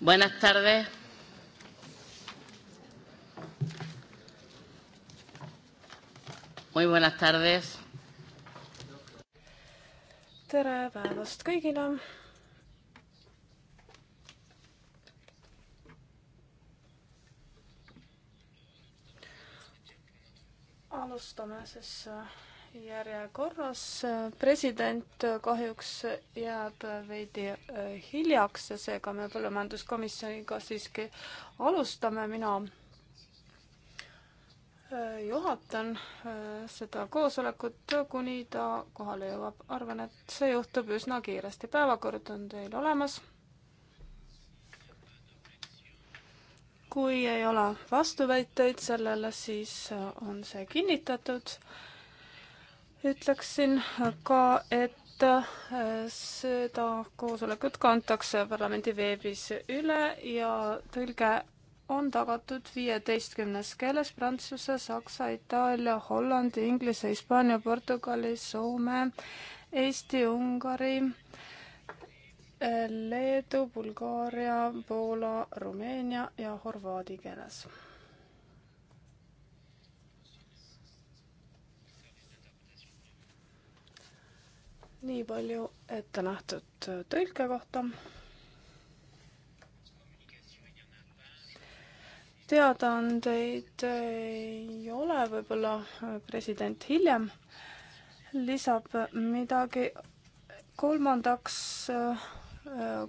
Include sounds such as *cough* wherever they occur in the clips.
Buenas tardes. Muy buenas tardes. tere päevast kõigile. alustame siis äh, järjekorras president kahjuks jääb veidi äh, hiljaks ja seega me põllumajanduskomisjoniga siiski alustame, mina äh, juhatan äh, seda koosolekut, kuni ta kohale jõuab. arvan, et see juhtub üsna kiiresti. päevakord on teil olemas. kui ei ole vastuväiteid sellele, siis on see kinnitatud ütleksin ka, et äh, seda koosolekut kantakse parlamendi veebis üle ja tõlge on tagatud viieteistkümnes keeles prantsuse, saksa, itaalia, hollandi, inglise, hispaania, portugali, soome, eesti, ungari, äh, leedu, bulgaaria, poola, rumeenia ja horvaadi keeles nii palju ette nähtud äh, tõlke kohta. teadaandeid äh, ei ole, võib-olla äh, president hiljem lisab midagi. kolmandaks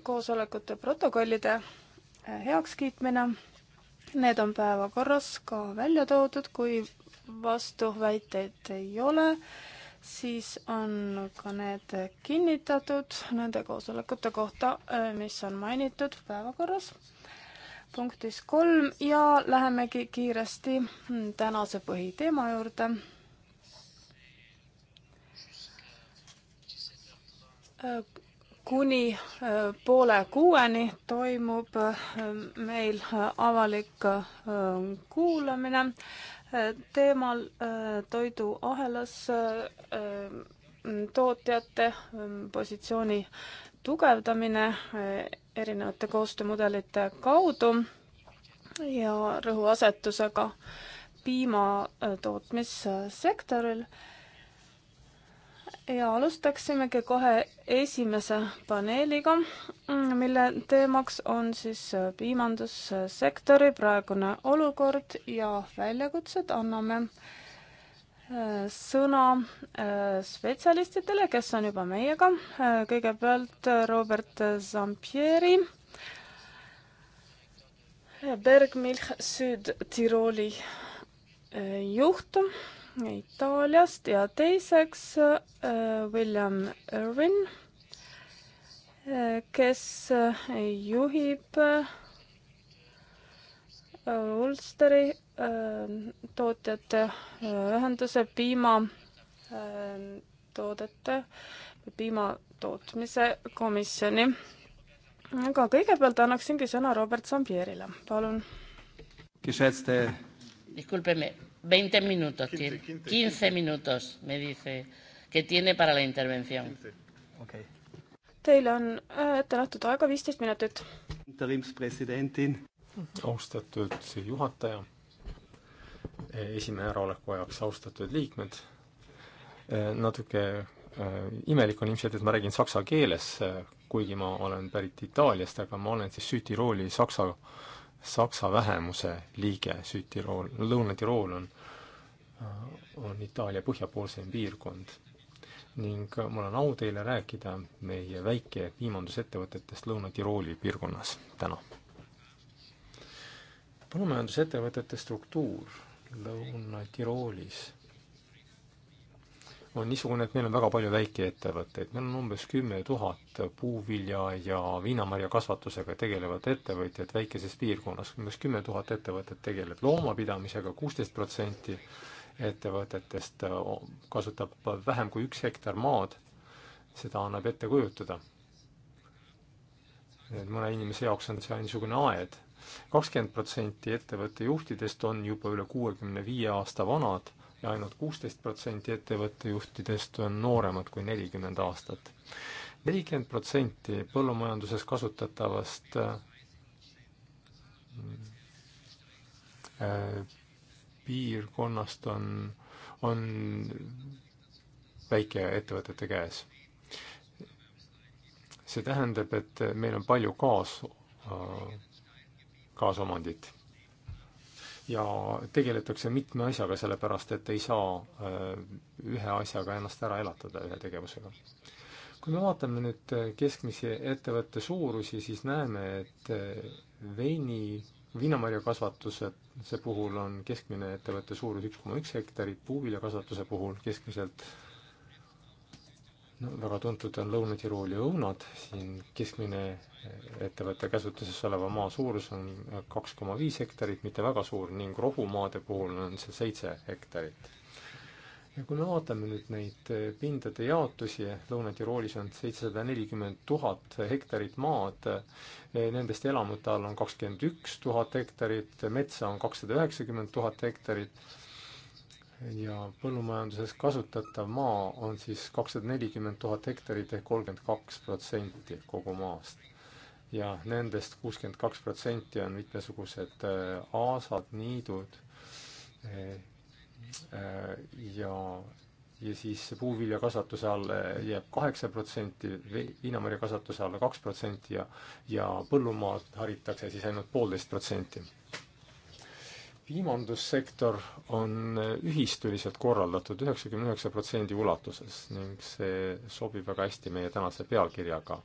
koosolekute protokollide heakskiitmine. Need on päevakorras ka välja toodud, kui vastuväiteid ei ole siis on ka need kinnitatud nende koosolekute kohta, äh, mis on mainitud päevakorras punktis kolm ja lähemegi kiiresti tänase põhiteema juurde. Äh, kuni äh, poole kuueni toimub meil avalik kuulamine teemal äh, toiduahelas äh, mm, tootjate mm, positsiooni tugevdamine äh, erinevate koostöömudelite kaudu ja rõhuasetusega piima tootmissektoril ja alustaksimegi kohe esimese paneeliga, mille teemaks on siis äh, piimandussektori praegune olukord ja väljakutsed. anname äh, sõna äh, spetsialistidele, kes on juba meiega. kõigepealt Robert Zampieri. Bergmilch Süd-Tirooli juht Itaaliast ja teiseks äh, William Irwin, äh, kes äh, juhib Ulsteri tootjate ühenduse piimatoodete, piima tootmise komisjoni. aga kõigepealt annaksingi sõna Robert Zambierile, palun. Disculpeme, 20 minutos 15, tiene. 15, 15 minutos, me dice, que tiene para la intervención. Okay. Teil on äh, ette nähtud aega viisteist minutit. austatud juhataja, esimehe äraoleku ajaks austatud liikmed, äh, natuke äh, imelik on ilmselt, et ma räägin saksa keeles, kuigi ma olen pärit Itaaliast, aga ma olen siis Sütirooli saksa äh, saksa vähemuse liige Südtirool, Lõuna-Tirool on, on Itaalia põhjapoolsem piirkond. ning mul on au teile rääkida meie väike piimandusettevõtetest Lõuna-Tirooli piirkonnas täna. põllumajandusettevõtete struktuur Lõuna-Tiroolis on niisugune, et meil on väga palju väikeettevõtteid, meil on umbes kümme tuhat puuvilja ja viinamarja kasvatusega tegelevat ettevõtjat väikeses piirkonnas, umbes kümme tuhat ettevõtet tegeleb loomapidamisega, kuusteist protsenti ettevõtetest äh, kasutab vähem kui üks hektar maad, seda annab ette kujutada. et mõne inimese jaoks on see niisugune aed. kakskümmend protsenti ettevõtte juhtidest on juba üle kuuekümne viie aasta vanad ja ainult kuusteist protsenti ettevõtte juhtidest on nooremad kui nelikümmend aastat. nelikümmend protsenti põllumajanduses kasutatavast äh, piirkonnast on, on väikeettevõtete käes. see tähendab, et meil on palju kaas, äh, kaasomandit ja tegeletakse mitme asjaga, sellepärast et ei saa äh, ühe asjaga ennast ära elatada, ühe tegevusega. kui me vaatame nüüd äh, keskmisi ettevõtte suurusi, siis näeme, et äh, veini, viinamarjakasvatuse puhul on keskmine ettevõtte suurus üks koma üks hektarit, puuviljakasvatuse puhul keskmiselt no väga tuntud on Lõuna-Tirooli õunad, siin keskmine eh, ettevõtte käsutuses oleva maa suurus on eh, kaks koma viis hektarit, mitte väga suur, ning rohumaade puhul on see seitse hektarit. ja kui me vaatame nüüd neid eh, pindade jaotusi, Lõuna-Tiroolis on seitsesada nelikümmend tuhat hektarit maad, nendest elamute all on kakskümmend üks tuhat hektarit, metsa on kakssada üheksakümmend tuhat hektarit ja põllumajanduses kasutatav maa on siis kakssada nelikümmend tuhat hektarit ehk kolmkümmend kaks protsenti kogu maast. ja nendest kuuskümmend kaks protsenti on mitmesugused äh, aasad, niidud äh, äh, ja, ja siis puuviljakasvatuse alla jääb kaheksa protsenti, viinamarjakasvatuse alla kaks protsenti ja, ja põllumaad haritakse siis ainult poolteist protsenti piimandussektor on ühistuliselt korraldatud üheksakümne üheksa protsendi ulatuses ning see sobib väga hästi meie tänase pealkirjaga.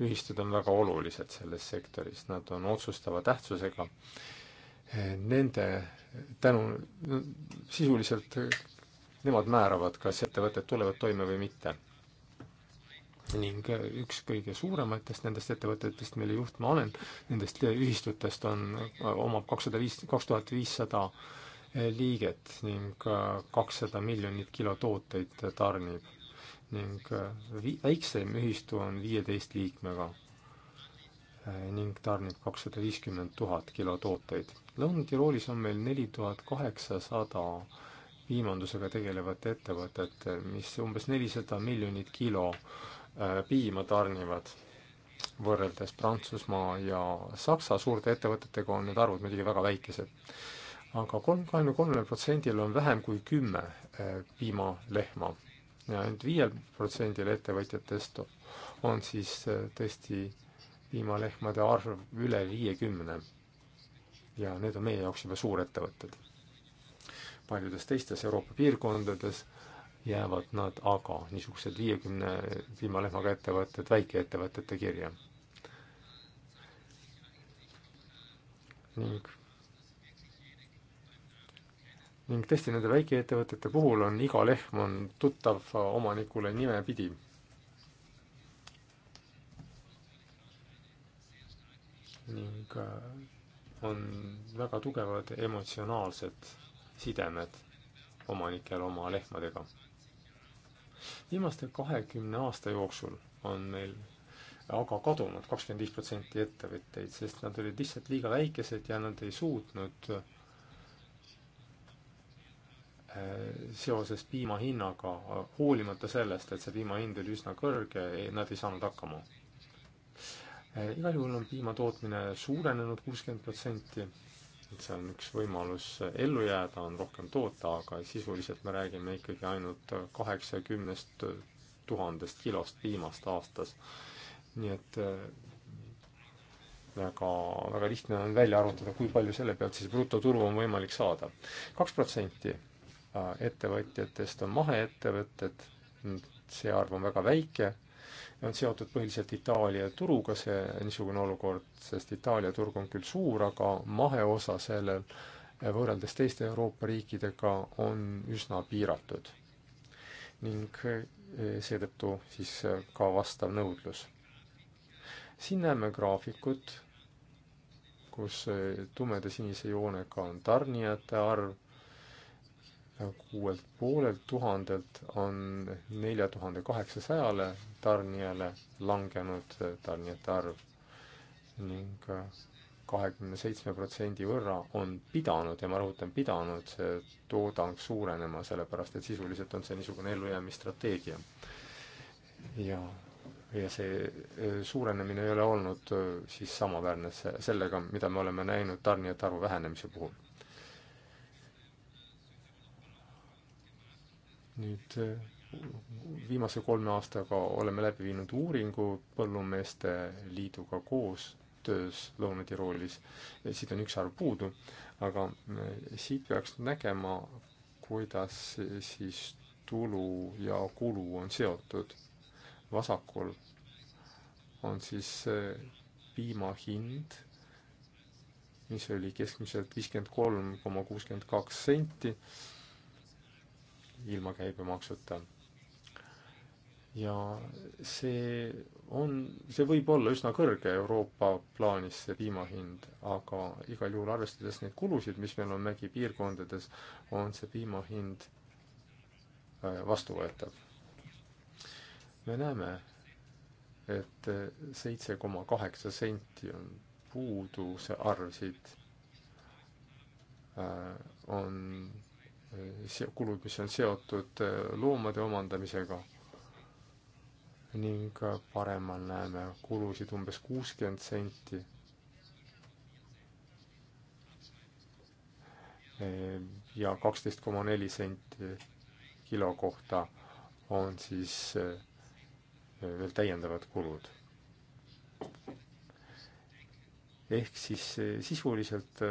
ühistud on väga olulised selles sektoris, nad on otsustava tähtsusega. Nende tänu, sisuliselt nemad määravad, kas ettevõtted tulevad toime või mitte ning üks kõige suurematest nendest ettevõtetest, mille juht ma olen, nendest ühistutest on, omab kakssada viis, kaks tuhat viissada liiget ning kakssada miljonit kilo tooteid tarnib. ning vi-, väiksem ühistu on viieteist liikmega ning tarnib kakssada viiskümmend tuhat kilo tooteid. Lõuna-Tiroolis on meil neli tuhat kaheksasada piimandusega tegelevat ettevõtet, mis umbes nelisada miljonit kilo äh, Äh, piima tarnivad, võrreldes Prantsusmaa ja Saksa suurte ettevõtetega on need arvud muidugi väga väikesed aga. aga kolm, kahekümne kolmel protsendil on vähem kui kümme äh, piimalehma ja ainult viiel protsendil ettevõtjatest on siis äh, tõesti piimalehmade arv üle viiekümne. ja need on meie jaoks juba suurettevõtted. paljudes teistes Euroopa piirkondades äh, jäävad nad aga, niisugused viiekümne piimalehmaga ettevõtted, väikeettevõtete kirja. ning ning tõesti, nende väikeettevõtete puhul on iga lehm on tuttav omanikule nimepidi ning äh, on väga tugevad emotsionaalsed sidemed omanikel oma lehmadega viimaste kahekümne aasta jooksul on meil aga kadunud kakskümmend viis protsenti ettevõtteid, sest nad olid lihtsalt liiga väikesed ja nad ei suutnud äh, seoses piima hinnaga, hoolimata sellest, et see piima hind oli üsna kõrge, nad ei saanud hakkama. Äh, igal juhul on piima tootmine suurenenud kuuskümmend protsenti et see on üks võimalus ellu jääda, on rohkem toota, aga sisuliselt me räägime ikkagi ainult kaheksakümnest tuhandest kilost viimast aastas. nii et äh, väga, väga lihtne on välja arvutada, kui palju selle pealt siis brutotulu on võimalik saada. kaks protsenti äh, ettevõtjatest on maheettevõtted, see arv on väga väike on seotud põhiliselt Itaalia turuga, see niisugune olukord, sest Itaalia turg on küll suur, aga maheosa sellel võrreldes teiste Euroopa riikidega on üsna piiratud. ning e, seetõttu siis ka vastav nõudlus. siin näeme graafikut, kus e, tumeda sinise joonega on tarnijate arv kuuelt poolelt tuhandelt on nelja tuhande kaheksasajale tarnijale langenud tarnijate arv ning äh, kahekümne seitsme protsendi võrra on pidanud ja ma rõhutan, pidanud see toodang suurenema, sellepärast et sisuliselt on see niisugune ellujäämisstrateegia. ja, ja see äh, suurenemine ei ole olnud äh, siis samaväärne sellega, mida me oleme näinud tarnijate arvu vähenemise puhul nüüd eh, viimase kolme aastaga oleme läbi viinud uuringu Põllumeeste Liiduga koostöös Lõuna-Tiroolis. siit on üks arv puudu, aga eh, siit peaks nägema, kuidas siis tulu ja kulu on seotud. vasakul on siis eh, piima hind, mis oli keskmiselt viiskümmend kolm koma kuuskümmend kaks senti ilma käibemaksuta. ja see on, see võib olla üsna kõrge Euroopa plaanis, see piimahind, aga igal juhul arvestades neid kulusid, mis meil on mägipiirkondades, on see piimahind äh, vastuvõetav. me näeme, et äh, seitse koma kaheksa senti on puudu, see arv siit äh, on kulud, mis on seotud äh, loomade omandamisega ning paremal näeme kulusid umbes kuuskümmend senti. Äh, ja kaksteist koma neli senti kilo kohta on siis äh, veel täiendavad kulud. ehk siis sisuliselt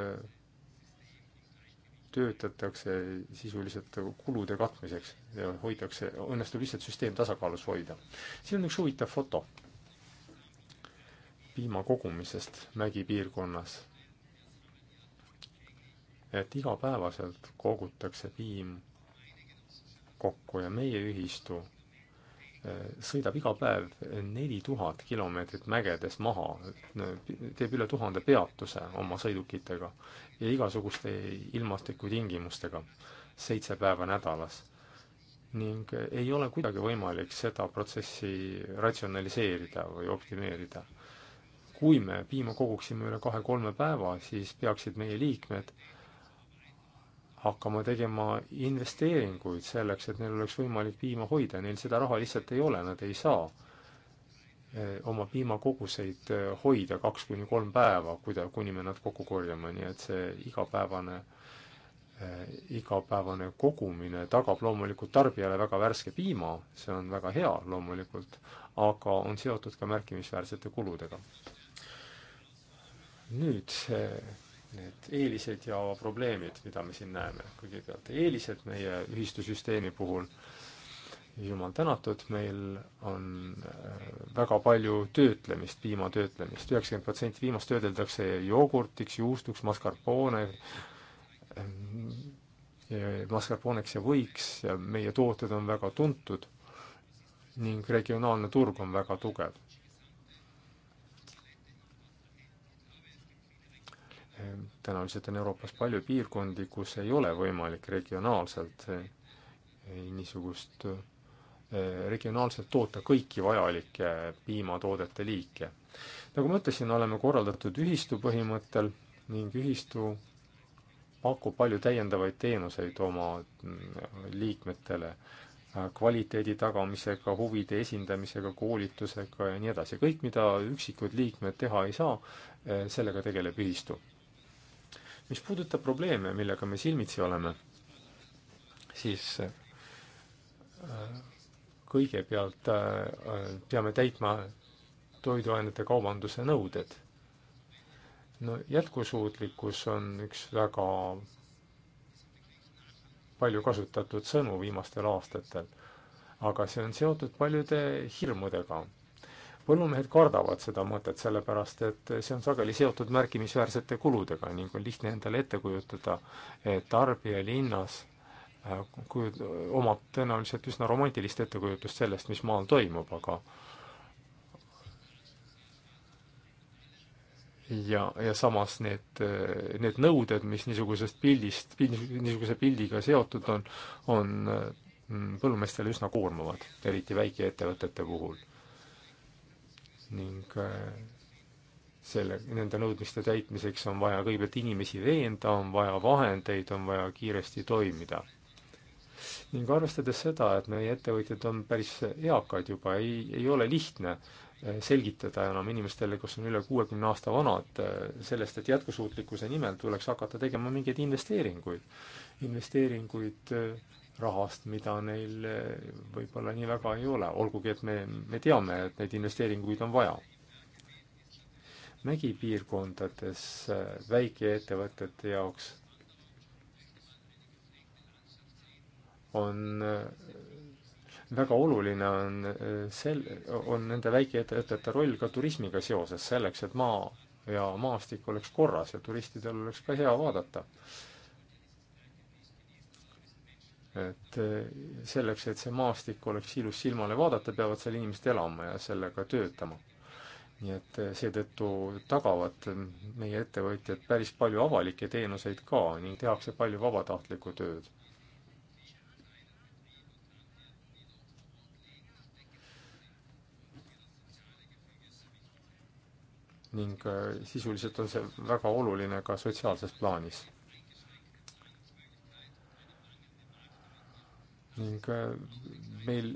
töötatakse sisuliselt kulude katmiseks ja hoitakse, õnnestub lihtsalt süsteem tasakaalus hoida. siin on üks huvitav foto piima kogumisest mägipiirkonnas. et igapäevaselt kogutakse piim kokku ja meie ühistu sõidab iga päev neli tuhat kilomeetrit mägedes maha, teeb üle tuhande peatuse oma sõidukitega ja igasuguste ilmastikutingimustega seitse päeva nädalas. ning ei ole kuidagi võimalik seda protsessi ratsionaliseerida või optimeerida. kui me piima koguksime üle kahe-kolme päeva, siis peaksid meie liikmed äh, hakkama tegema investeeringuid selleks, et neil oleks võimalik piima hoida, neil seda raha lihtsalt ei ole, nad ei saa eh, oma piimakoguseid eh, hoida kaks kuni kolm päeva, kuida-, kuni me nad kokku korjame, nii et see igapäevane, eh, igapäevane kogumine tagab loomulikult tarbijale väga värske piima, see on väga hea loomulikult, aga on seotud ka märkimisväärsete kuludega. nüüd need eelised ja probleemid, mida me siin näeme. kõigepealt eelised meie ühistusüsteemi puhul, jumal tänatud, meil on äh, väga palju töötlemist, piima töötlemist, üheksakümmend protsenti piimast töödeldakse jogurtiks, juustuks, mascarpone, äh, mascarponeks ja võiks ja meie tooted on väga tuntud ning regionaalne turg on väga tugev tõenäoliselt on Euroopas palju piirkondi, kus ei ole võimalik regionaalselt eh, niisugust, eh, regionaalselt toota kõiki vajalikke piimatoodete liike. nagu ma ütlesin, oleme korraldatud ühistu põhimõttel ning ühistu pakub palju täiendavaid teenuseid oma mm, liikmetele, eh, kvaliteedi tagamisega, huvide esindamisega, koolitusega ja nii edasi. kõik, mida üksikud liikmed teha ei saa, sellega tegeleb ühistu mis puudutab probleeme, millega me silmitsi oleme, siis äh, kõigepealt äh, peame täitma toiduainete kaubanduse nõuded. no jätkusuutlikkus on üks väga palju kasutatud sõnu viimastel aastatel, aga see on seotud paljude hirmudega põllumehed kardavad seda mõtet, sellepärast et see on sageli seotud märkimisväärsete kuludega ning on lihtne endale ette kujutada, et tarbija linnas äh, kui omab tõenäoliselt üsna romantilist ettekujutust sellest, mis maal toimub, aga ja, ja samas need, need nõuded, mis niisugusest pildist, niisuguse pildiga seotud on, on mm, põllumeestele üsna koormavad, eriti väikeettevõtete puhul ning äh, selle, nende nõudmiste täitmiseks on vaja kõigepealt inimesi veenda, on vaja vahendeid, on vaja kiiresti toimida. ning arvestades seda, et meie ettevõtjad on päris eakad juba, ei, ei ole lihtne äh, selgitada enam inimestele, kes on üle kuuekümne aasta vanad, sellest, et jätkusuutlikkuse nimel tuleks hakata tegema mingeid investeeringuid. investeeringuid eh, rahast, mida neil eh, võib-olla nii väga ei ole, olgugi et me, me teame, et neid investeeringuid on vaja. mägipiirkondades eh, väikeettevõtete jaoks on väga oluline on äh, sel-, on nende väikeettevõtete roll ka turismiga seoses, selleks et maa ja maastik oleks korras ja turistidel oleks ka hea vaadata. et äh, selleks, et see maastik oleks ilus silmale vaadata, peavad seal inimesed elama ja sellega töötama. nii et äh, seetõttu tagavad meie ettevõtjad päris palju avalikke teenuseid ka ning tehakse palju vabatahtlikku tööd ning äh, sisuliselt on see väga oluline ka sotsiaalses plaanis. ning äh, meil,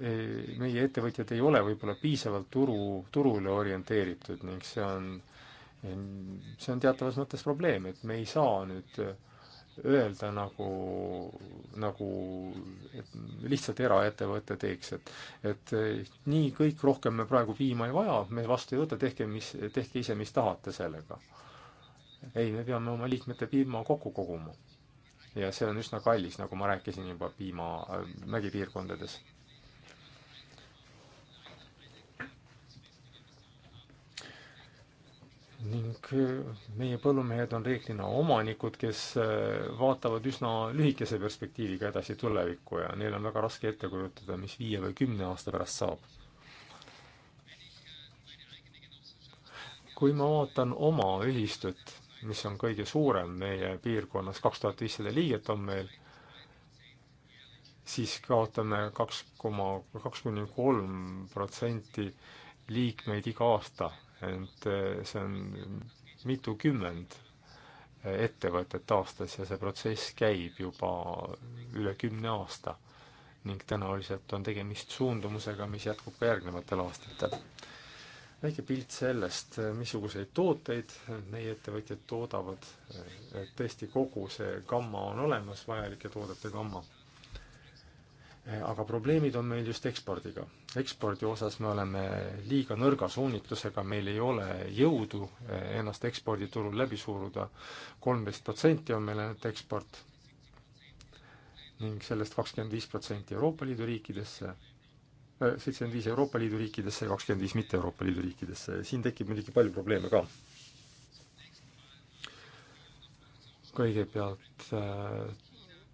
e, meie ettevõtjad ei ole võib-olla piisavalt turu, turule orienteeritud ning see on, see on teatavas mõttes probleem, et me ei saa nüüd äh, öelda nagu, nagu lihtsalt eraettevõte teeks, et et nii kõik rohkem me praegu piima ei vaja, me vastu ei võta, tehke mis, tehke ise, mis tahate sellega. ei, me peame oma liikmete piima kokku koguma. ja see on üsna kallis, nagu ma rääkisin juba piima äh, mägipiirkondades ning äh, meie põllumehed on reeglina omanikud, kes äh, vaatavad üsna lühikese perspektiiviga edasi tulevikku ja neil on väga raske ette kujutada, mis viie või kümne aasta pärast saab. kui ma vaatan oma ühistut, mis on kõige suurem meie piirkonnas, kaks tuhat viissada liiget on meil, siis kaotame kaks koma, kaks kuni kolm protsenti liikmeid iga aasta et eh, see on mitukümmend eh, ettevõtet aastas ja see protsess käib juba üle kümne aasta. ning tõenäoliselt on tegemist suundumusega, mis jätkub ka järgnevatel aastatel. väike pilt sellest, eh, missuguseid tooteid meie ettevõtjad toodavad, et tõesti kogu see gamma on olemas, vajalike toodete gamma Eh, aga probleemid on meil just ekspordiga. ekspordi osas me oleme liiga nõrga suunitlusega, meil ei ole jõudu eh, ennast eksporditurul läbi suruda, kolmteist protsenti on meil ainult eksport ning sellest kakskümmend viis protsenti Euroopa Liidu riikidesse, eh, seitsekümmend viis Euroopa Liidu riikidesse ja kakskümmend viis mitte Euroopa Liidu riikidesse, siin tekib muidugi palju probleeme ka. kõigepealt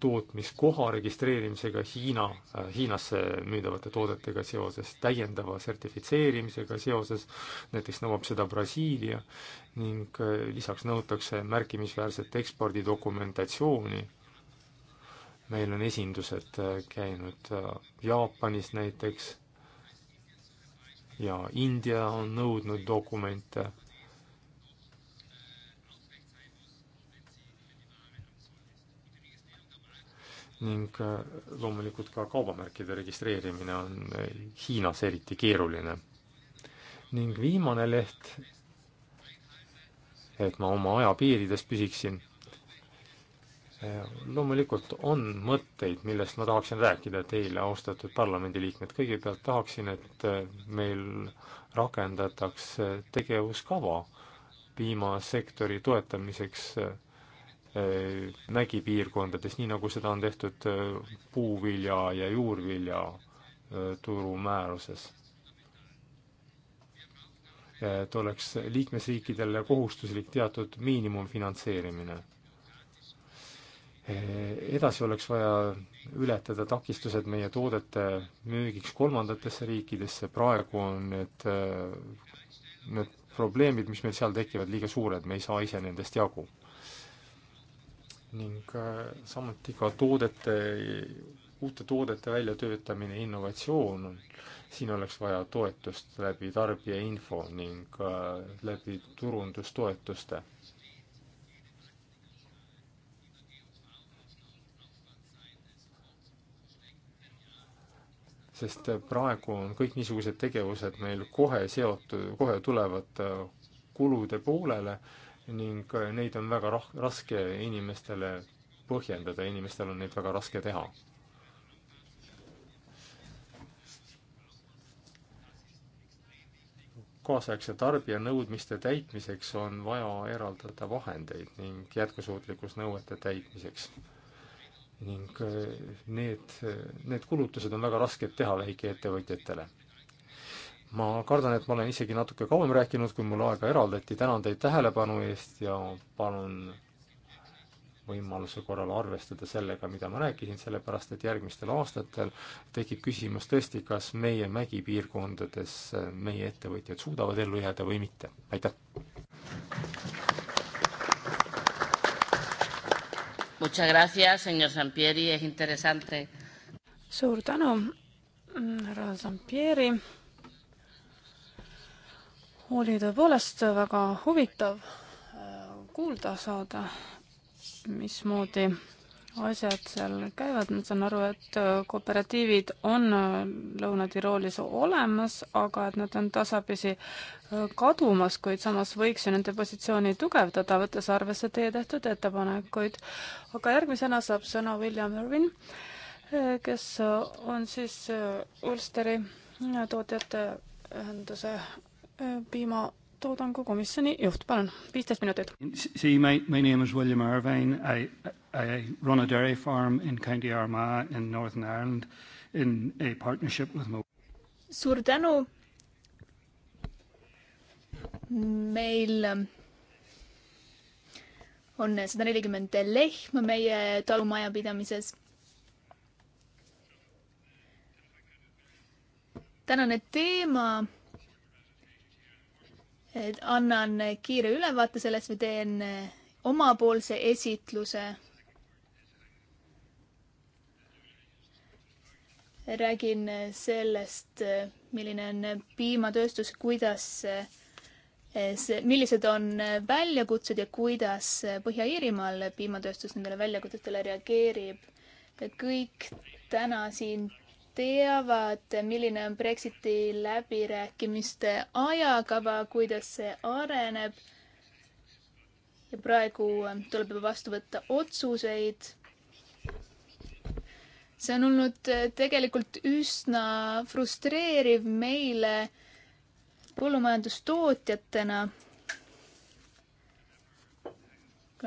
tootmiskoha registreerimisega Hiina, äh, Hiinasse müüdavate toodetega seoses, täiendava sertifitseerimisega seoses, näiteks nõuab seda Brasiilia, ning äh, lisaks nõutakse märkimisväärset ekspordidokumentatsiooni. meil on esindused äh, käinud Jaapanis näiteks ja India on nõudnud dokumente ning äh, loomulikult ka kaubamärkide registreerimine on äh, Hiinas eriti keeruline. ning viimane leht, et ma oma aja piirides püsiksin, äh, loomulikult on mõtteid, millest ma tahaksin rääkida teile, austatud parlamendiliikmed, kõigepealt tahaksin, et meil rakendataks tegevuskava piimasektori toetamiseks äh, mägipiirkondades, äh, nii nagu seda on tehtud äh, puuvilja ja juurvilja äh, turu määruses. et oleks liikmesriikidele kohustuslik teatud miinimumfinantseerimine. edasi oleks vaja ületada takistused meie toodete müügiks kolmandatesse riikidesse, praegu on need, need probleemid, mis meil seal tekivad, liiga suured, me ei saa ise nendest jagu ning äh, samuti ka toodete, uute toodete väljatöötamine, innovatsioon on, siin oleks vaja toetust läbi tarbijainfo ning äh, läbi turundustoetuste sest äh, praegu on kõik niisugused tegevused meil kohe seotud, kohe tulevad kulude poolele ning äh, neid on väga rah-, raske inimestele põhjendada, inimestel on neid väga raske teha. kaasaegse tarbija nõudmiste täitmiseks on vaja eraldada vahendeid ning jätkusuutlikkusnõuete täitmiseks. ning äh, need, äh, need kulutused on väga rasked teha väikeettevõtjatele ma kardan, et ma olen isegi natuke kauem rääkinud, kui mulle aega eraldati, tänan teid tähelepanu eest ja palun võimaluse korral arvestada sellega, mida ma rääkisin, sellepärast et järgmistel aastatel tekib küsimus tõesti, kas meie mägipiirkondades meie ettevõtjad suudavad ellu jääda või mitte, aitäh! Muchas gracias, señor Sampieri, es interesante. suur tänu, härra Sampieri oli tõepoolest väga huvitav äh, kuulda saada, mismoodi asjad seal käivad, ma saan aru, et äh, kooperatiivid on äh, Lõuna-Tiroolis olemas, aga et nad on tasapisi kadumas, kuid samas võiks ju nende positsiooni tugevdada, võttes arvesse teie tehtud ettepanekuid. aga järgmisena saab sõna William Irvin, kes on siis Ulsteri tootjate ühenduse piimatoodangu komisjoni juht, palun, viisteist minutit. See, my, my name is William Irvine, I, I run a dairy farm in County Armagh in Northern Ireland in a partnership with Mo-. suur tänu. meil ähm, on sada nelikümmend lehma meie talumajapidamises tänane teema annan kiire ülevaate sellest või teen omapoolse esitluse. räägin sellest, milline on piimatööstus, kuidas see, millised on väljakutsed ja kuidas Põhja-Iirimaal piimatööstus nendele väljakutsetele reageerib. kõik täna siin teavad, milline on Brexiti läbirääkimiste ajakava, kuidas see areneb. ja praegu tuleb juba vastu võtta otsuseid. see on olnud tegelikult üsna frustreeriv meile põllumajandustootjatena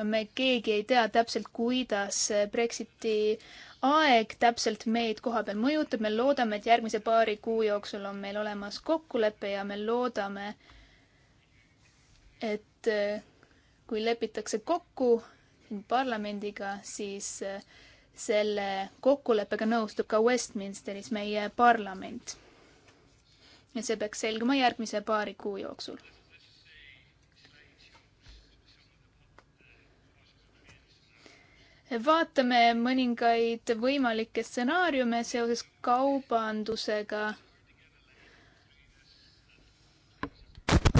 me keegi ei tea täpselt, kuidas Brexiti aeg täpselt meid kohapeal mõjutab, me loodame, et järgmise paari kuu jooksul on meil olemas kokkulepe ja me loodame, et eh, kui lepitakse kokku parlamendiga, siis eh, selle kokkuleppega nõustub ka Westminsteris meie parlament. ja see peaks selguma järgmise paari kuu jooksul vaatame mõningaid võimalikke stsenaariume seoses kaubandusega.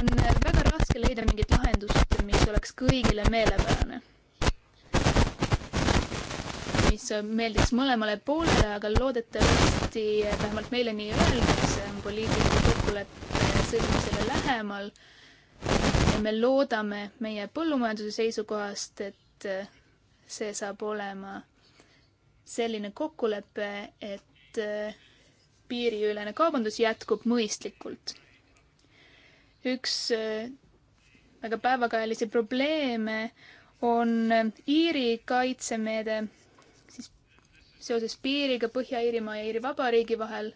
on väga raske leida mingit lahendust, mis oleks kõigile meelepärane. mis meeldiks mõlemale poolele, aga loodetavasti vähemalt meile nii öeldakse, on poliitilise kokkuleppe sõlmimisele lähemal. ja me loodame meie põllumajanduse seisukohast, et see saab olema selline kokkulepe, et äh, piiriülene kaubandus jätkub mõistlikult. üks äh, väga päevakajalisi probleeme on äh, Iiri kaitsemeede siis seoses piiriga Põhja-Iirimaa ja Iiri Vabariigi vahel.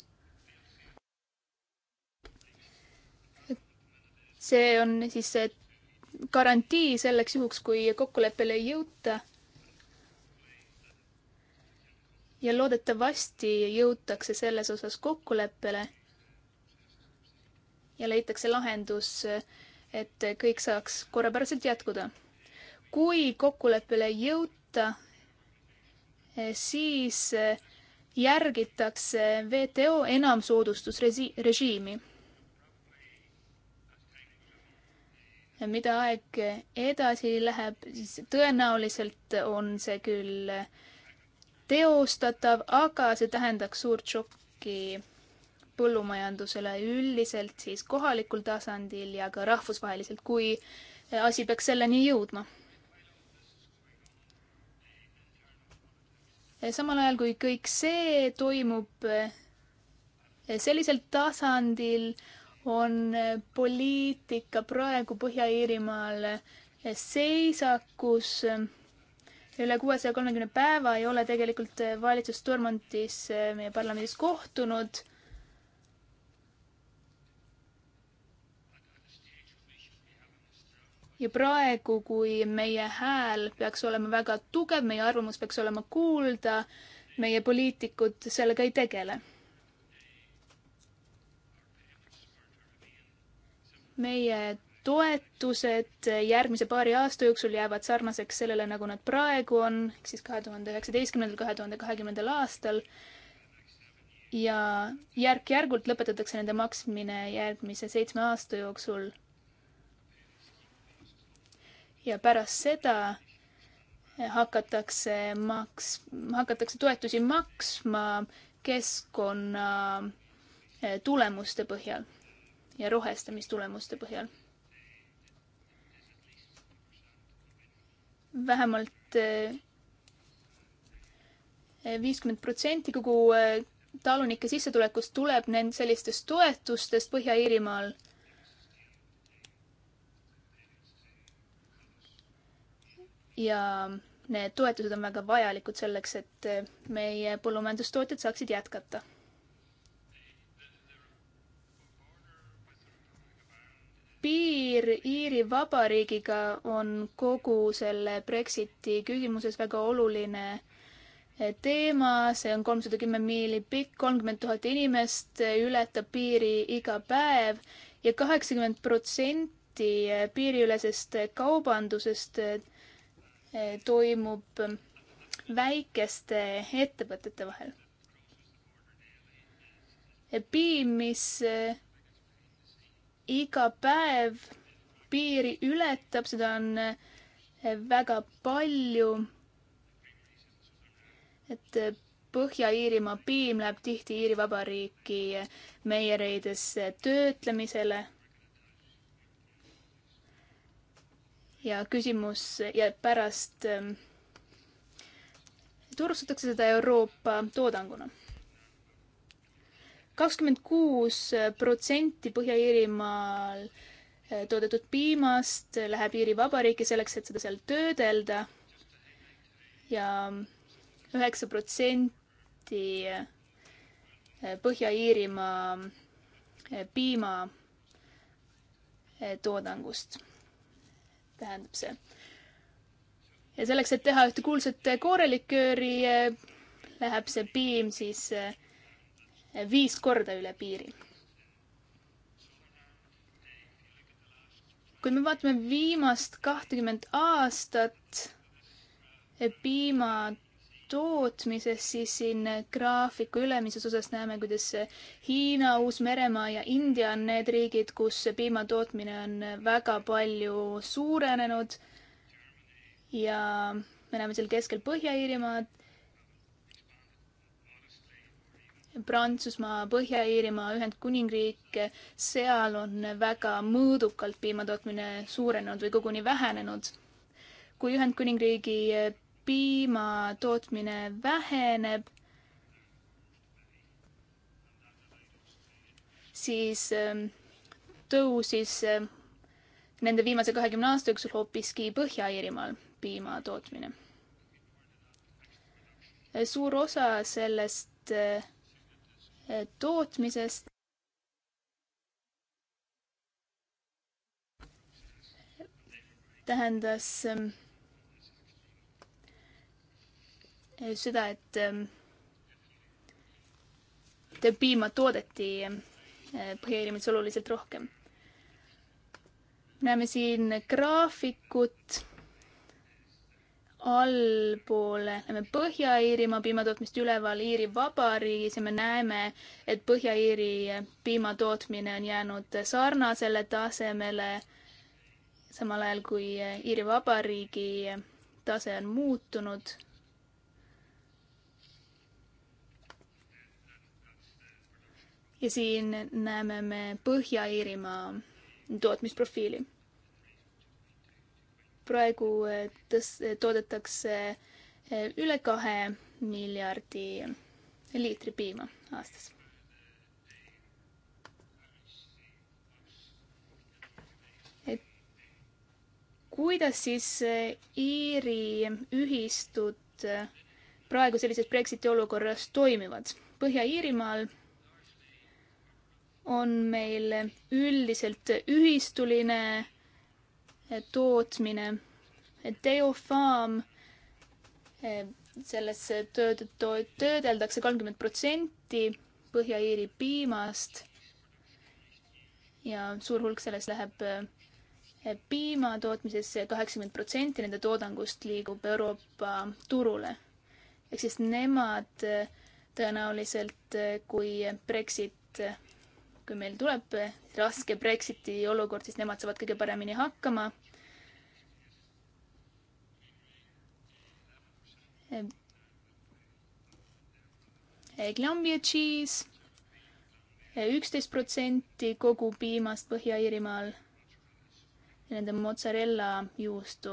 see on siis see garantii selleks juhuks, kui kokkuleppele ei jõuta ja loodetavasti jõutakse selles osas kokkuleppele ja leitakse lahendus, et kõik saaks korrapäraselt jätkuda. kui kokkuleppele ei jõuta, siis järgitakse WTO enamsoodustusrežiimi. mida aeg edasi läheb, siis tõenäoliselt on see küll äh, teostatav, aga see tähendaks suurt šokki põllumajandusele üldiselt, siis kohalikul tasandil ja ka rahvusvaheliselt, kui asi peaks selleni jõudma. samal ajal, kui kõik see toimub sellisel tasandil, on poliitika praegu Põhja-Iirimaal seisakus üle kuuesaja kolmekümne päeva ei ole tegelikult eh, valitsus Dortmundis eh, meie parlamendis kohtunud. ja praegu, kui meie hääl peaks olema väga tugev, meie arvamus peaks olema kuulda, meie poliitikud sellega ei tegele meie toetused järgmise paari aasta jooksul jäävad sarnaseks sellele, nagu nad praegu on, ehk siis kahe tuhande üheksateistkümnendal, kahe tuhande kahekümnendal aastal. ja järk-järgult lõpetatakse nende maksmine järgmise seitsme aasta jooksul. ja pärast seda hakatakse maks, hakatakse toetusi maksma keskkonna eh, tulemuste põhjal ja rohestamistulemuste põhjal vähemalt eh, viiskümmend protsenti kogu eh, talunike sissetulekust tuleb nend-, sellistest toetustest Põhja-Iirimaal. ja need toetused on väga vajalikud selleks, et eh, meie põllumajandustootjad saaksid jätkata. piir Iiri Vabariigiga on kogu selle Brexiti küsimuses väga oluline eh, teema, see on kolmsada kümme miili pikk, kolmkümmend tuhat inimest eh, ületab piiri iga päev ja kaheksakümmend protsenti eh, piiriülesest kaubandusest toimub väikeste ettevõtete vahel. piim, mis iga päev piiri ületab, seda on eh, väga palju. et eh, Põhja-Iirimaa piim läheb tihti Iiri Vabariiki eh, meiereidesse töötlemisele. ja küsimus ja pärast turustatakse seda Euroopa toodanguna kakskümmend kuus protsenti Põhja-Iirimaal eh, toodetud piimast läheb Iiri Vabariiki selleks, et seda seal töödelda ja. ja üheksa protsenti eh, Põhja-Iirimaa eh, piima toodangust tähendab see. ja selleks, et teha ühte kuulsat koorelikööri, läheb see piim siis viis korda üle piiri. kui me vaatame viimast kahtekümmet aastat eh, piima tootmises, siis siin graafiku ülemises osas näeme, kuidas Hiina, Uus-Meremaa ja India on need riigid, kus piima tootmine on väga palju suurenenud. ja me näeme seal keskel Põhja-Iirimaad Prantsusmaa, Põhja-Iirimaa, Ühendkuningriik, seal on väga mõõdukalt piimatootmine suurenenud või koguni vähenenud. kui Ühendkuningriigi piimatootmine väheneb, siis ähm, tõusis ähm, nende viimase kahekümne aasta jooksul hoopiski Põhja-Iirimaal piima tootmine. suur osa sellest äh, tootmisest. tähendas ähm, seda, ähm, et piima toodeti ähm, Põhja-Iirimaal oluliselt rohkem näeme siin graafikut allpoole, näeme Põhja-Iirimaa piimatootmist üleval Iiri Vabariigis ja me näeme, et Põhja-Iiri piimatootmine on jäänud sarnasele tasemele, samal ajal kui Iiri Vabariigi tase on muutunud. ja siin näeme me Põhja-Iirimaa tootmisprofiili praegu tõs-, toodetakse eh, üle kahe miljardi liitri piima aastas. et kuidas siis eh, Iiri ühistud eh, praegu sellises Brexiti olukorras toimivad? Põhja-Iirimaal on meil üldiselt ühistuline Eh, tootmine. Teofaam, eh, selles tööd-, töödeldakse kolmkümmend protsenti Põhja-Iiri piimast ja suur hulk sellest läheb eh, piima tootmisesse ja kaheksakümmend protsenti nende toodangust liigub Euroopa turule. ehk siis nemad tõenäoliselt, kui Brexit kui meil tuleb raske Brexiti olukord, siis nemad saavad kõige paremini hakkama. Glambia cheese, üksteist protsenti kogu piimast Põhja-Iirimaal. Nende mozzarella juustu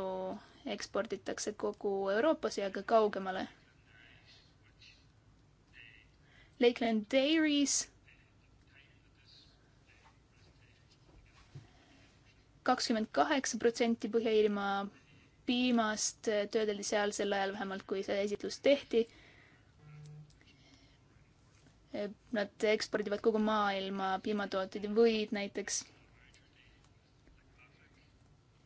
eksporditakse kogu Euroopasse ja ka kaugemale. Lakeland Dairies kakskümmend kaheksa protsenti Põhja-Iirimaa piimast eh, töödeldi seal sel ajal vähemalt, kui see esitlus tehti. Eh, nad ekspordivad kogu maailma piimatooteid, võid näiteks.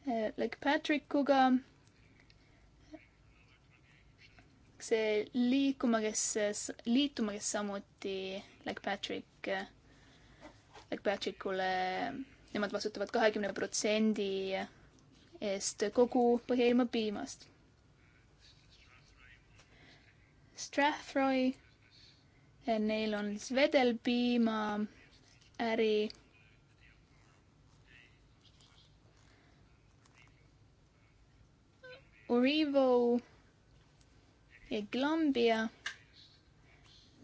Eh, Patrickuga see liikuma, kes, liituma, kes samuti Patrick, Patrickule Nemad vastutavad kahekümne protsendi eest kogu Põhja-Iirimaa piimast. Strathroy, neil on siis vedelpiima äri. Orivo ja Glambia.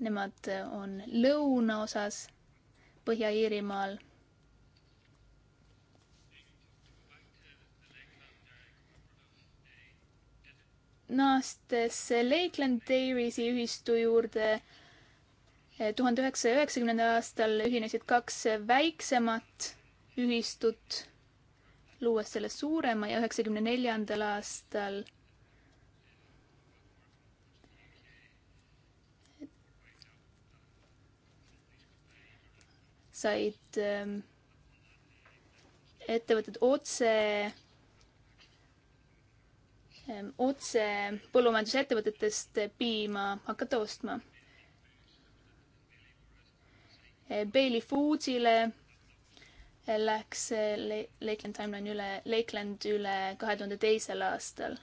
Nemad on lõunaosas Põhja-Iirimaal naastes Lakeland Daviesi ühistu juurde. tuhande üheksasaja üheksakümnendal aastal ühinesid kaks väiksemat ühistut, luues selle suurema ja üheksakümne neljandal aastal said ähm, ettevõtted otse Ehm, otse põllumajandusettevõtetest piima hakata ostma. Eh, Bailey Foodsile eh, läks eh, Lakeland Timeline üle, Lakeland üle kahe tuhande teisel aastal.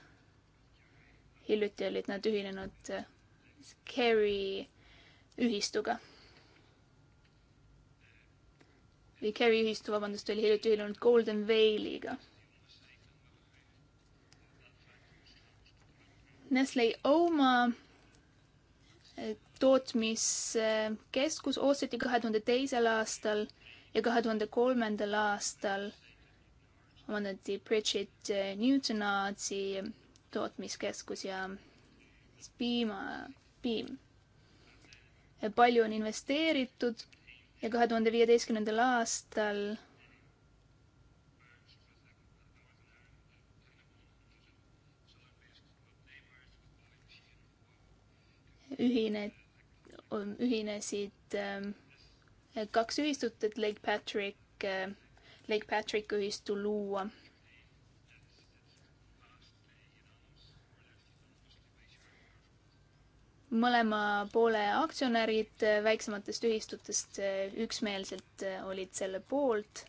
hiljuti olid nad ühinenud Carry ühistuga. või Carry ühistu, vabandust, oli hiljuti ühinenud Golden Vale'iga vale Nestle oma eh, tootmiskeskus osteti kahe tuhande teisel aastal ja kahe tuhande kolmandal aastal omandati Bridget eh, Newtonaatsi tootmiskeskus ja piima, piim. palju on investeeritud ja kahe tuhande viieteistkümnendal aastal ühine, ühinesid ähm, kaks ühistut, et Lake Patrick, äh, Lake Patrick ühistu luua. mõlema poole aktsionärid äh, väiksematest ühistutest äh, üksmeelselt olid selle poolt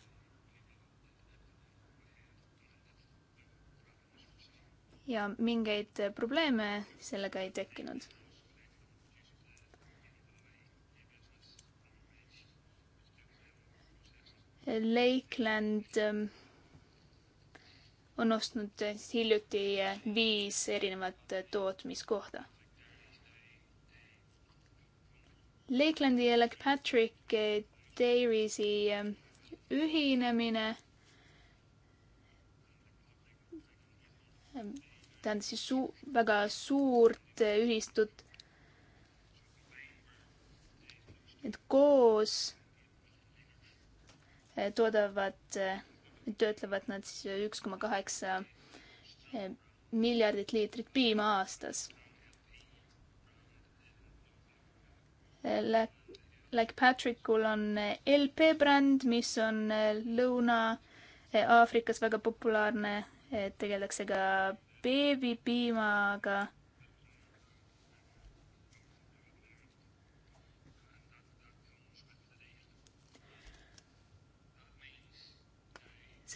ja mingeid probleeme sellega ei tekkinud. Lakeland ähm, on ostnud siis hiljuti äh, viis erinevat äh, tootmiskohta. Lakelandi ja Lake-Patrick äh, Daviesi ähm, ühinemine tähendab siis su-, väga suurt ühistut. et koos toodavad, töötlevad nad siis üks koma kaheksa eh, miljardit liitrit piima aastas. Eh, like Patrickul on eh, LP bränd, mis on Lõuna-Aafrikas väga populaarne, tegeldakse ka beebipiimaga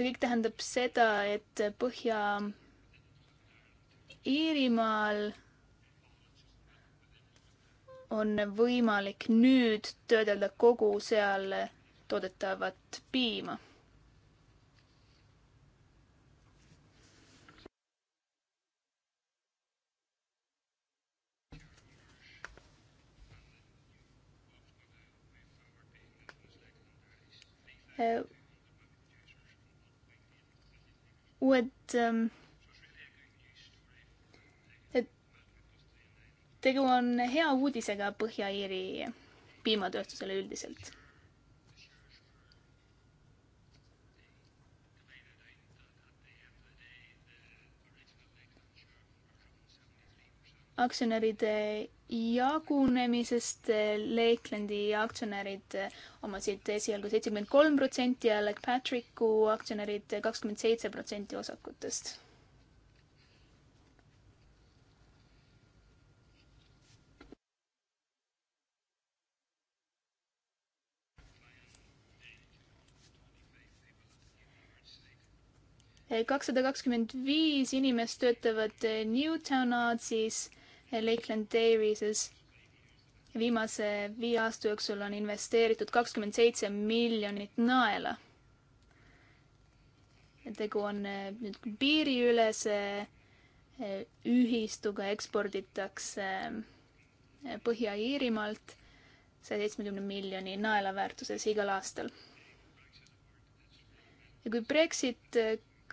see kõik tähendab seda, et Põhja-Iirimaal on võimalik nüüd töödelda kogu seal toodetavat piima uued ähm,. et tegu on hea uudisega Põhja-Iiri piimatööstusele üldiselt. aktsionäride jagunemisest eh, Lakelandi aktsionärid omasid esialgu seitsekümmend kolm protsenti ja Patricku aktsionärid kakskümmend seitse protsenti osakutest eh, kakssada kakskümmend viis inimest töötavad eh, Newtown Artsis Lakeland Dairy'ses viimase viie aasta jooksul on investeeritud kakskümmend seitse miljonit naela. tegu on eh, nüüd piiriülese eh, ühistuga, eksporditakse eh, Põhja-Iirimaalt saja seitsmekümne miljoni naela väärtuses igal aastal. ja kui Brexit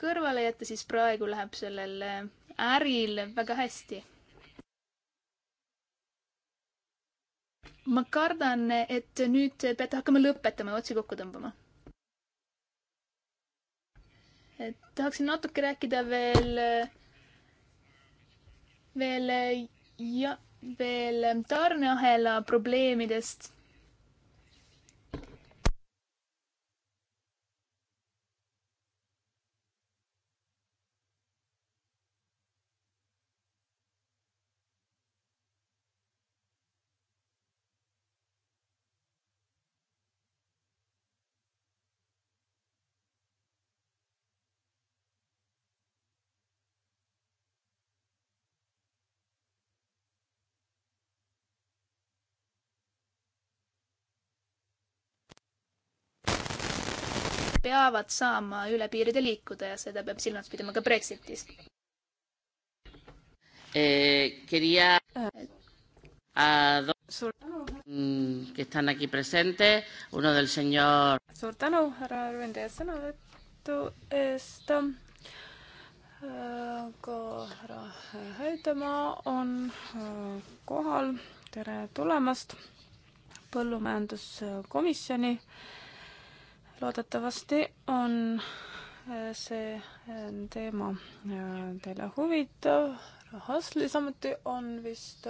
kõrvale jätta, siis praegu läheb sellel äril väga hästi ma kardan, et nüüd peate hakkama lõpetama ja otsi kokku tõmbama. tahaksin natuke rääkida veel, veel ja veel tarneahela probleemidest peavad saama üle piiride liikuda ja seda peab silmas pidama ka Brexitis eh,. Quería... A dos Suur tänu. Mm, que están aquí presentes, uno del señor. suur tänu, härra Arven, teie sõnavõtu eest. Äh, ka härra Heidemaa on äh, kohal. tere tulemast põllumajanduskomisjoni äh, loodetavasti on äh, see äh, teema äh, teile huvitav. Hasli samuti on vist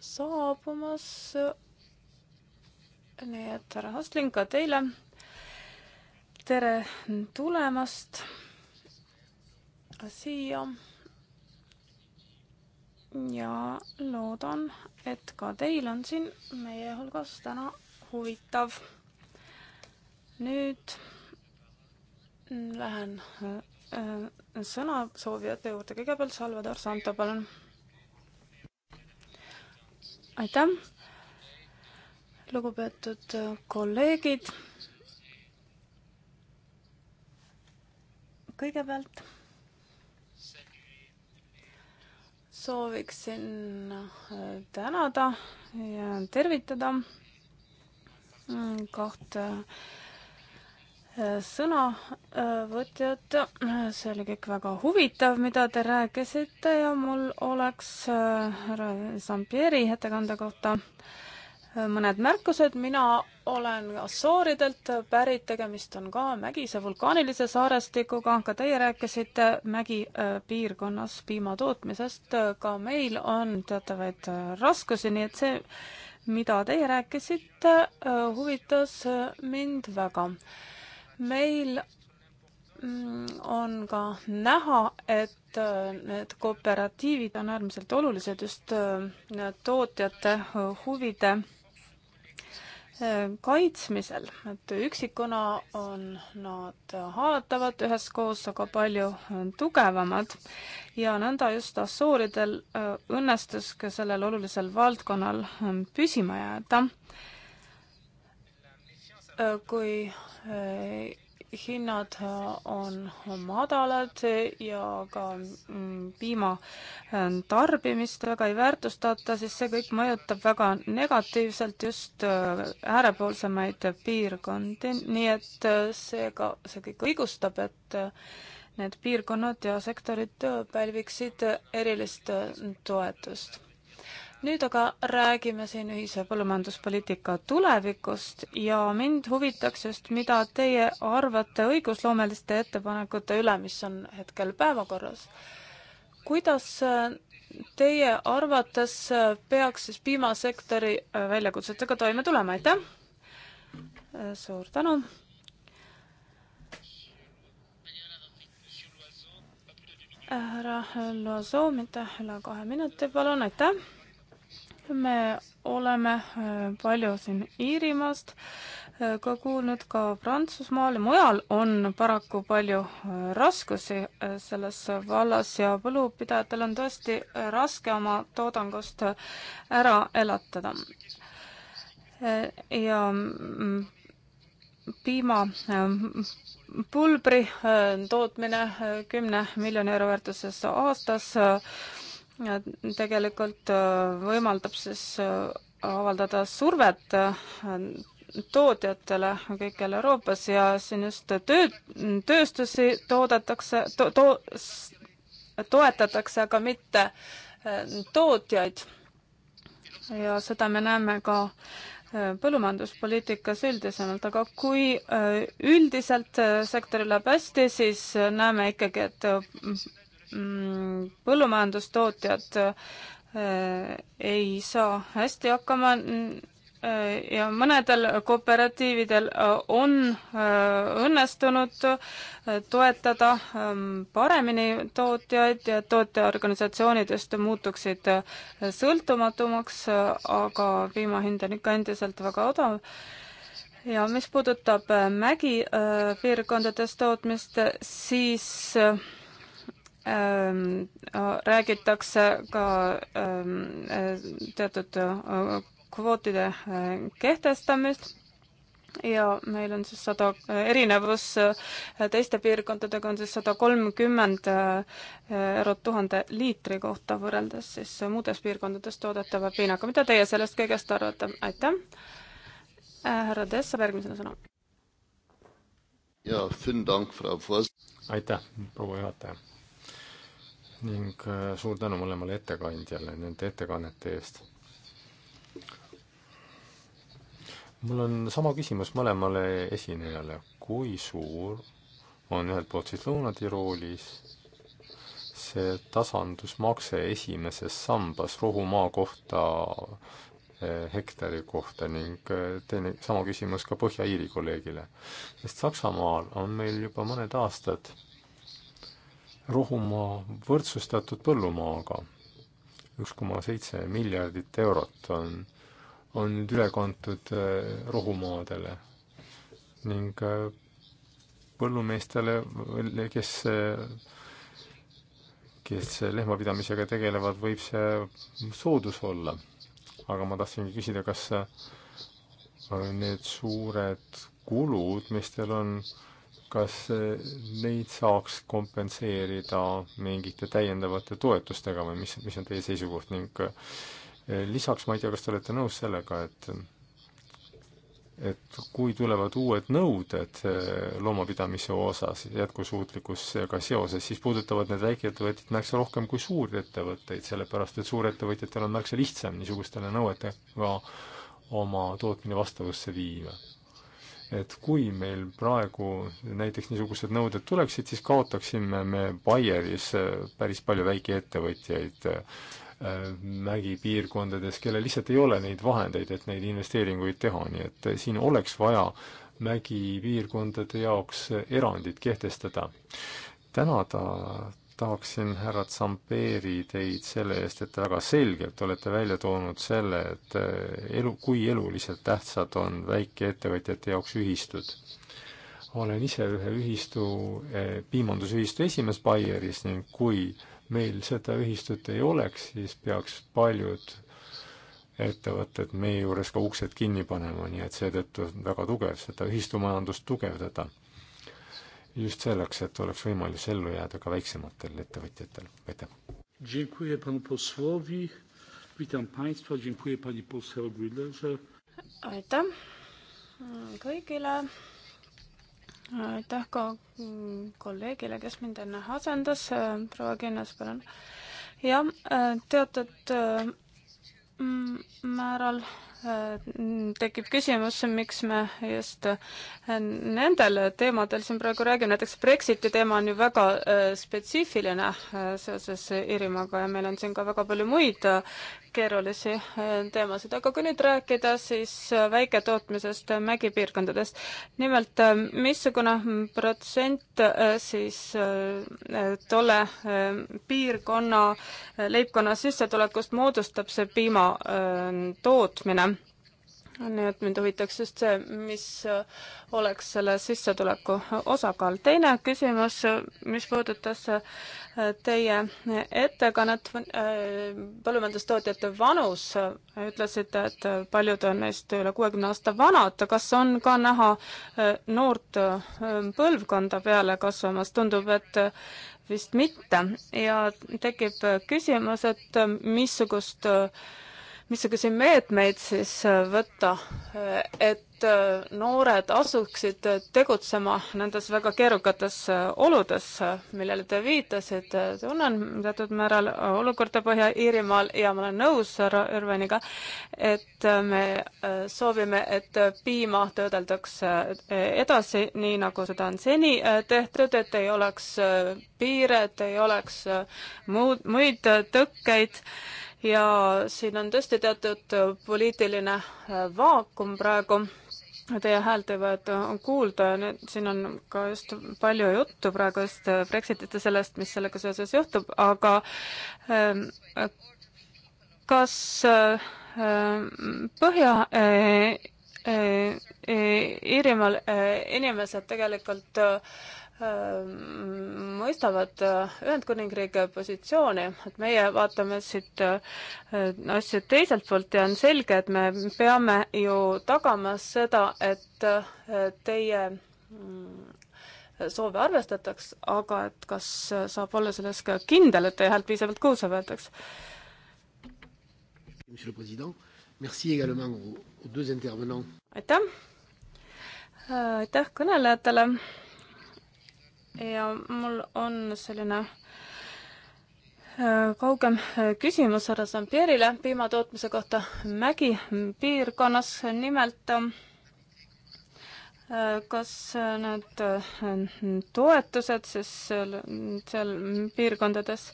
saabumas. nii et härra Haslin ka teile. tere tulemast siia. ja loodan, et ka teil on siin meie hulgas täna huvitav nüüd lähen äh, sõnasoovijate juurde, kõigepealt Salvador Santo, palun. aitäh, lugupeetud äh, kolleegid. kõigepealt sooviksin äh, tänada ja tervitada mm, kahte äh, sõnavõtjad, see oli kõik väga huvitav, mida te rääkisite ja mul oleks äh, härra Zampieri ettekande kohta äh, mõned märkused, mina olen Assooridelt pärit, tegemist on ka mägise vulkaanilise saarestikuga, ka teie rääkisite mägipiirkonnas äh, piima tootmisest, ka meil on teatavaid raskusi, nii et see, mida teie rääkisite, huvitas mind väga meil mm, on ka näha, et äh, need kooperatiivid on äärmiselt olulised just äh, tootjate äh, huvide kaitsmisel, et üksikuna on nad haavatavad, üheskoos aga palju tugevamad ja nõnda just Assuuridel õnnestus ka sellel olulisel valdkonnal püsima jääda Äh, kui äh, hinnad äh, on madalad ja ka mm, piima tarbimist väga ei väärtustata, siis see kõik mõjutab väga negatiivselt just äärepoolsemaid piirkondi, nii et seega see kõik õigustab, et need piirkonnad ja sektorid pälviksid erilist toetust nüüd aga räägime siin ühise põllumajanduspoliitika tulevikust ja mind huvitaks just, mida teie arvate õigusloomeliste ettepanekute üle, mis on hetkel päevakorras. kuidas äh, teie arvates äh, peaks siis piimasektori äh, väljakutsetega toime tulema, aitäh! suur tänu! härra Loasoo, mitte üle kahe minuti, palun, aitäh! me oleme äh, palju siin Iirimaast äh, ka kuulnud, ka Prantsusmaal ja mujal on paraku palju äh, raskusi selles vallas ja põllupidajatel on tõesti raske oma toodangust ära elatada. ja mm, piimapulbri tootmine kümne miljoni euro väärtuses aastas ja tegelikult äh, võimaldab siis äh, avaldada survet äh, tootjatele kõikjal Euroopas ja siin just töö, tööstusi toodetakse to,, to, toetatakse, aga mitte tootjaid. ja seda me näeme ka põllumajanduspoliitikas üldisemalt, aga kui üldiselt sektoril läheb hästi, siis näeme ikkagi, et Mm, põllumajandustootjad äh, ei saa hästi hakkama mm, äh, ja mõnedel kooperatiividel äh, on õnnestunud toetada ähm, paremini tootjaid ja tootjaorganisatsioonid just muutuksid sõltumatumaks, aga piima hind on ikka endiselt väga odav ja mis puudutab mägipiirkondades tootmist, siis Ehm, äh, räägitakse ka ehm, äh, teatud äh, kvootide kehtestamist ja meil on siis sada, erinevus teiste piirkondadega on siis sada kolmkümmend eurot tuhande liitri kohta, võrreldes siis muudes piirkondades toodetava piinaga. mida teie sellest kõigest arvate? aitäh! härra Tess saab järgmisena sõna. jaa, aitäh, proua juhataja ning äh, suur tänu mõlemale ettekandjale nende ettekannete eest. mul on sama küsimus mõlemale esinejale, kui suur on ühelt poolt siis Lõuna-Tiroolis see tasandusmakse esimeses sambas rohumaa kohta äh, hektari kohta ning äh, teine, sama küsimus ka Põhja-Iiri kolleegile. sest Saksamaal on meil juba mõned aastad rohumaa võrdsustatud põllumaaga. üks koma seitse miljardit eurot on, on nüüd üle kantud äh, rohumaadele ning äh, põllumeestele, kes, äh, kes lehmapidamisega tegelevad, võib see soodus olla. aga ma tahtsingi küsida, kas need suured kulud, mis teil on äh, kas eh, neid saaks kompenseerida mingite täiendavate toetustega või mis, mis on teie seisukoht ning eh, lisaks ma ei tea, kas te olete nõus sellega, et et kui tulevad uued nõuded eh, loomapidamise osas jätkusuutlikkusega seoses, siis puudutavad need väikeettevõtteid märksa rohkem kui suurettevõtteid, sellepärast et suurettevõtjatel on märksa lihtsam niisugustele nõuetega oma tootmine vastavusse viia et kui meil praegu näiteks niisugused nõuded tuleksid, siis kaotaksime me Baieris äh, päris palju väikeettevõtjaid äh, mägipiirkondades, kellel lihtsalt ei ole neid vahendeid, et neid investeeringuid teha, nii et äh, siin oleks vaja mägipiirkondade jaoks erandid kehtestada. tänada tahaksin, härra Tsampeeri, teid selle eest, et te väga selgelt olete välja toonud selle, et eh, elu, kui eluliselt tähtsad on väikeettevõtjate jaoks ühistud. olen ise ühe ühistu, eh, piimandusühistu esimees Baieris ning kui meil seda ühistut ei oleks, siis peaks paljud ettevõtted meie juures ka uksed kinni panema, nii et seetõttu on väga tugev seda ühistumajandust tugevdada just selleks, et oleks võimalus ellu jääda ka väiksematel ettevõtjatel. aitäh! aitäh kõigile, aitäh ka kolleegile, kes mind enne asendas, proua Kinnas, palun. jah, teatud mm, määral tekib küsimus, miks me just äh, nendel teemadel siin praegu räägime, näiteks Brexiti teema on ju väga äh, spetsiifiline äh, seoses Iirimaaga ja meil on siin ka väga palju muid keerulisi äh, teemasid, aga kui nüüd rääkida siis äh, väiketootmisest äh, mägipiirkondades, nimelt missugune protsent siis tolle piirkonna, leibkonna sissetulekust moodustab see piima tootmine? nii et mind huvitaks just see, mis äh, oleks selle sissetuleku osakaal. teine küsimus, mis puudutas äh, teie ettekannet äh, põllumajandustootjate vanus, ütlesite, et paljud on neist üle kuuekümne aasta vanad, kas on ka näha noort põlvkonda peale kasvamas, tundub, et vist mitte ja tekib küsimus, et missugust missuguseid meetmeid siis äh, võtta, äh, et äh, noored asuksid tegutsema nendes väga keerukates oludes, millele te viitasite, tunnen teatud määral olukorda Põhja-Iirimaal ja ma olen nõus härra Irveniga, et me soovime, et piima töödeldakse edasi, nii nagu seda on seni tehtud, et ei oleks piire, et ei oleks muud, muid tõkkeid ja siin on tõesti teatud poliitiline äh, vaakum praegu. Teie häält ei võeta kuulda ja nüüd siin on ka just palju juttu praegu just äh, Brexitit ja sellest, mis sellega seoses juhtub, aga ähm, kas äh, Põhja Iirimaal inimesed tegelikult äh, mõistavad Ühendkuningriigi positsiooni, et meie vaatame siit asju teiselt poolt ja on selge, et me peame ju tagama seda, et teie mm, soove arvestataks, aga et kas saab olla selles ka kindel, et teie häält piisavalt kuulsa võetakse? aitäh, aitäh kõnelejatele ja mul on selline äh, kaugem äh, küsimus härra Zampierile piimatootmise kohta Mägi piirkonnas, nimelt äh, kas need toetused siis seal piirkondades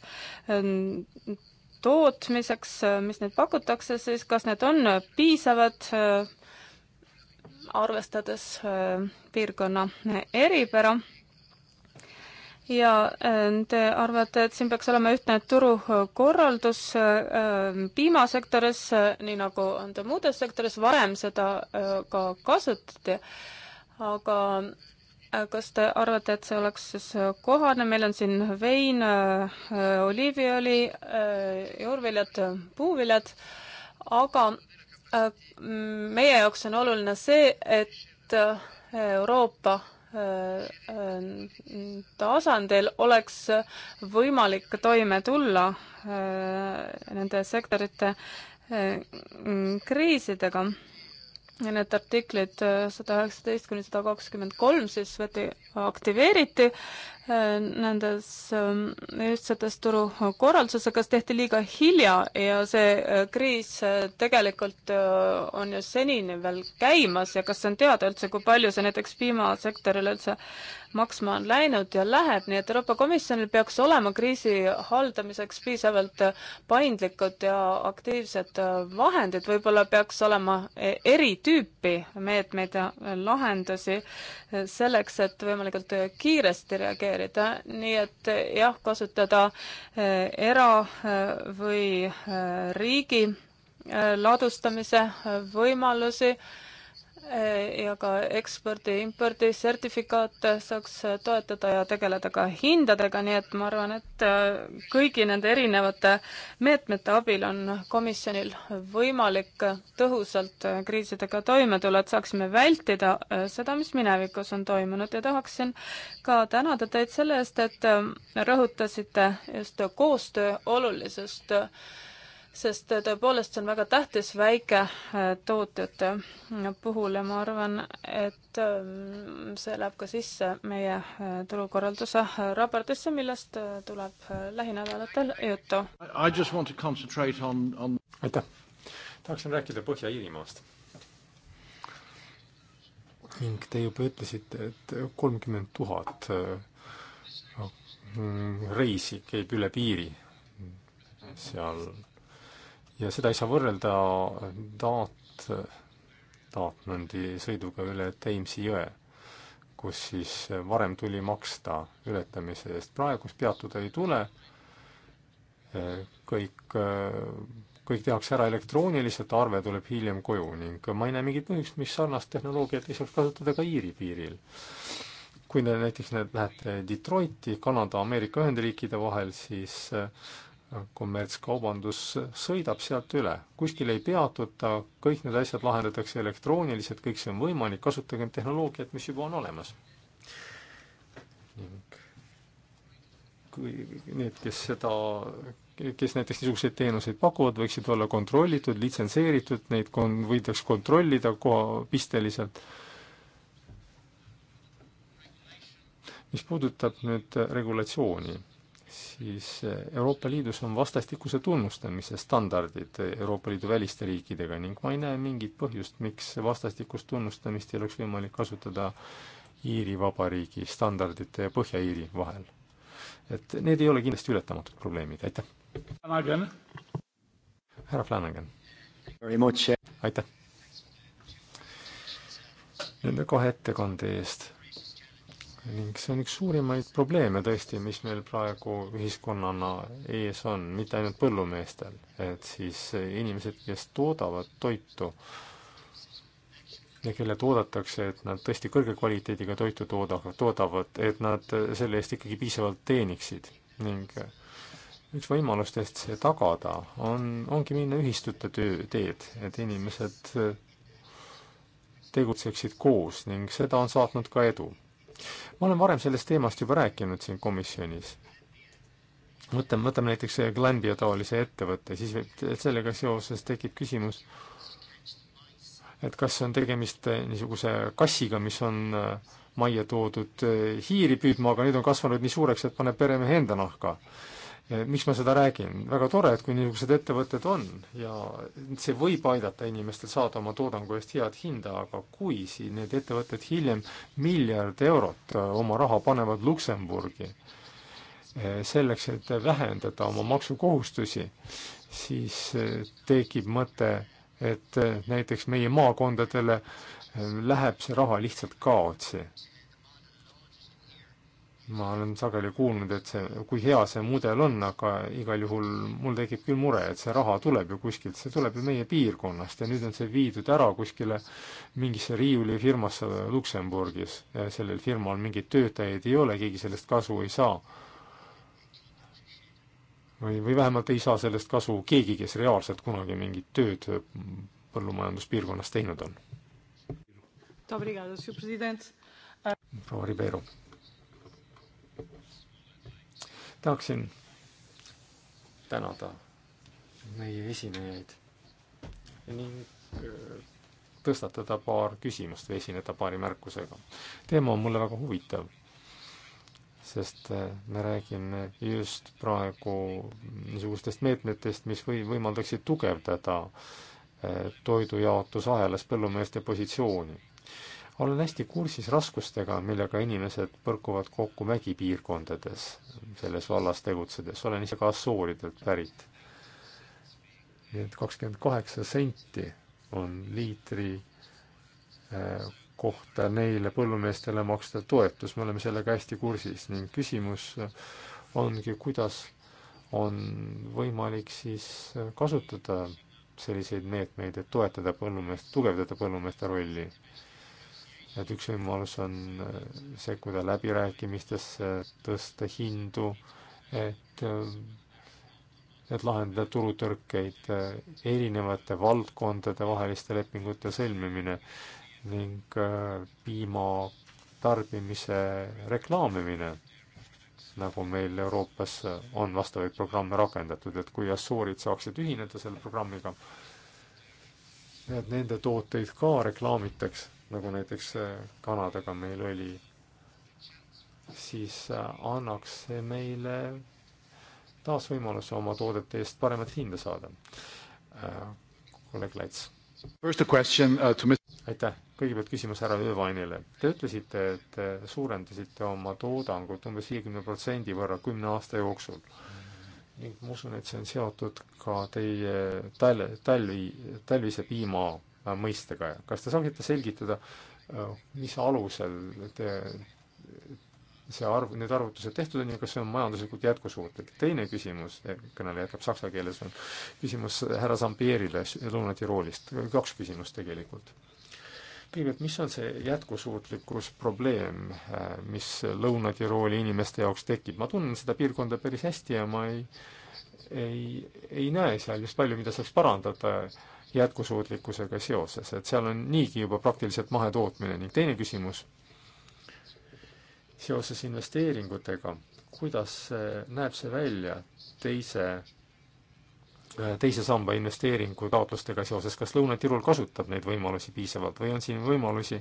tootmiseks, mis neid pakutakse, siis kas need on piisavad, arvestades piirkonna eripära? ja äh, te arvate, et siin peaks olema ühtne turukorraldus äh, piimasektoris, äh, nii nagu on ta muudes sektoris, varem seda ka kasutati, aga kas te arvate, et see oleks siis kohane, meil on siin vein, oliiviõli, juurviljad, puuviljad, aga meie jaoks on oluline see, et Euroopa tasandil oleks võimalik toime tulla äh, nende sektorite äh, kriisidega. Ja need artiklid äh, sada üheksateist kuni sada kakskümmend kolm siis võeti, aktiveeriti nendes ähm, ühtsetes turukorralduses, aga see tehti liiga hilja ja see äh, kriis äh, tegelikult äh, on ju senini veel käimas ja kas on teada üldse, kui palju see näiteks piimasektorile üldse maksma on läinud ja läheb, nii et Euroopa Komisjonil peaks olema kriisi haldamiseks piisavalt paindlikud ja aktiivsed vahendid, võib-olla peaks olema e, eri tüüpi meetmeid ja lahendusi selleks, et võimalikult kiiresti reageerida reageerida, nii et jah, kasutada eh, era- eh, või eh, riigi ladustamise võimalusi Eh, ja ka ekspordi-impordi sertifikaate saaks toetada ja tegeleda ka hindadega, nii et ma arvan, et eh, kõigi nende erinevate meetmete abil on komisjonil võimalik tõhusalt eh, kriisidega toime tulla, et saaksime vältida seda, mis minevikus on toimunud ja tahaksin ka tänada teid selle eest, et rõhutasite just koostöö olulisust sest tõepoolest see on väga tähtis väiketootjate äh, äh, puhul ja ma arvan, et äh, see läheb ka sisse meie turukorralduse raportisse, millest tuleb lähinädalatel juttu. On... aitäh! tahaksin rääkida Põhja-Iirimaast. ning te juba ütlesite, et kolmkümmend tuhat reisi käib üle piiri seal ja seda ei saa võrrelda Taat, Taatmandi sõiduga üle Teimsi jõe, kus siis varem tuli maksta ületamise eest. praegust peatuda ei tule, kõik, kõik tehakse ära elektrooniliselt, arve tuleb hiljem koju ning ma ei näe mingit põhjust, mis sarnast tehnoloogiat ei saaks kasutada ka Iiri piiril kui te näiteks näete Detroiti, Kanada, Ameerika Ühendriikide vahel, siis kommertskaubandus sõidab sealt üle. kuskil ei peatuta, kõik need asjad lahendatakse elektrooniliselt, kõik see on võimalik, kasutagem tehnoloogiat, mis juba on olemas. ning kui need, kes seda, kes näiteks niisuguseid teenuseid pakuvad, võiksid olla kontrollitud, litsenseeritud, neid kon-, võidaks kontrollida koha, pisteliselt mis puudutab nüüd regulatsiooni, siis eh, Euroopa Liidus on vastastikuse tunnustamise standardid Euroopa Liidu väliste riikidega ning ma ei näe mingit põhjust, miks vastastikust tunnustamist ei oleks võimalik kasutada Iiri Vabariigi standardite ja Põhja-Iiri vahel. et need ei ole kindlasti ületamatud probleemid, aitäh. härra Flanagan. aitäh. Nende kahe ettekande eest ning see on üks suurimaid probleeme tõesti, mis meil praegu ühiskonnana ees on, mitte ainult põllumeestel, et siis inimesed, kes toodavad toitu ja kellelt oodatakse, et nad tõesti kõrge kvaliteediga toitu toodavad, toodavad, et nad selle eest ikkagi piisavalt teeniksid ning üks võimalustest see tagada on, ongi minna ühistute töö teed, et inimesed tegutseksid koos ning seda on saatnud ka edu ma olen varem sellest teemast juba rääkinud siin komisjonis. mõtlen, võtame näiteks Glanbia taolise ettevõtte, siis võib, sellega seoses tekib küsimus, et kas on tegemist eh, niisuguse kassiga, mis on eh, majja toodud eh, hiiri püüdma, aga nüüd on kasvanud nii suureks, et paneb peremehe enda nahka Eh, miks ma seda räägin? väga tore, et kui niisugused ettevõtted on ja see võib aidata inimestel saada oma toodangu eest head hinda, aga kui siin need ettevõtted hiljem miljard eurot eh, oma raha panevad Luksemburgi eh, selleks, et vähendada oma maksukohustusi, siis tekib mõte, et näiteks meie maakondadele läheb see raha lihtsalt kaotsi ma olen sageli kuulnud, et see, kui hea see mudel on, aga igal juhul mul tekib küll mure, et see raha tuleb ju kuskilt, see tuleb ju meie piirkonnast ja nüüd on see viidud ära kuskile mingisse riiulifirmasse Luksemburgis. sellel firmal mingeid töötajaid ei ole, keegi sellest kasu ei saa. või, või vähemalt ei saa sellest kasu keegi, kes reaalselt kunagi mingit tööd põllumajanduspiirkonnas teinud on. proua Ribeiro tahaksin tänada meie esinejaid ning äh, tõstatada paar küsimust või esineda paari märkusega. teema on mulle väga huvitav, sest äh, me räägime just praegu niisugustest meetmetest, mis või-, võimaldaksid tugevdada äh, toidujaotusahelas põllumeeste positsiooni olen hästi kursis raskustega, millega inimesed põrkuvad kokku mägipiirkondades selles vallas tegutsedes, olen ise ka Assuuridelt pärit. nii et kakskümmend kaheksa senti on liitri äh, kohta neile põllumeestele maksta toetus, me oleme sellega hästi kursis ning küsimus ongi, kuidas on võimalik siis kasutada selliseid meetmeid, et toetada põllumeest, tugevdada põllumeeste rolli et üks võimalus on äh, sekkuda läbirääkimistesse, tõsta hindu, et, äh, et lahendada turutõrkeid, äh, erinevate valdkondade vaheliste lepingute sõlmimine ning piima tarbimise reklaamimine, nagu meil Euroopas on vastavaid programme rakendatud, et kui Assuurid saaksid ühineda selle programmiga, et nende tooteid ka reklaamitaks nagu näiteks äh, Kanadaga meil oli, siis äh, annaks see meile taas võimaluse oma toodete eest paremat hinda saada. Äh, kolleeg Laits. Uh, aitäh, kõigepealt küsimus härra Öövainile. Te ütlesite, et suurendasite oma toodangut umbes viiekümne protsendi võrra kümne aasta jooksul ning ma usun, et see on seotud ka teie tal-, talvi, talvise piima Äh, mõistega. kas te saaksite selgitada, äh, mis alusel te see arv, need arvutused tehtud on ja kas see on majanduslikult jätkusuutlik? teine küsimus, eh, kõneleja jätkab saksa keeles, on küsimus härra Zambierile Lõuna-Tiroolist, kaks küsimust tegelikult. kõigepealt, mis on see jätkusuutlikkus probleem, eh, mis Lõuna-Tirooli inimeste jaoks tekib? ma tunnen seda piirkonda päris hästi ja ma ei ei, ei näe seal just palju, mida saaks parandada jätkusuutlikkusega seoses, et seal on niigi juba praktiliselt mahetootmine ning teine küsimus seoses investeeringutega, kuidas näeb see välja teise, äh, teise samba investeeringu taotlustega seoses, kas Lõuna-Tirul kasutab neid võimalusi piisavalt või on siin võimalusi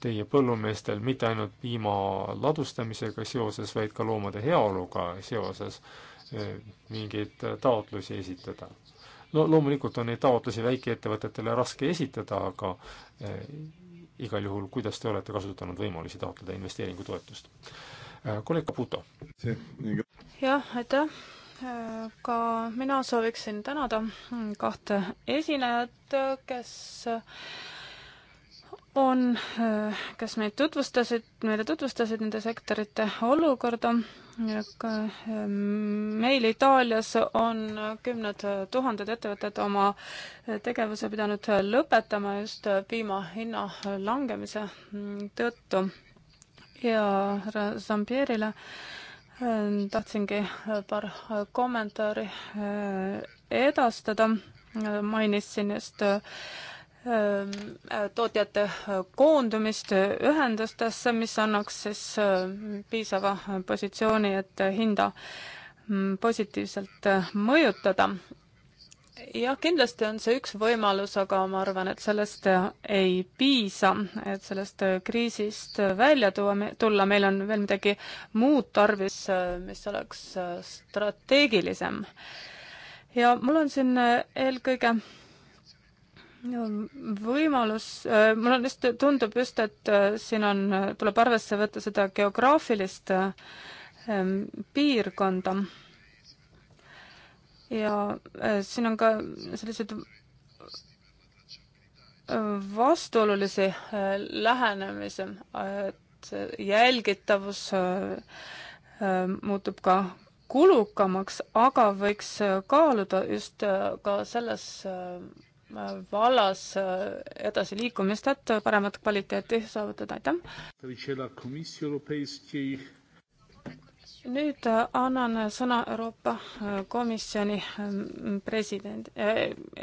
teie põllumeestel mitte ainult piima ladustamisega seoses, vaid ka loomade heaoluga seoses äh, mingeid äh, taotlusi esitada? no loomulikult on neid taotlusi väikeettevõtetele raske esitada, aga äh, igal juhul, kuidas te olete kasutanud võimalusi taotleda investeeringutoetust äh,? kolleeg Caputo. jah, aitäh eh, ka mina sooviksin tänada kahte esinejat, kes on, äh, kes meid tutvustasid, meile tutvustasid nende sektorite olukorda. Ähm, meil Itaalias on kümned tuhanded ettevõtted oma äh, tegevuse pidanud lõpetama just äh, piima hinna langemise mm, tõttu. ja härra Zambierile tahtsingi paar kommentaari edastada. mainisin just tootjate koondumist ühendustesse, mis annaks siis piisava positsiooni, et hinda positiivselt mõjutada. jah, kindlasti on see üks võimalus, aga ma arvan, et sellest ei piisa, et sellest kriisist välja tuua, tulla, meil on veel midagi muud tarvis, mis oleks strateegilisem. ja mul on siin eelkõige võimalus, äh, mulle just tundub just, et äh, siin on, äh, tuleb arvesse võtta seda geograafilist ähm, piirkonda. ja siin on ka selliseid vastuolulisi lähenemisi, et jälgitavus muutub ka kulukamaks, aga võiks kaaluda just ka selles vallas äh, edasiliikumist, et paremat kvaliteeti saavutada, aitäh! nüüd äh, annan sõna Euroopa äh, Komisjoni mm, president,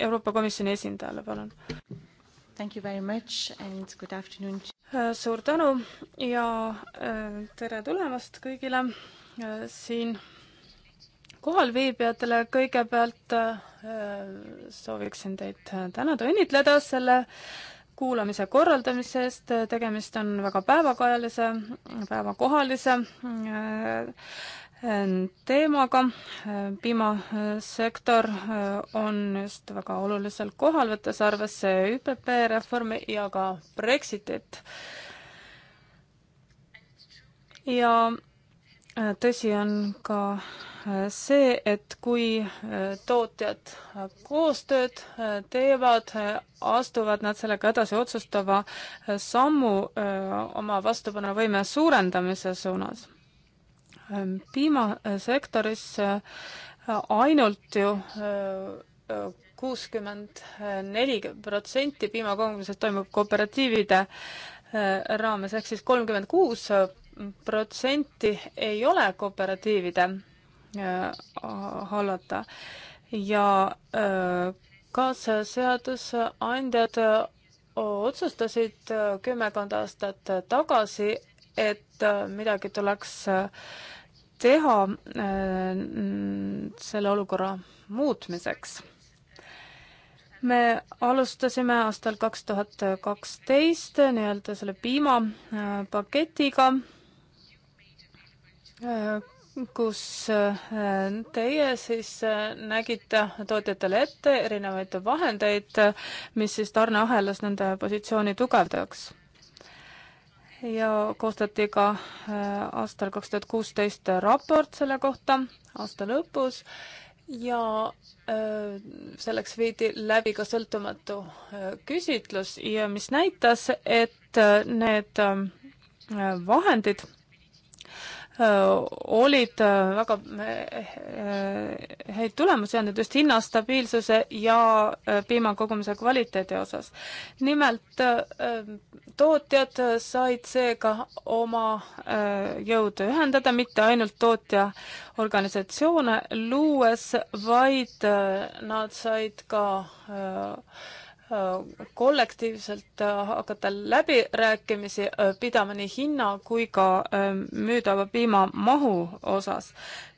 Euroopa Komisjoni esindajale, palun. Thank you very much and good afternoon. suur tänu ja tere tulemast kõigile siin kohalviibijatele kõigepealt äh, sooviksin teid tänada, õnnitleda selle kuulamise korraldamise eest, tegemist on väga päevakajalise, päevakohalise äh, teemaga. piimasektor äh, on just väga olulisel kohal, võttes arvesse ÜPP reformi ja ka Brexitit. ja tõsi on ka see, et kui äh, tootjad äh, koostööd äh, teevad, astuvad nad sellega edasi otsustava sammu oma vastupanuvõime suurendamise suunas. Ähm, piimasektoris ainult ju kuuskümmend neli protsenti piimakongumisest toimub kooperatiivide raames ehk siis kolmkümmend kuus protsenti ei ole kooperatiivide Äh, hallata ja äh, kas seadusandjad äh, otsustasid kümmekond aastat tagasi, et midagi tuleks teha selle olukorra muutmiseks. me alustasime aastal kaks tuhat kaksteist nii-öelda selle piimapaketiga, kus äh, teie siis äh, nägite tootjatele ette erinevaid vahendeid, mis siis tarneahelas nende positsiooni tugevdaks. ja koostati ka äh, aastal kaks tuhat kuusteist raport selle kohta aasta lõpus ja selleks viidi läbi ka sõltumatu küsitlus ja mis näitas, et need vahendid Äh, olid äh, väga äh, häid tulemusi andnud just hinnastabiilsuse ja piima kogumise kvaliteedi osas. nimelt tootjad said seega oma jõudu ühendada, mitte ainult tootjaorganisatsioone luues, vaid nad said ka Äh, kollektiivselt äh, hakata läbirääkimisi äh, pidama nii hinna kui ka ähm, müüdava piima mahu osas.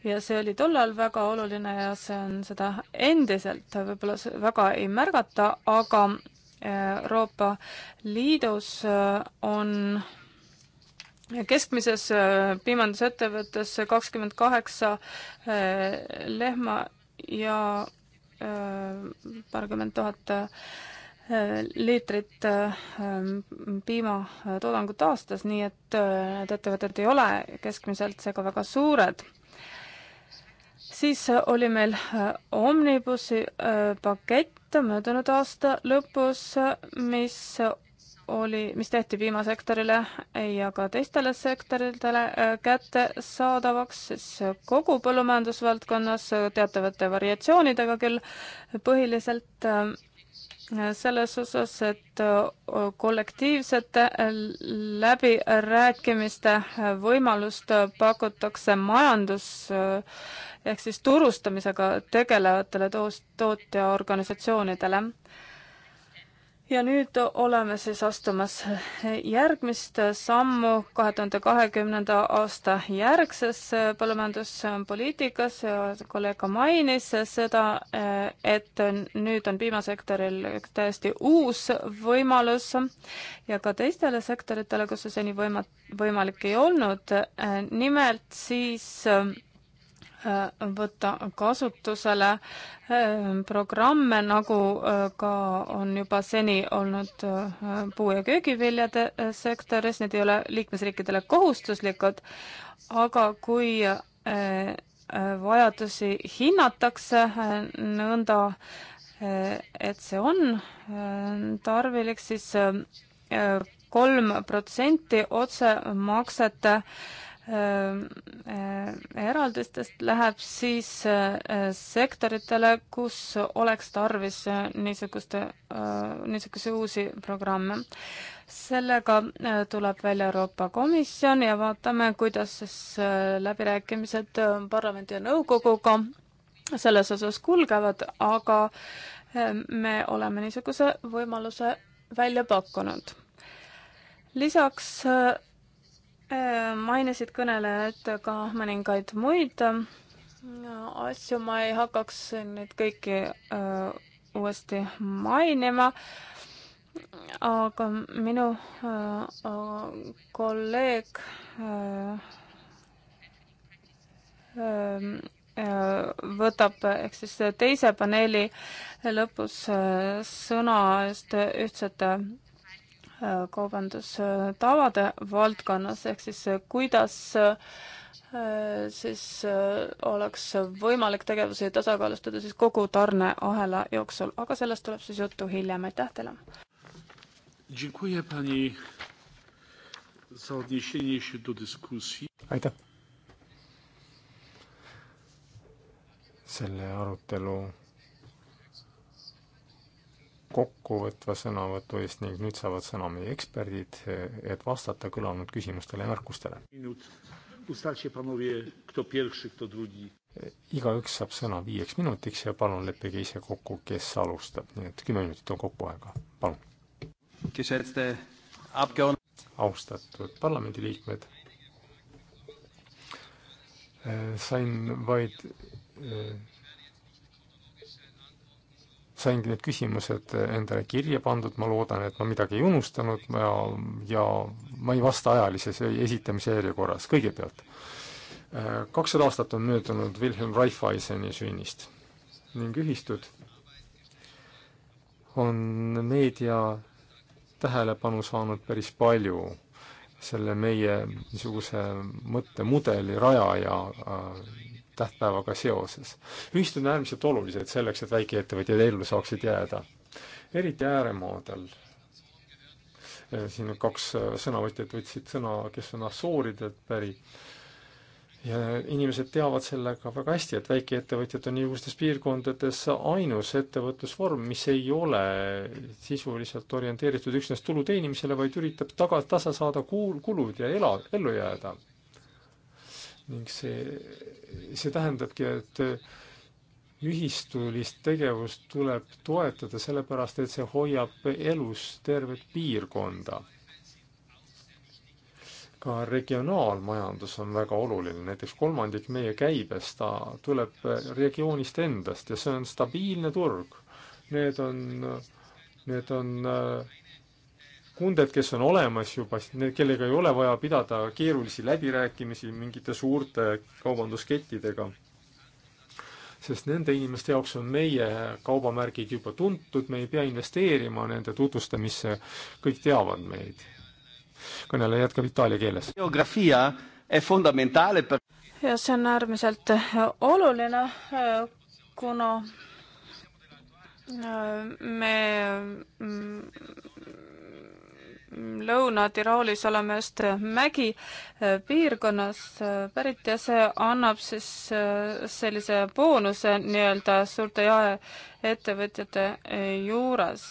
ja see oli tollal väga oluline ja see on seda endiselt võib-olla väga ei märgata, aga Euroopa Liidus on keskmises piimandusettevõttes kakskümmend kaheksa lehma ja paarkümmend tuhat liitrit ähm, piimatoodangut aastas, nii et äh, need ettevõtted ei ole keskmiselt seega väga suured. siis oli meil äh, Omnibussi äh, pakett möödunud aasta lõpus, mis oli, mis tehti piimasektorile ja ka teistele sektoritele kättesaadavaks siis kogu põllumajandusvaldkonnas teatavate variatsioonidega küll, põhiliselt selles osas, et kollektiivsete äh, läbirääkimiste äh, võimalust äh, pakutakse majandus ehk siis turustamisega tegelevatele toos-, tootjaorganisatsioonidele ja nüüd oleme siis astumas järgmist sammu kahe tuhande kahekümnenda aasta järgses põllumajanduspoliitikas ja kolleeg ka mainis seda, et nüüd on piimasektoril üks täiesti uus võimalus ja ka teistele sektoritele, kus see seni võima-, võimalik ei olnud, nimelt siis Äh, võtta kasutusele äh, programme, nagu äh, ka on juba seni olnud puu- ja köögiviljade sektoris, need ei ole liikmesriikidele kohustuslikud, aga kui vajadusi hinnatakse nõnda, et see on tarvilik, siis kolm protsenti otsemaksete äh, Ähm, äh, eraldistest läheb siis äh, sektoritele, kus oleks tarvis äh, niisuguste, niisuguseid uusi programme. sellega tuleb välja Euroopa Komisjon ja vaatame, kuidas siis läbirääkimised parlamendi ja nõukoguga selles osas kulgevad, aga me oleme niisuguse võimaluse välja pakkunud lisaks Äh, mainisid kõnelejad ka mõningaid muid äh, asju, ma ei hakkaks neid kõiki äh, uuesti mainima, aga minu kolleeg võtab ehk siis teise paneeli lõpus sõna just ühtsete kaubandustavade valdkonnas, ehk siis äh, kuidas äh, siis äh, oleks võimalik tegevusi tasakaalustada siis kogu tarneahela jooksul, aga sellest tuleb siis juttu hiljem, aitäh teile! aitäh! selle arutelu kokkuvõtva sõnavõtu eest ning nüüd saavad sõna meie eksperdid, et vastata kõlanud küsimustele ja märkustele. igaüks saab sõna viieks minutiks ja palun leppige ise kokku, kes alustab, nii et kümme minutit on kokku aega, palun. Eh, austatud parlamendiliikmed, eh, sain vaid eh, sain need küsimused endale kirja pandud, ma loodan, et ma midagi ei unustanud ja, ja ma ei vasta ajalises esitamise järjekorras kõigepealt. Äh, kakssada aastat on möödunud Wilhelm Raiffeiseni sünnist ning ühistud on meedia tähelepanu saanud päris palju selle meie niisuguse mõttemudeli rajaja äh, tähtpäevaga seoses. ühistud on äärmiselt olulised selleks, et väikeettevõtjad ellu saaksid jääda. eriti ääremaadel. Eh, siin on kaks eh, sõnavõtjat võtsid sõna, kes on Assuuridelt pärit. ja inimesed teavad sellega väga hästi, et väikeettevõtjad on niisugustes piirkondades ainus ettevõtlusvorm, mis ei ole sisuliselt orienteeritud üksnes tulu teenimisele, vaid üritab taga, tasa saada kuul-, kulud ja ela, ellu jääda ning see, see tähendabki, et äh, ühistulist tegevust tuleb toetada, sellepärast et see hoiab elus tervet piirkonda. ka regionaalmajandus on väga oluline, näiteks kolmandik meie käibest äh, tuleb äh, regioonist endast ja see on stabiilne turg. Need on, need on äh, kunded, kes on olemas juba, need, kellega ei ole vaja pidada keerulisi läbirääkimisi mingite suurte kaubanduskettidega. sest nende inimeste jaoks on meie kaubamärgid juba tuntud, me ei pea investeerima nende tutvustamisse, kõik teavad meid. kõneleja jätkab itaalia keeles. geograafia è fondamentale per ja see on äärmiselt oluline, kuna me Lõuna-Tiroolis oleme just mägi äh, piirkonnas äh, pärit ja see annab siis äh, sellise boonuse nii-öelda suurte jaeettevõtjate juures.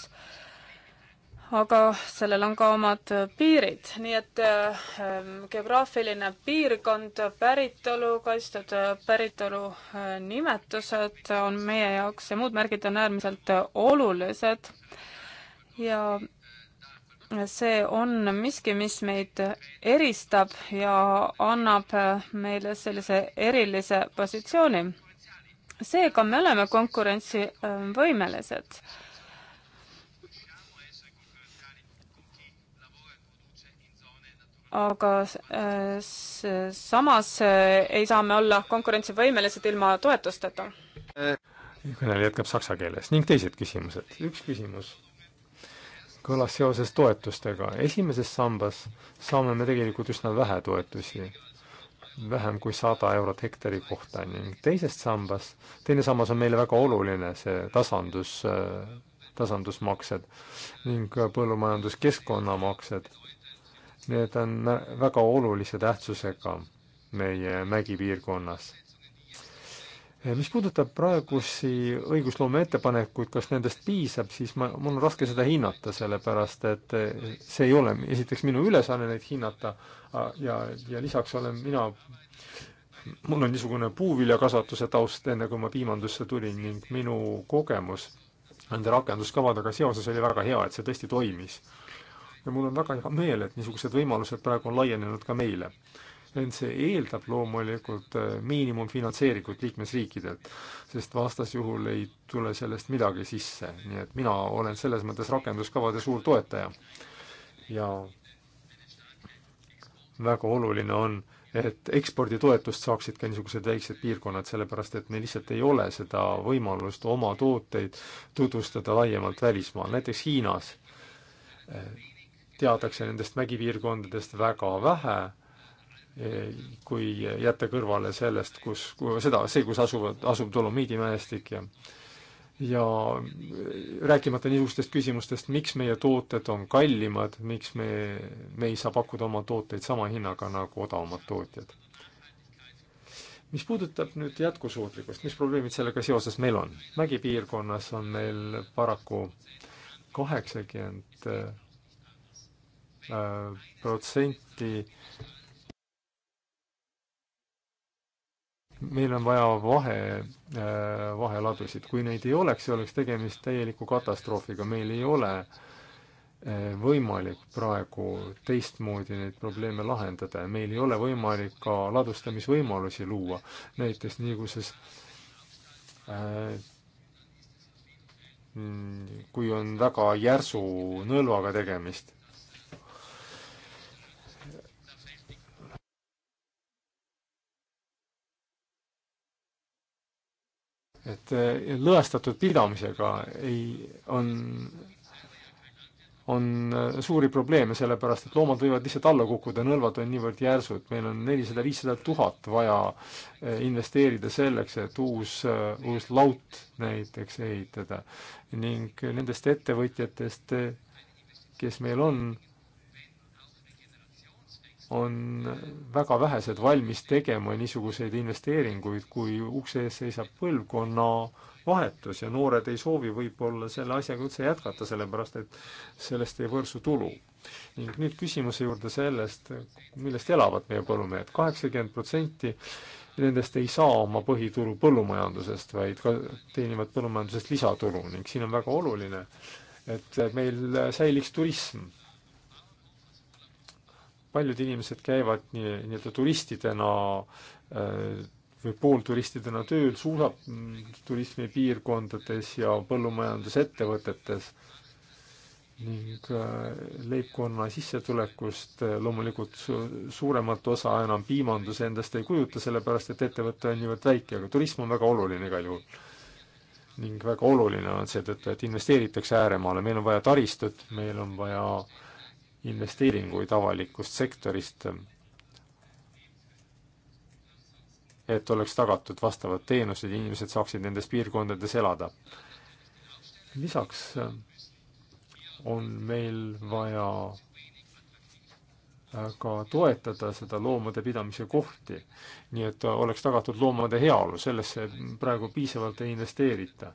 aga sellel on ka omad piirid, nii et geograafiline piirkond, päritolu, kaitstud päritolu nimetused on meie jaoks ja muud märgid on äärmiselt olulised ja see on miski, mis meid eristab ja annab meile sellise erilise positsiooni. seega me oleme konkurentsivõimelised. aga äh, samas äh, ei saa me olla konkurentsivõimelised ilma toetusteta. kõneleja jätkab saksa keeles ning teised küsimused. üks küsimus kõlas seoses toetustega. esimeses sambas saame me tegelikult üsna vähe toetusi, vähem kui sada eurot hektari kohta ning teisest sambast, teine sammas on meile väga oluline, see tasandus, tasandusmaksed ning põllumajandueskkonnamaksed. Need on väga olulise tähtsusega meie mägipiirkonnas Eh, mis puudutab praegusi õigusloome ettepanekuid, kas nendest piisab, siis ma, mul on raske seda hinnata, sellepärast et eh, see ei ole esiteks minu ülesanne neid hinnata ja, ja lisaks olen mina, mul on niisugune puuviljakasvatuse taust, enne kui ma piimandusse tulin ning minu kogemus nende rakenduskavadega seoses oli väga hea, et see tõesti toimis. ja mul on väga hea meel, et niisugused võimalused praegu on laienenud ka meile ent see eeldab loomulikult äh, miinimumfinantseeringut liikmesriikidelt, sest vastasjuhul ei tule sellest midagi sisse, nii et mina olen selles mõttes rakenduskavade suur toetaja. ja väga oluline on, et eksporditoetust saaksid ka niisugused väiksed piirkonnad, sellepärast et neil lihtsalt ei ole seda võimalust oma tooteid tutvustada laiemalt välismaal, näiteks Hiinas äh, teatakse nendest mägipiirkondadest väga vähe kui jätta kõrvale sellest, kus, seda, see, kus asuvad, asub dolomiidimälestik ja ja rääkimata niisugustest küsimustest, miks meie tooted on kallimad, miks me, me ei saa pakkuda oma tooteid sama hinnaga nagu odavamad tootjad. mis puudutab nüüd jätkusuutlikkust, mis probleemid sellega seoses meil on? mägipiirkonnas on meil paraku kaheksakümmend äh, protsenti meil on vaja vahe, äh, vaheladusid, kui neid ei oleks, oleks tegemist täieliku katastroofiga, meil ei ole äh, võimalik praegu teistmoodi neid probleeme lahendada ja meil ei ole võimalik ka ladustamisvõimalusi luua, näiteks niisuguses äh, mm, kui on väga järsu nõlvaga tegemist, et eh, lõhestatud pidamisega ei, on, on eh, suuri probleeme, sellepärast et loomad võivad lihtsalt alla kukkuda, nõlvad on niivõrd järsud, meil on nelisada, viissada tuhat vaja eh, investeerida selleks, et uus, uus laut näiteks ehitada. ning nendest ettevõtjatest, kes meil on, on väga vähesed valmis tegema niisuguseid investeeringuid, kui ukse ees seisab põlvkonnavahetus ja noored ei soovi võib-olla selle asjaga üldse jätkata, sellepärast et sellest ei võrsu tulu. ning nüüd küsimuse juurde sellest, millest elavad meie põllumehed. kaheksakümmend protsenti nendest ei saa oma põhitulu põllumajandusest, vaid ka teenivad põllumajandusest lisatulu ning siin on väga oluline, et meil säiliks turism paljud inimesed käivad nii, nii-öelda turistidena äh, või poolturistidena tööl suusab turismipiirkondades ja põllumajandusettevõtetes ning äh, leibkonna sissetulekust äh, loomulikult suuremat osa enam piimandus endast ei kujuta, sellepärast et ettevõte on niivõrd väike, aga turism on väga oluline igal juhul. ning väga oluline on seetõttu, et investeeritakse ääremaale, meil on vaja taristut, meil on vaja äh, investeeringuid avalikust sektorist, et oleks tagatud vastavad teenused ja inimesed saaksid nendes piirkondades elada. lisaks on meil vaja äh, ka toetada seda loomade pidamise kohti, nii et oleks tagatud loomade heaolu, sellesse praegu piisavalt ei investeerita.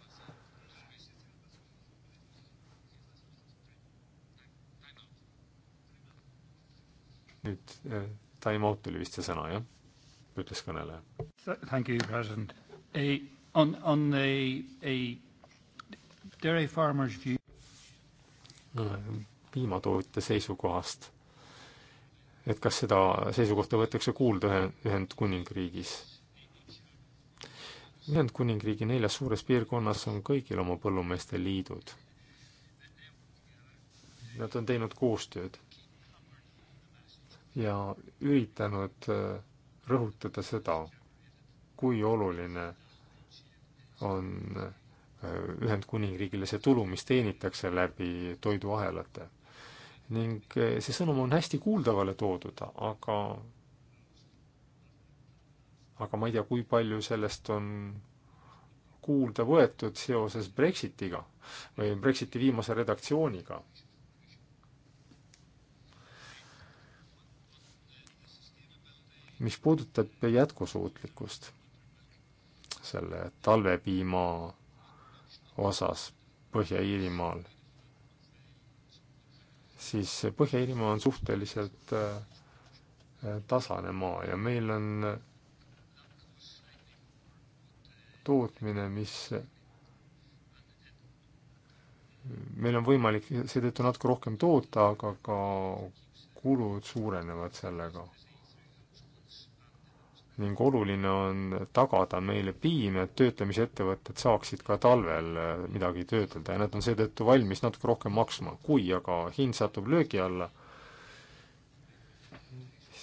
nüüd äh, time out oli vist see sõna, jah? ütles kõneleja. Thank you, president. A on, on a, a dairy farmer's view piimatootja seisukohast, et kas seda seisukohta võetakse kuulda ühe, Ühendkuningriigis? Ühendkuningriigi neljas suures piirkonnas on kõigil oma põllumeeste liidud. Nad on teinud koostööd ja üritanud äh, rõhutada seda, kui oluline on äh, Ühendkuningriigile see tulu, mis teenitakse läbi toiduahelate. ning äh, see sõnum on hästi kuuldavale toodud, aga aga ma ei tea, kui palju sellest on kuulda võetud seoses Brexitiga või Brexiti viimase redaktsiooniga mis puudutab jätkusuutlikkust selle talvepiima osas Põhja-Iirimaal, siis Põhja-Iirimaa on suhteliselt äh, tasane maa ja meil on tootmine, mis meil on võimalik seetõttu natuke rohkem toota, aga ka kulud suurenevad sellega ning oluline on tagada meile piim, et töötlemisettevõtted saaksid ka talvel äh, midagi töödelda ja nad on seetõttu valmis natuke rohkem maksma. kui aga hind satub löögi alla,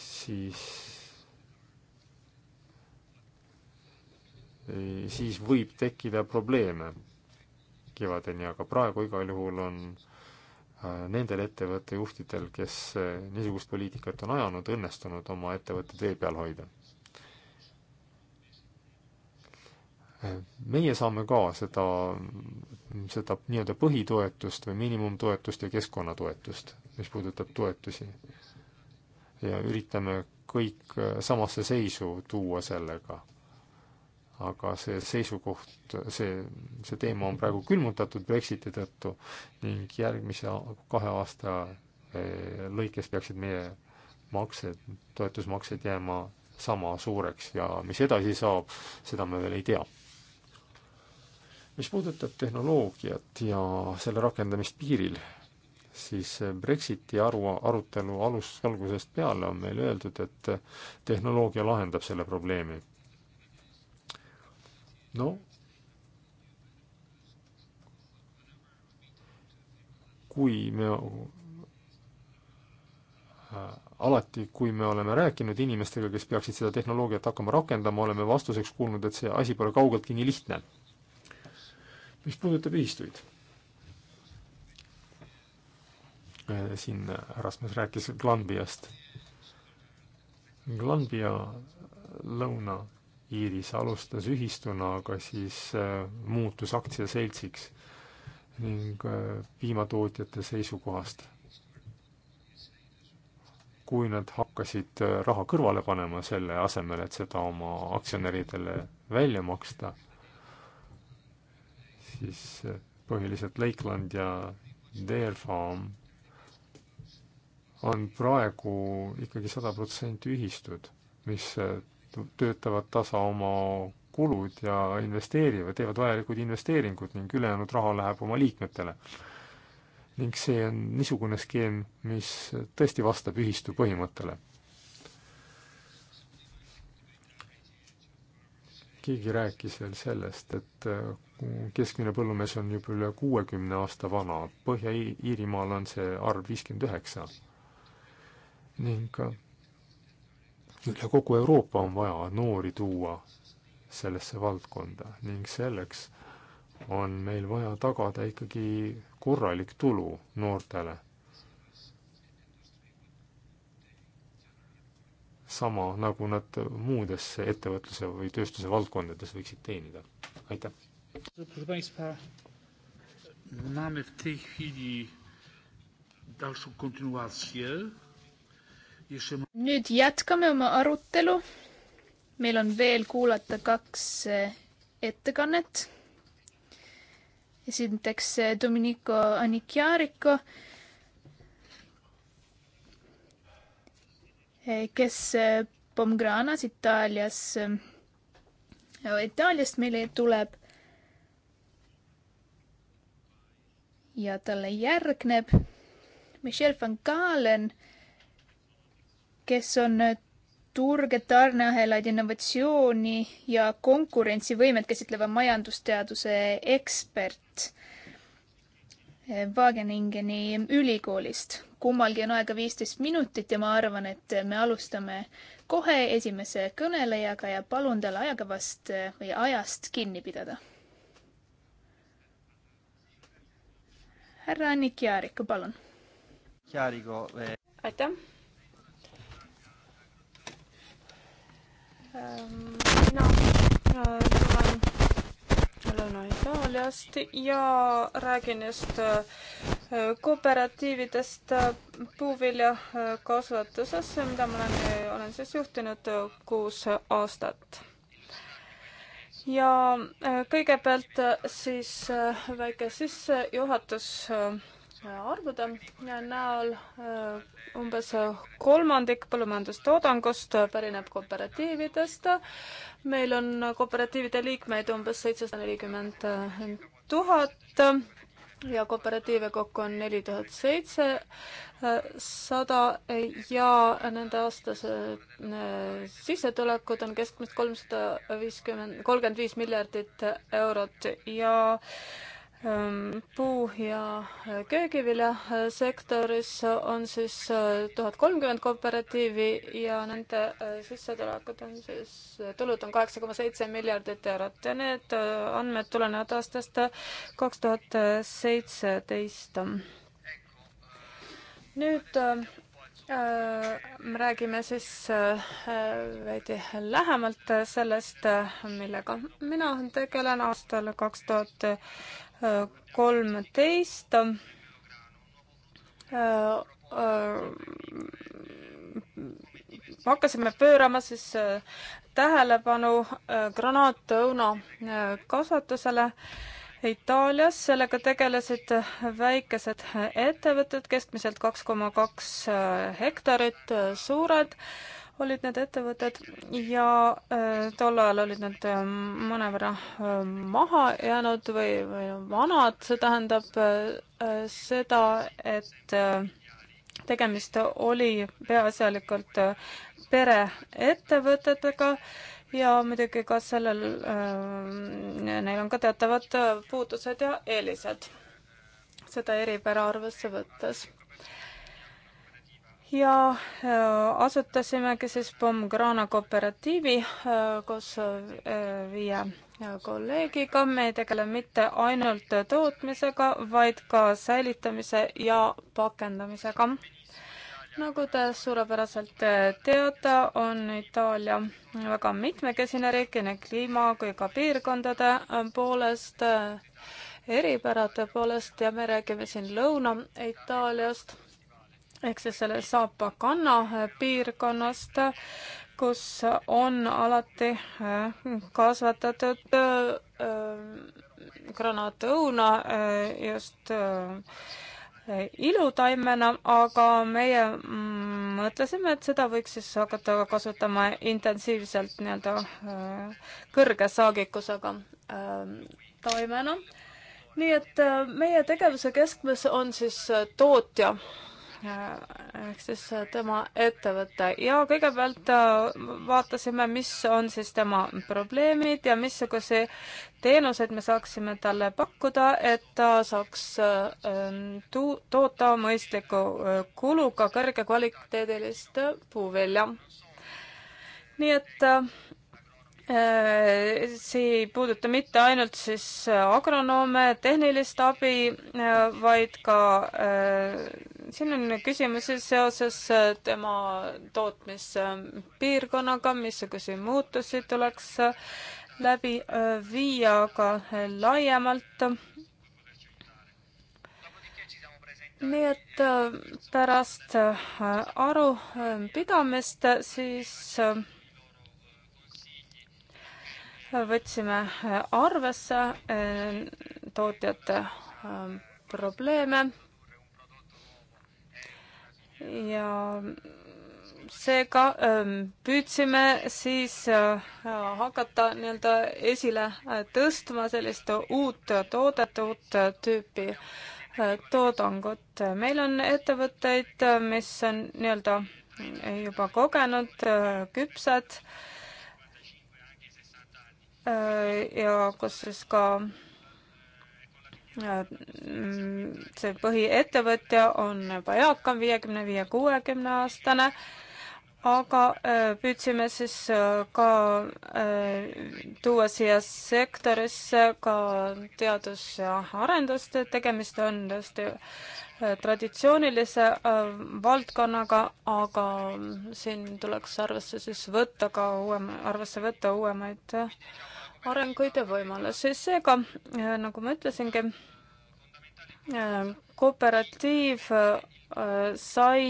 siis siis võib tekkida probleeme kevadeni, aga praegu igal juhul on äh, nendel ettevõtte juhtidel, kes äh, niisugust poliitikat on ajanud, õnnestunud oma ettevõtted vee peal hoida meie saame ka seda, seda nii-öelda põhitoetust või miinimumtoetust ja keskkonnatoetust, mis puudutab toetusi. ja üritame kõik äh, samasse seisu tuua sellega. aga see seisukoht, see, see teema on praegu külmutatud Brexiti tõttu ning järgmise kahe aasta äh, lõikes peaksid meie maksed, toetusmaksed jääma sama suureks ja mis edasi saab, seda me veel ei tea mis puudutab tehnoloogiat ja selle rakendamist piiril, siis Brexiti aru, arutelu alus, algusest peale on meile öeldud, et tehnoloogia lahendab selle probleemi. no kui me äh, alati, kui me oleme rääkinud inimestega, kes peaksid seda tehnoloogiat hakkama rakendama, oleme vastuseks kuulnud, et see asi pole kaugeltki nii lihtne mis puudutab ühistuid, äh, siin Rasmus rääkis Glanbiast. Glanbia Lõuna-Iiris alustas ühistuna, aga siis äh, muutus aktsiaseltsiks ning äh, piimatootjate seisukohast. kui nad hakkasid raha kõrvale panema selle asemel, et seda oma aktsionäridele välja maksta, siis eh, põhiliselt Lakeland ja Dare Farm on praegu ikkagi sada protsenti ühistud, mis eh, töötavad tasa oma kulud ja investeerivad, teevad vajalikud investeeringud ning ülejäänud raha läheb oma liikmetele. ning see on niisugune skeem, mis tõesti vastab ühistu põhimõttele keegi rääkis veel sellest, et eh, keskmine põllumees on juba üle kuuekümne aasta vana, Põhja-Iirimaal on see arv viiskümmend üheksa. ning äh, üle kogu Euroopa on vaja noori tuua sellesse valdkonda ning selleks on meil vaja tagada ikkagi korralik tulu noortele. sama, nagu nad muudes ettevõtluse või tööstuse valdkondades võiksid teenida. aitäh! Proszę Państwa, mamy w tej chwili dalszą kontynuację. Jeszcze... nüüd jätkame oma arutelu. meil on veel kuulata kaks eh, ettekannet. esiteks eh, Dominico Anichiarico, eh, kes Pomgranas Itaalias, Itaaliast meile tuleb ja talle järgneb Michel van Galen, kes on äh, turge, tarneahelaid, innovatsiooni ja konkurentsivõimet käsitleva majandusteaduse ekspert äh, Wageningeni ülikoolist. kummalgi on aega viisteist minutit ja ma arvan, et me alustame kohe esimese kõnelejaga ja palun tal ajakavast äh, või ajast kinni pidada härra Annik Jaarik, palun. Eh. aitäh. Ähm, mina tulen äh, Lõuna-Itaaliast ja räägin just äh, kooperatiividest äh, puuviljakasvatuses, mida ma olen, olen siis juhtinud kuus aastat ja äh, kõigepealt äh, siis äh, väike sissejuhatus arvude näol umbes kolmandik põllumajandustoodangust pärineb kooperatiividest. meil on kooperatiivide liikmeid umbes seitsesada nelikümmend tuhat ja kooperatiive kokku on neli tuhat seitsesada äh, ja nende aastase äh, sissetulekud on keskmiselt kolmsada viiskümmend, kolmkümmend viis miljardit eurot ja Ehm, puu- ja äh, köögiviljasektoris on siis äh, tuhat kolmkümmend kooperatiivi ja nende äh, sissetulekud on siis, tulud on kaheksa koma seitse miljardit eurot ja need andmed tulenevad aastast kaks tuhat seitseteist. nüüd räägime siis veidi lähemalt sellest, millega mina tegelen aastal kaks tuhat kolmteist äh, äh, hakkasime pöörama siis äh, tähelepanu granaatõuna kasvatusele Itaalias. sellega tegelesid väikesed ettevõtted, keskmiselt kaks koma kaks hektarit, suured olid need ettevõtted ja äh, tol ajal olid nad äh, mõnevõrra äh, maha jäänud või, või vanad, see tähendab äh, seda, et äh, tegemist oli peaasjalikult äh, pereettevõtetega ja muidugi ka sellel, neil on ka teatavad puudused ja eelised, seda eripära arvesse võttes ja äh, asutasimegi siis Pomgrana kooperatiivi äh, koos äh, viie kolleegiga. me ei tegele mitte ainult tootmisega, vaid ka säilitamise ja pakendamisega. nagu te suurepäraselt teate, on Itaalia väga mitmekesine riik nii kliima kui ka piirkondade poolest, eripärade poolest ja me räägime siin Lõuna-Itaaliast ehk siis selle Saapa-Kanna äh, piirkonnast, äh, kus on alati äh, kasvatatud granaatõuna just ilutaimena, aga meie mm, mõtlesime, et seda võiks siis hakata kasutama intensiivselt nii-öelda kõrge saagikusega taimena. nii et meie tegevuse keskmes on siis tootja ehk siis äh, tema ettevõte ja kõigepealt äh, vaatasime, mis on siis tema probleemid ja missuguse teenuseid me saaksime talle pakkuda, et ta saaks äh, ähm, tu-, toota mõistliku kuluga kõrge kvaliteedilist puuvilja. nii et see ei puuduta mitte ainult siis agronoome, tehnilist abi, vaid ka siin on küsimusi seoses äh, tema tootmispiirkonnaga, missuguseid muutusi tuleks äh, läbi äh, viia, aga laiemalt. nii et pärast arupidamist siis võtsime arvesse tootjate probleeme ja seega ähm, püüdsime siis äh, hakata nii-öelda esile äh, tõstma sellist uut toodet, uut tüüpi äh, toodangut. meil on ettevõtteid, mis on nii-öelda juba kogenud, küpsed ja kus siis ka Mm, see põhiettevõtja on juba eakam, viiekümne viie, kuuekümne aastane, aga äh, püüdsime siis äh, ka äh, tuua siia sektorisse ka teadus- ja arendust, tegemist on tõesti traditsioonilise valdkonnaga, aga siin tuleks arvesse siis võtta ka uuem, arvesse võtta uuemaid arenguid ja võimalusi. seega, äh, nagu ma ütlesingi, äh, kooperatiiv äh, sai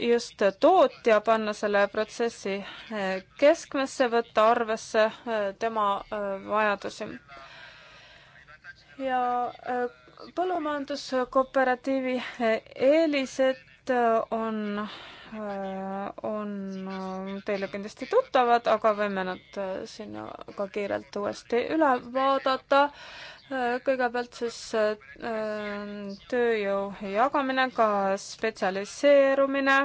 just tootja panna selle protsessi keskmesse, võtta arvesse tema vajadusi. ja põllumajanduskooperatiivi eelised on Äh, on äh, teile kindlasti tuttavad, aga võime nad äh, sinna ka kiirelt uuesti üle vaadata. kõigepealt siis tööjõu jagamine, ka spetsialiseerumine.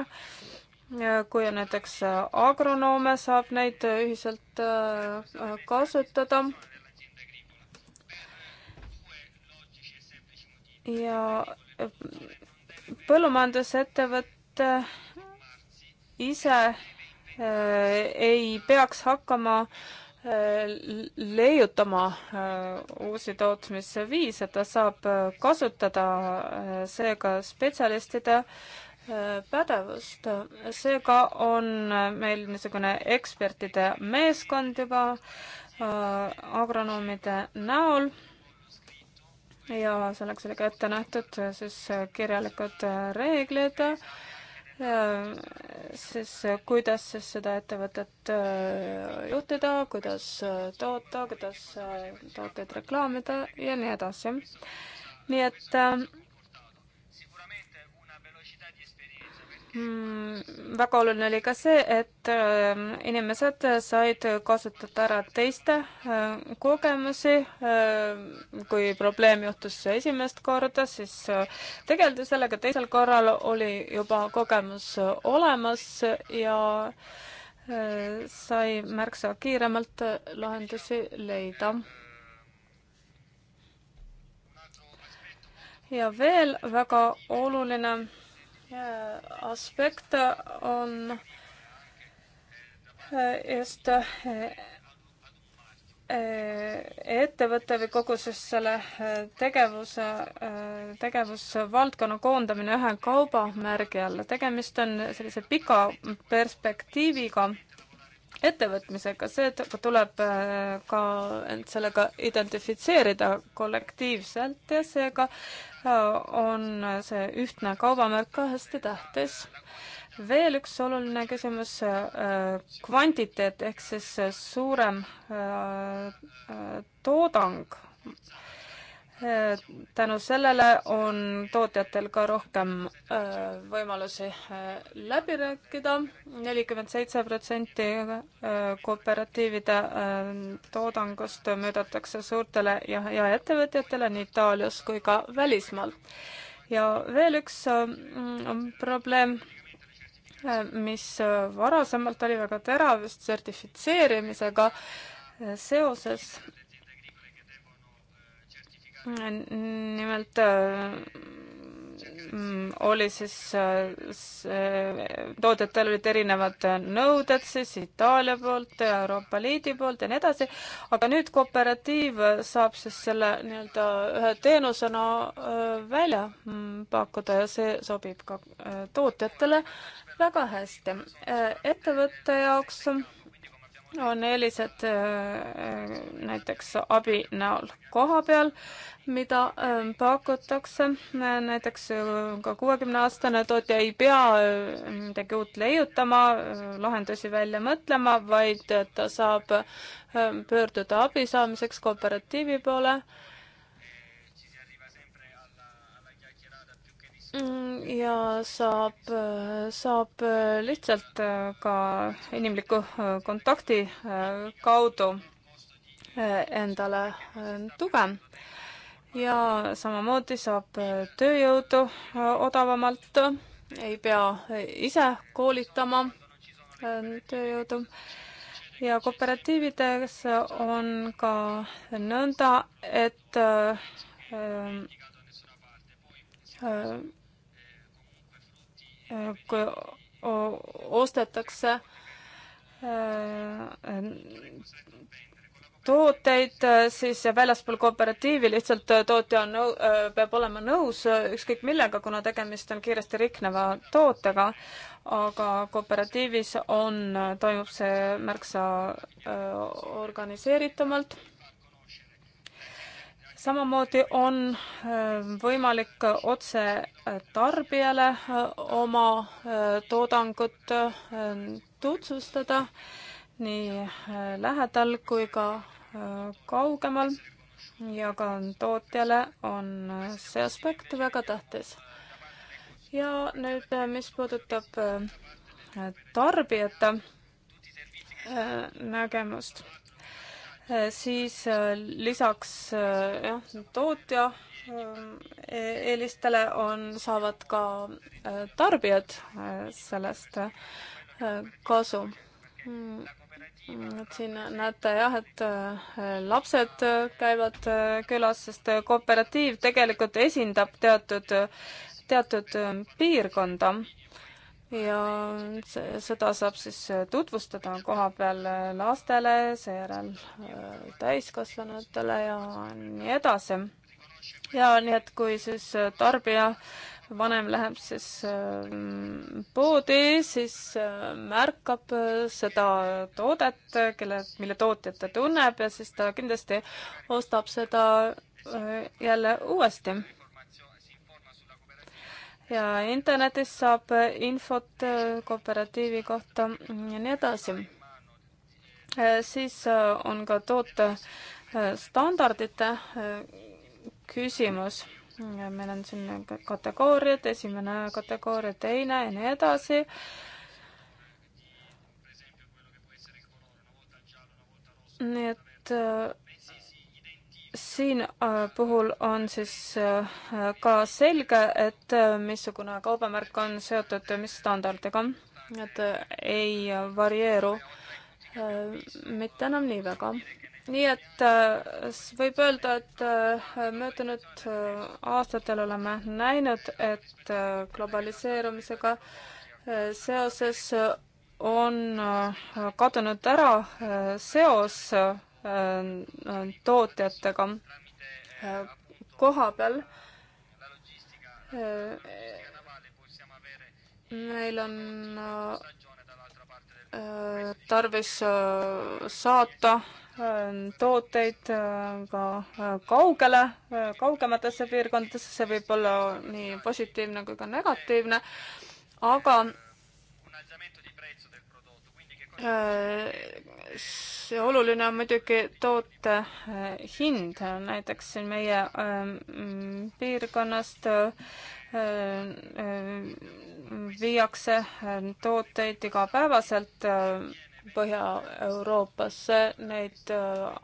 kui on näiteks agronoome, saab neid ühiselt kasutada. ja põllumajandusettevõte ette ise äh, ei peaks hakkama äh, leiutama äh, uusi tootmisviise, ta saab kasutada seega spetsialistide pädevust. seega on meil niisugune ekspertide meeskond juba agronoomide näol ja selleks oli ka ette nähtud siis kirjalikud reeglid siis äh, kuidas siis seda ettevõtet äh, juhtida, kuidas äh, toota, kuidas tooteid reklaamida ja nii edasi. nii et Mm, väga oluline oli ka see, et äh, inimesed said kasutada ära teiste äh, kogemusi. Äh, kui probleem juhtus esimest korda, siis tegeldi sellega, teisel korral oli juba kogemus olemas ja sai märksa kiiremalt lahendusi leida ja veel väga oluline aspekt on eh, just eh, ettevõte või kogu siis selle eh, tegevuse, tegevusvaldkonna koondamine ühe kaubamärgi alla. tegemist on sellise pika perspektiiviga ettevõtmisega, seetõttu tuleb äh, ka end sellega identifitseerida kollektiivselt ja seega äh, on see ühtne kaubamärk ka hästi tähtis. veel üks oluline küsimus, äh, kvantiteet ehk siis suurem toodang tänu sellele on tootjatel ka rohkem äh, võimalusi äh, läbi rääkida. nelikümmend seitse protsenti äh, kooperatiivide toodangust müüdatakse suurtele ja, ja ettevõtjatele nii Itaalias kui ka välismaal. ja veel üks mm, probleem, mis varasemalt oli väga terav just sertifitseerimisega seoses nimelt äh, oli siis, äh, toodetel olid erinevad nõuded siis Itaalia poolt, Euroopa Liidu poolt ja nii edasi, aga nüüd kooperatiiv saab siis selle nii-öelda ühe teenusena äh, välja mm, pakkuda ja see sobib ka tootjatele väga hästi. ettevõtte jaoks on eelised äh, äh, näiteks abi näol koha peal, mida ähm, pakutakse, näiteks äh, ka kuuekümneaastane tootja ei pea midagi uut leiutama, lahendusi välja mõtlema, vaid ta saab pöörduda abi saamiseks kooperatiivi poole Mm, ja saab, saab lihtsalt äh, ka inimliku äh, kontakti äh, kaudu endale tuge. ja samamoodi saab tööjõudu odavamalt, ei pea ise koolitama tööjõudu ja kooperatiivides on ka nõnda, et kui ostetakse äh, tooteid, äh, siis väljaspool kooperatiivi lihtsalt äh, tootja on nõu-, peab olema nõus ükskõik millega, kuna tegemist on kiiresti rikneva tootega, aga kooperatiivis on, toimub see märksa organiseeritumalt samamoodi on äh, võimalik otse äh, tarbijale äh, oma toodangut tutvustada nii lähedal kui ka kaugemal ja ka tootjale on see aspekt väga tähtis. ja nüüd, mis puudutab tarbijate nägemust Äh, siis äh, lisaks äh, jah, tootja eelistele on, saavad ka tarbijad sellest kasu mm, et siin näete jah, et lapsed käivad külas, sest kooperatiiv tegelikult esindab teatud, teatud piirkonda ja seda saab siis tutvustada koha peal lastele, seejärel äh, täiskasvanutele ja nii edasi. ja nii, et kui siis tarbija vanem läheb siis äh, poodi, siis äh, märkab seda toodet, kelle, mille tootjat ta tunneb ja siis ta kindlasti ostab seda jälle uuesti ja internetist saab infot äh, kooperatiivi kohta ja nii edasi. Äh, siis äh, on ka toote standardite küsimus. meil on siin kategooriad, esimene kategooria, teine ja nii edasi nii et siin äh, puhul on siis äh, ka selge, et äh, missugune kaubamärk on seotud mis standardiga, et ei varieeru mitte enam nii väga. nii et võib öelda, et möödunud aastatel oleme näinud, et globaliseerumisega seoses on kadunud ära seos Äh, tootjatega äh, koha peal. Äh, meil on tarvis saata tooteid ka kaugele, kaugematesse piirkondadesse, see võib olla nii positiivne kui ka negatiivne, aga Äh, see oluline on muidugi toote äh, hind, näiteks siin meie ähm, piirkonnast äh, viiakse tooteid igapäevaselt Põhja-Euroopasse, neid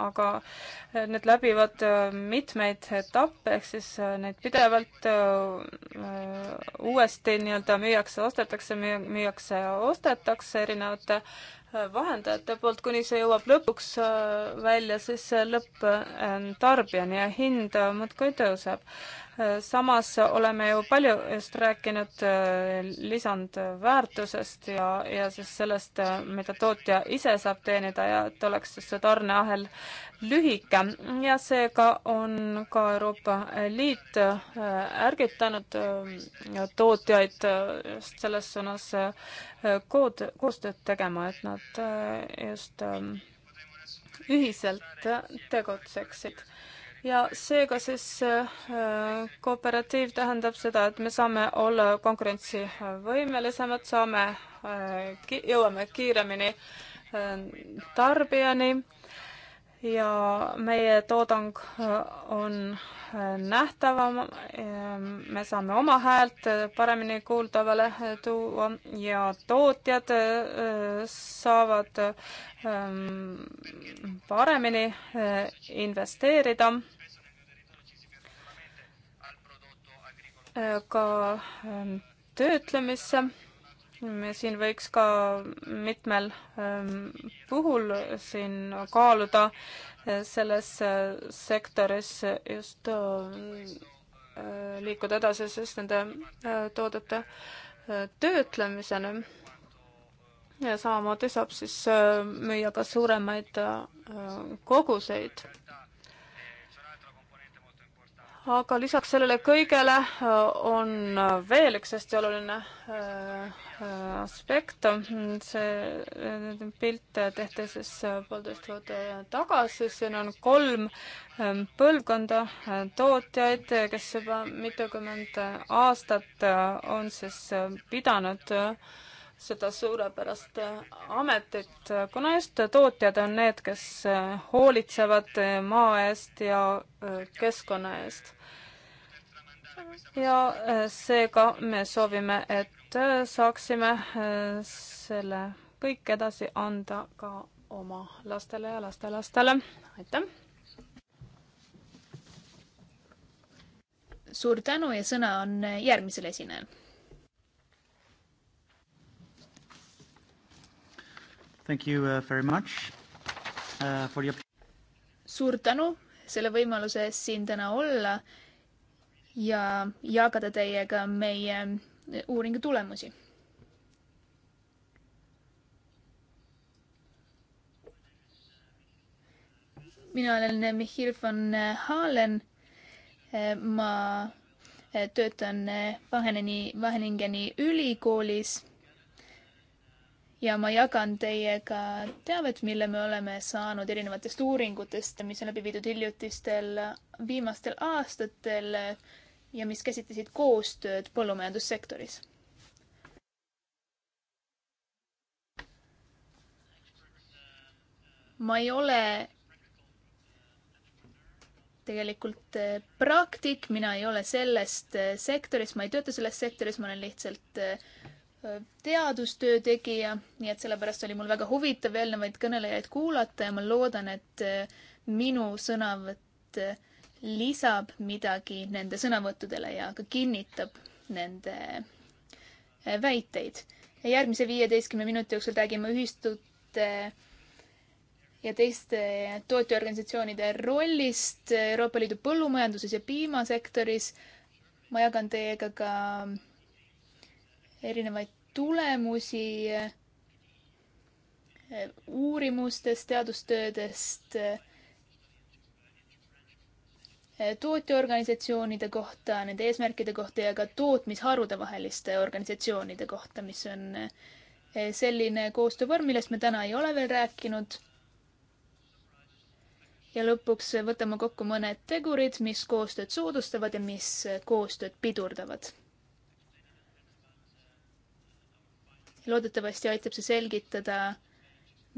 aga, need läbivad mitmeid etappe, ehk siis neid pidevalt uuesti nii-öelda müüakse, ostetakse, müüakse, ostetakse erinevate vahendajate poolt, kuni see jõuab lõpuks äh, välja siis lõpptarbijani äh, ja hind äh, muudkui tõuseb samas oleme ju palju just rääkinud äh, lisandväärtusest ja, ja siis sellest, äh, mida tootja ise saab teenida ja et oleks siis see tarneahel lühike ja seega on ka Euroopa Liit äh, ärgitanud tootjaid just selles suunas kood, koostööd tegema, et nad just ühiselt tegutseksid ja seega siis äh, kooperatiiv tähendab seda, et me saame olla konkurentsivõimelisemad, saame, äh, jõuame kiiremini äh, tarbijani ja meie toodang äh, on äh, nähtavam, äh, me saame oma häält paremini kuuldavale tuua ja tootjad saavad ähm, paremini investeerida ka ähm, töötlemisse siin võiks ka mitmel ähm, puhul siin kaaluda äh, selles äh, sektoris just äh, liikuda edasi siis nende toodete töötlemiseni. ja samamoodi saab siis müüa ka suuremaid koguseid aga lisaks sellele kõigele äh, on äh, veel üks hästi oluline äh, aspekt. see pilt tehti siis poolteist tuhat tagasi, siin on kolm ähm, põlvkonda tootjaid, kes juba mitukümmend aastat on siis pidanud äh, seda suurepärast ametit, kuna just tootjad on need, kes hoolitsevad maa eest ja äh, keskkonna eest. ja äh, seega me soovime, et äh, saaksime selle kõik edasi anda ka oma lastele ja lastelastele. aitäh! suur tänu ja sõna on järgmisel esinejal Thank you uh, very much uh, for your... suur tänu selle võimaluse eest siin täna olla ja jagada teiega meie e, uuringu tulemusi. mina olen Mihhail von Halen. E, ma e, töötan Wageningeni, Wageningeni ülikoolis ja ma jagan teiega teavet, mille me oleme saanud erinevatest uuringutest, mis on läbi viidud hiljutistel viimastel aastatel ja mis käsitlesid koostööd põllumajandussektoris. ma ei ole tegelikult eh, praktik, mina ei ole sellest eh, sektorist, ma ei tööta selles sektoris, ma olen lihtsalt äh, teadustöö tegija, nii et sellepärast oli mul väga huvitav eelnevaid kõnelejaid kuulata ja ma loodan, et äh, minu sõnavõtt äh, lisab midagi nende sõnavõttudele ja ka kinnitab nende äh, väiteid. järgmise viieteistkümne minuti jooksul räägime ühistute ja teiste tootjaorganisatsioonide rollist Euroopa Liidu põllumajanduses ja piimasektoris. ma jagan teiega ka erinevaid tulemusi uurimustest, teadustöödest, tootjaorganisatsioonide kohta, nende eesmärkide kohta ja ka tootmisharude vaheliste organisatsioonide kohta, mis on eh, selline koostöövorm, millest me täna ei ole veel rääkinud. ja lõpuks võtame kokku mõned tegurid, mis koostööd soodustavad ja mis koostööd pidurdavad loodetavasti aitab see selgitada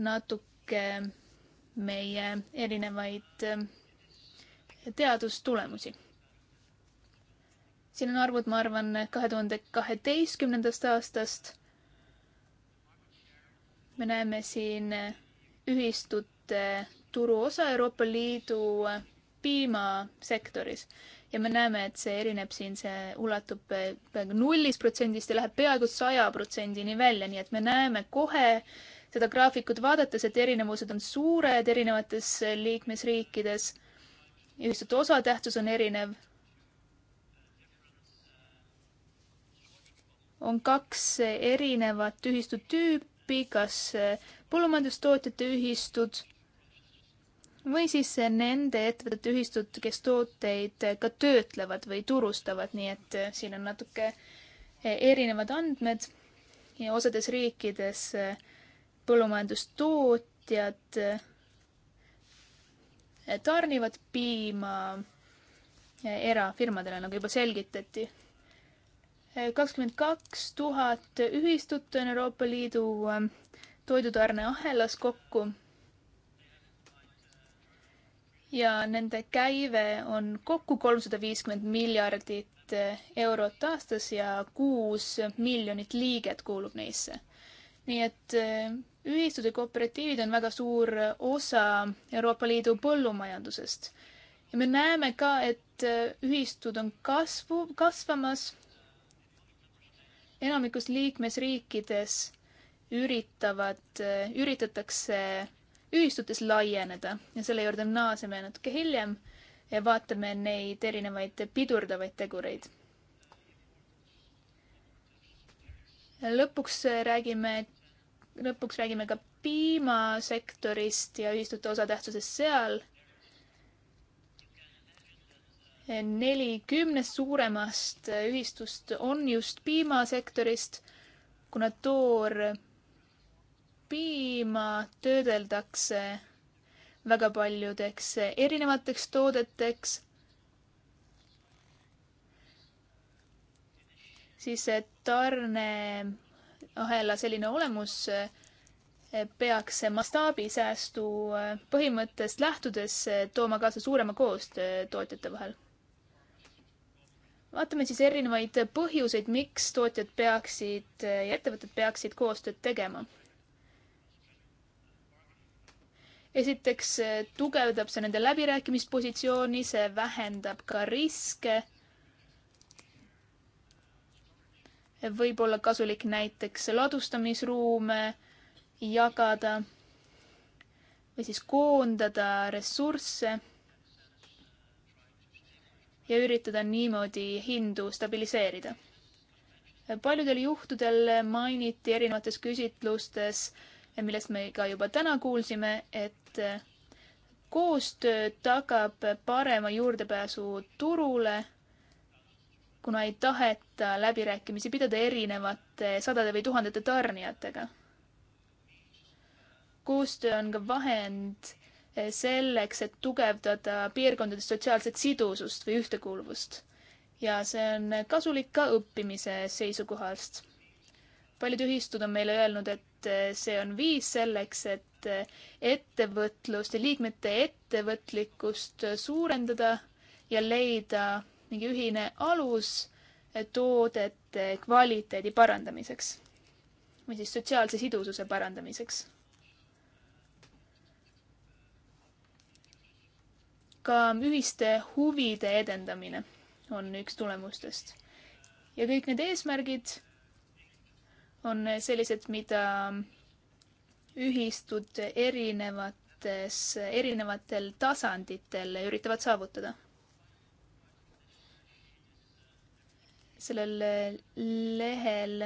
natuke meie erinevaid eh, teadustulemusi. siin on arvud, ma arvan, kahe tuhande kaheteistkümnendast aastast. me näeme siin ühistute turuosa Euroopa Liidu eh, piimasektoris ja me näeme, et see erineb siin, see ulatub eh, peaaegu nullist protsendist ja läheb peaaegu saja protsendini välja, nii et me näeme kohe seda graafikut vaadates, et erinevused on suured erinevates eh, liikmesriikides. ühistute osatähtsus on erinev. on kaks eh, erinevat ühistutüüpi, kas põllumajandustootjate ühistud või siis nende ettevõtete ühistud, kes tooteid ka töötlevad või turustavad, nii et eh, siin on natuke eh, erinevad andmed ja osades riikides eh, põllumajandustootjad tarnivad piima erafirmadele, nagu juba selgitati. kakskümmend kaks tuhat ühistut on Euroopa Liidu toidutarneahelas kokku ja nende käive on kokku kolmsada viiskümmend miljardit eh, eurot aastas ja kuus miljonit liiget kuulub neisse. nii et eh, ühistud ja kooperatiivid on väga suur osa Euroopa Liidu põllumajandusest. ja me näeme ka, et eh, ühistud on kasvu, kasvamas. enamikus liikmesriikides üritavad, üritatakse ühistutes laieneda ja selle juurde naaseme natuke hiljem ja vaatame neid erinevaid pidurdavaid tegureid. lõpuks räägime, lõpuks räägime ka piimasektorist ja ühistute osatähtsusest seal. neli kümnest suuremast ühistust on just piimasektorist, kuna toor piima töödeldakse väga paljudeks erinevateks toodeteks. siis see tarneahela selline olemus peaks mastaabisäästu põhimõttest lähtudes tooma kaasa suurema koostöö tootjate vahel. vaatame siis erinevaid põhjuseid, miks tootjad peaksid ja ettevõtted peaksid koostööd tegema esiteks tugevdab see nende läbirääkimispositsiooni, see vähendab ka riske. võib olla kasulik näiteks ladustamisruume jagada või siis koondada ressursse ja üritada niimoodi hindu stabiliseerida. paljudel juhtudel mainiti erinevates küsitlustes, millest me ka juba täna kuulsime, et et koostöö tagab parema juurdepääsu turule, kuna ei taheta läbirääkimisi pidada erinevate sadade või tuhandete tarnijatega. koostöö on ka vahend selleks, et tugevdada piirkondade sotsiaalset sidusust või ühtekuuluvust. ja see on kasulik ka õppimise seisukohast. paljud ühistud on meile öelnud, et Eh, see on viis selleks, et eh, ettevõtlust ja liikmete ettevõtlikkust suurendada ja leida mingi ühine alus eh, toodete kvaliteedi parandamiseks või siis sotsiaalse sidususe parandamiseks. ka ühiste huvide edendamine on üks tulemustest. ja kõik need eesmärgid on sellised, mida ühistud erinevates, erinevatel tasanditel üritavad saavutada. sellel lehel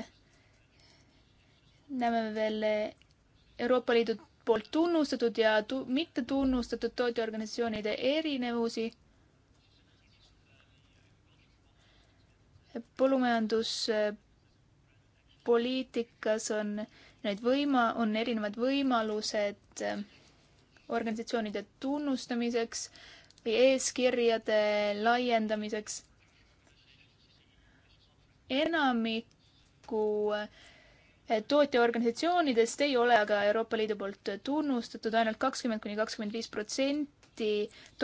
näeme veel Euroopa Liidu poolt tunnustatud ja tu mitte tunnustatud tootjaorganisatsioonide erinevusi põllumajandus poliitikas on neid võima-, on erinevad võimalused organisatsioonide tunnustamiseks või eeskirjade laiendamiseks. enamiku eh, tootjaorganisatsioonidest ei ole aga Euroopa Liidu poolt tunnustatud ainult, ainult kakskümmend kuni kakskümmend viis protsenti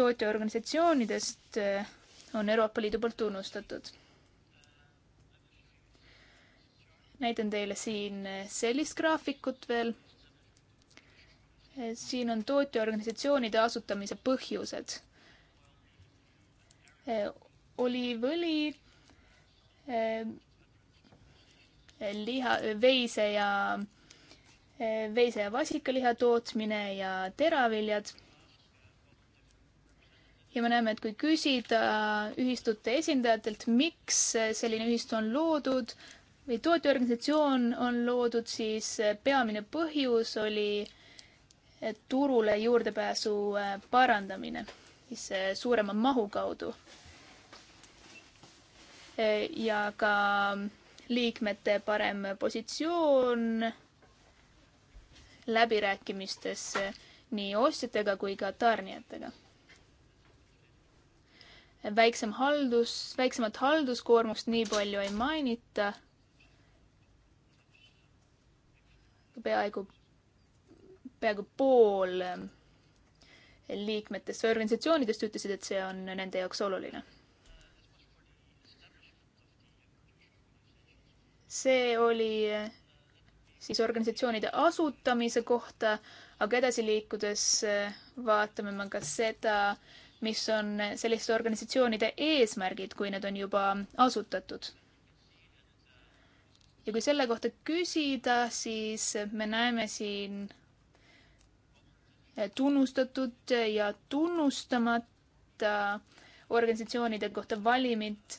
tootjaorganisatsioonidest eh, on Euroopa Liidu poolt tunnustatud näitan teile siin eh, sellist graafikut veel. Eh, siin on tootjaorganisatsioonide asutamise põhjused. Eh, oliivõli, liha, veise ja, veise ja vasikaliha tootmine ja teraviljad ja me näeme, et kui küsida ühistute esindajatelt, miks selline ühistu on loodud, või tootjaorganisatsioon on loodud, siis eh, peamine põhjus oli eh, turule juurdepääsu eh, parandamine, siis suurema mahu kaudu. ja ka mm, liikmete parem positsioon läbirääkimistes nii ostjatega kui ka tarnijatega. väiksem haldus, väiksemat halduskoormust nii palju ei mainita peaaegu, peaaegu pool liikmetest või organisatsioonidest ütlesid, et see on nende jaoks oluline. see oli siis organisatsioonide asutamise kohta, aga edasi liikudes vaatame me ka seda, mis on selliste organisatsioonide eesmärgid, kui need on juba asutatud ja kui selle kohta küsida, siis me näeme siin eh, tunnustatud ja tunnustamata organisatsioonide kohta valimid.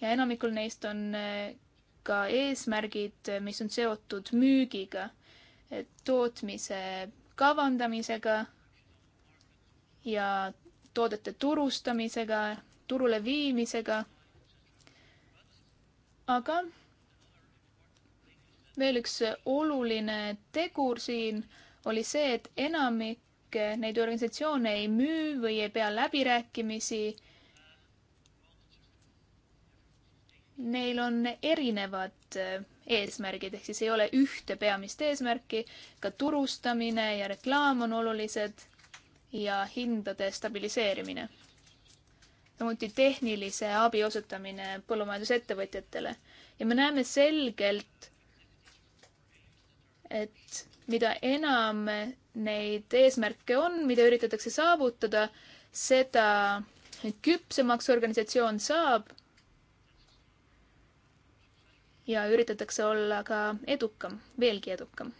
ja enamikul neist on eh, ka eesmärgid, eh, mis on seotud müügiga, tootmise kavandamisega ja toodete turustamisega, turule viimisega aga veel üks oluline tegur siin oli see, et enamik neid organisatsioone ei müü või ei pea läbirääkimisi. Neil on erinevad eesmärgid, ehk siis ei ole ühte peamist eesmärki. ka turustamine ja reklaam on olulised ja hindade stabiliseerimine samuti tehnilise abi osutamine põllumajandusettevõtjatele. ja me näeme selgelt, et mida enam neid eesmärke on, mida üritatakse saavutada, seda küpsemaks organisatsioon saab. ja üritatakse olla ka edukam, veelgi edukam.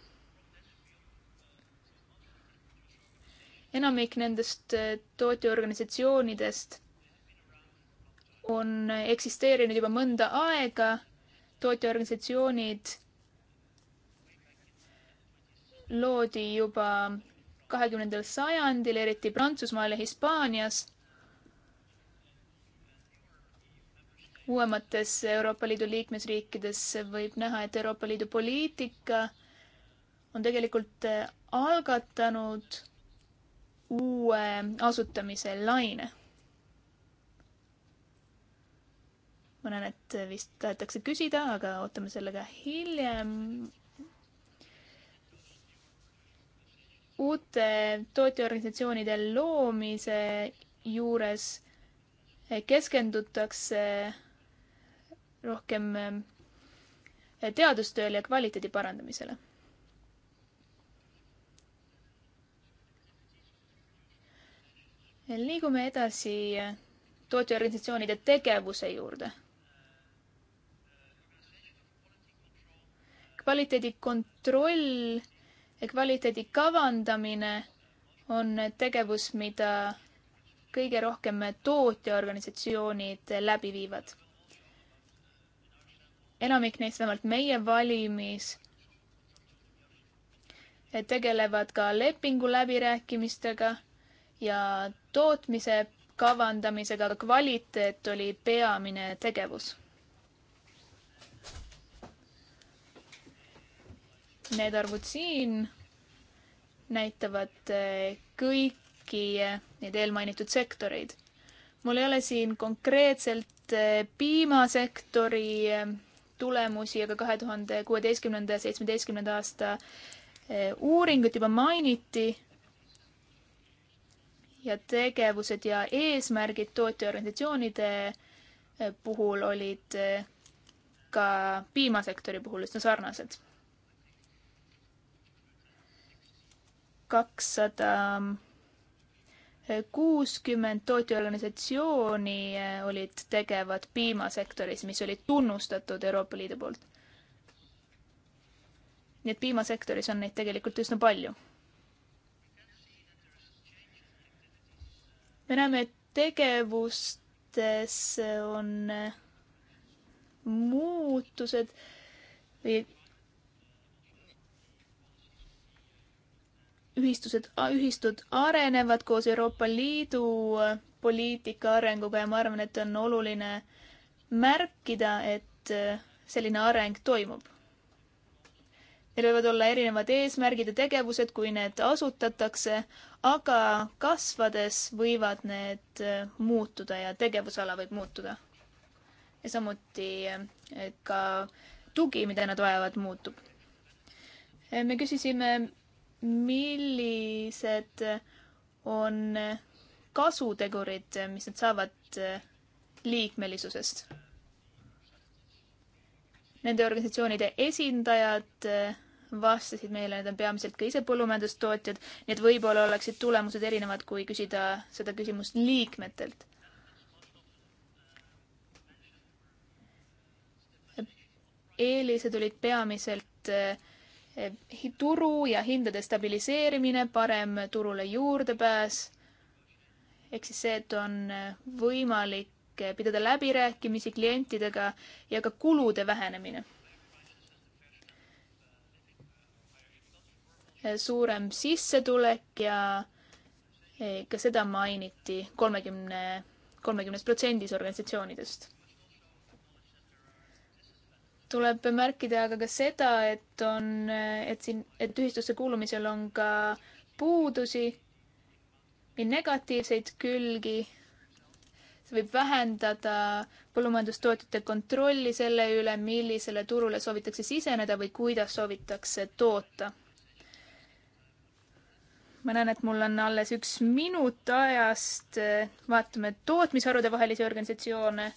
enamik nendest tootjaorganisatsioonidest on eksisteerinud juba mõnda aega. tootjaorganisatsioonid loodi juba kahekümnendal sajandil, eriti Prantsusmaal ja Hispaanias. uuemates Euroopa Liidu liikmesriikides võib näha, et Euroopa Liidu poliitika on tegelikult eh, algatanud uue asutamise laine ma näen, et vist tahetakse küsida, aga ootame sellega hiljem. uute tootjaorganisatsioonide loomise juures keskendutakse rohkem teadustööle ja kvaliteedi parandamisele. liigume edasi tootjaorganisatsioonide tegevuse juurde kvaliteedikontroll ja kvaliteedi kavandamine on tegevus, mida kõige rohkem tootjaorganisatsioonid läbi viivad. enamik neist, vähemalt meie valimis, tegelevad ka lepingu läbirääkimistega ja tootmise kavandamisega, aga kvaliteet oli peamine tegevus Need arvud siin näitavad eh, kõiki neid eelmainitud sektoreid. mul ei ole siin konkreetselt eh, piimasektori eh, tulemusi, aga kahe tuhande kuueteistkümnenda ja seitsmeteistkümnenda aasta uuringut juba mainiti. ja tegevused ja eesmärgid tootjaorganisatsioonide puhul olid ka piimasektori puhul üsna sarnased kakssada kuuskümmend tootjaorganisatsiooni eh, olid tegevad piimasektoris, mis olid tunnustatud Euroopa Liidu poolt. nii et piimasektoris on neid tegelikult üsna palju. me näeme, et tegevustes on eh, muutused või ühistused, ühistud arenevad koos Euroopa Liidu äh, poliitika arenguga ja ma arvan, et on oluline märkida, et äh, selline areng toimub. Neil võivad olla erinevad eesmärgid ja tegevused, kui need asutatakse, aga kasvades võivad need äh, muutuda ja tegevusala võib muutuda. ja samuti ka tugi, mida nad vajavad, muutub. me küsisime millised on kasutegurid, mis nad saavad eh, liikmelisusest? Nende organisatsioonide esindajad eh, vastasid meile, need on peamiselt ka ise põllumajandustootjad, nii et võib-olla oleksid tulemused erinevad, kui küsida seda küsimust liikmetelt. eelised olid peamiselt äh, turu ja hindade stabiliseerimine, parem turule juurdepääs. ehk siis see, et on äh, võimalik äh, pidada läbirääkimisi klientidega ja ka kulude vähenemine. Äh, suurem sissetulek ja ka seda mainiti kolmekümne, kolmekümnes protsendis organisatsioonidest tuleb märkida aga ka seda, et on, et siin, et ühistusse kuulumisel on ka puudusi ja negatiivseid külgi. see võib vähendada põllumajandustootjate kontrolli selle üle, millisele turule soovitakse siseneda või kuidas soovitakse toota. ma näen, et mul on alles üks minut ajast. vaatame tootmisharude vahelisi organisatsioone.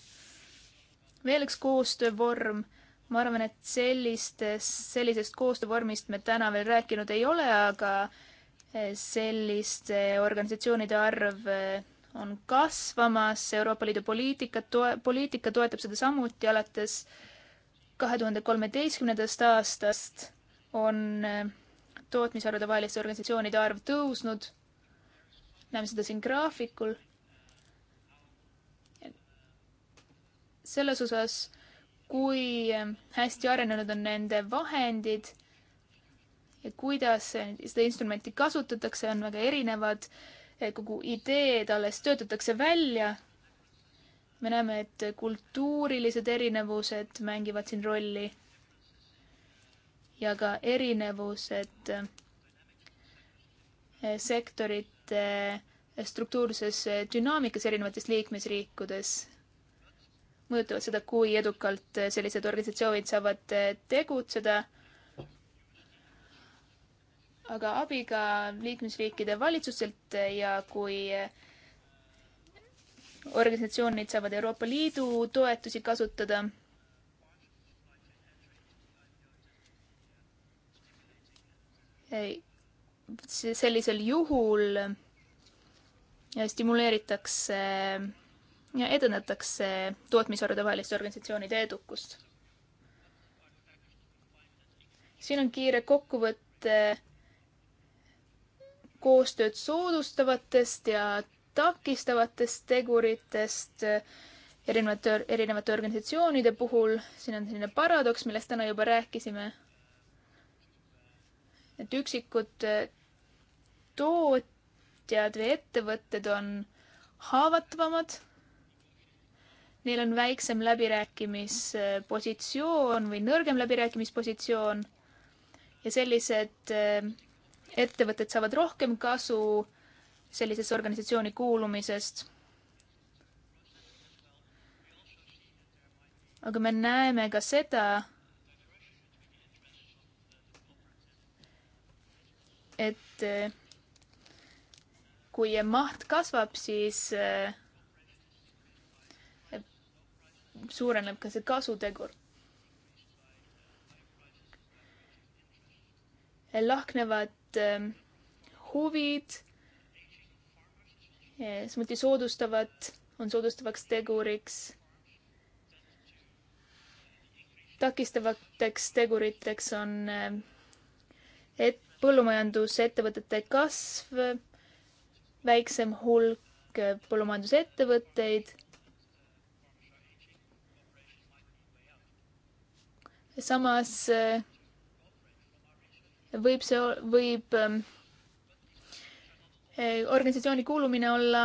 veel üks koostöövorm ma arvan, et sellistest, sellisest koostöövormist me täna veel rääkinud ei ole, aga eh, selliste organisatsioonide arv eh, on kasvamas, Euroopa Liidu poliitika toe-, poliitika toetab seda samuti alates kahe tuhande kolmeteistkümnendast aastast on eh, tootmisharude vaheliste organisatsioonide arv tõusnud. näeme seda siin graafikul. selles osas kui hästi arenenud on nende vahendid ja kuidas seda instrumenti kasutatakse, on väga erinevad. kogu ideed alles töötatakse välja. me näeme, et kultuurilised erinevused mängivad siin rolli. ja ka erinevused eh, sektorite eh, struktuurses eh, dünaamikas erinevates liikmesriikides mõjutavad seda, kui edukalt sellised organisatsioonid saavad eh, tegutseda. aga abiga liikmesriikide valitsustelt eh, ja kui eh, organisatsioonid saavad Euroopa Liidu toetusi kasutada Ei, sellisel juhul stimuleeritakse ja edendatakse tootmisvarude vaheliste organisatsioonide edukust. siin on kiire kokkuvõte koostööd soodustavatest ja takistavatest teguritest erinevate, erinevate organisatsioonide puhul. siin on selline paradoks, millest täna juba rääkisime. et üksikud tootjad või ettevõtted on haavatavamad neil on väiksem läbirääkimispositsioon või nõrgem läbirääkimispositsioon ja sellised eh, ettevõtted saavad rohkem kasu sellisesse organisatsiooni kuulumisest. aga me näeme ka seda, et eh, kui maht kasvab, siis äh, suureneb ka see kasutegur. lahknevad ähm, huvid, äh, samuti soodustavad, on soodustavaks teguriks takistavateks teguriteks on ähm, et põllumajandusettevõtete kasv, väiksem hulk äh, põllumajandusettevõtteid samas eh, võib see, võib ehm, eh, organisatsiooni kuulumine olla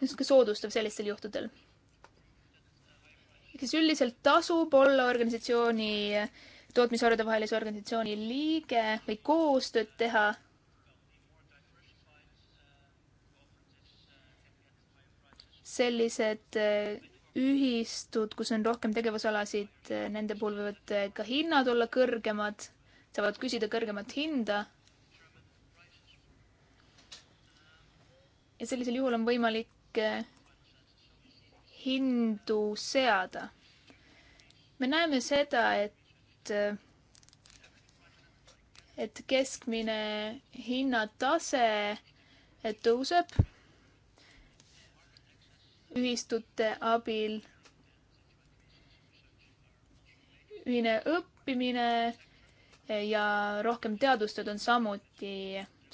niisugune soodustav sellistel juhtudel. kes üldiselt tasub olla organisatsiooni, eh, tootmisharude vahelise organisatsiooni liige või koostööd teha. sellised ühistud, kus on rohkem tegevusalasid, eh, nende puhul võivad eh, ka hinnad olla kõrgemad, saavad küsida kõrgemat hinda. ja sellisel juhul on võimalik eh, hindu seada. me näeme seda, et, et keskmine hinnatase tõuseb ühistute abil. ühine õppimine ja rohkem teadustööd on samuti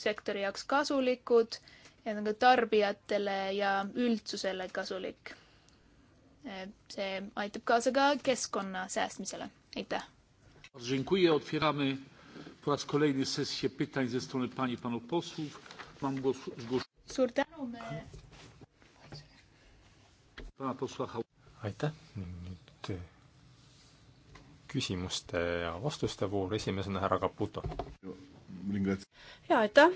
sektori jaoks kasulikud ja nagu tarbijatele ja üldsusele kasulik. see aitab kaasa ka keskkonna säästmisele. aitäh! Dziękuję. Otwieramy po raz kolejny sesję pytań ze strony pani i panów posłów. Mam głos. Suur tänu. Me aitäh, nüüd äh, küsimuste ja vastuste puhul, esimesena härra Caputo. ja aitäh,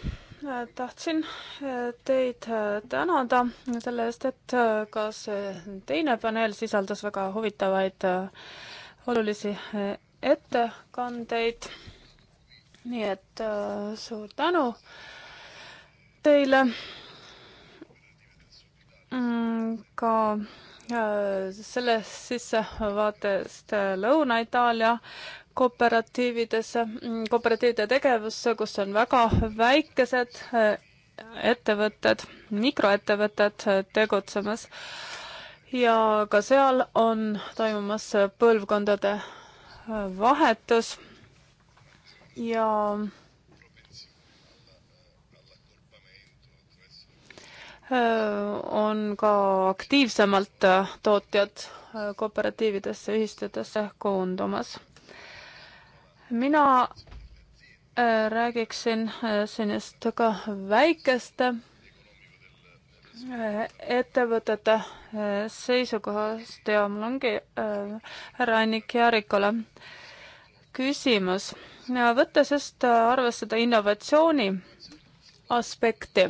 tahtsin äh, teid äh, tänada selle eest, et ka see teine paneel sisaldas väga huvitavaid olulisi ettekandeid. nii et suur tänu teile Mm, ka äh, sellest sissevaatest äh, Lõuna-Itaalia kooperatiividesse, mm, kooperatiivide tegevusse, kus on väga väikesed äh, ettevõtted, mikroettevõtted tegutsemas. ja ka seal on toimumas põlvkondade vahetus ja Äh, on ka aktiivsemalt äh, tootjad äh, kooperatiividesse, ühistutesse koondumas. mina räägiksin sellist ka väikeste ettevõtete seisukohast ja mul ongi härra Annik Järikule küsimus. võttes just arvestada innovatsiooni aspekti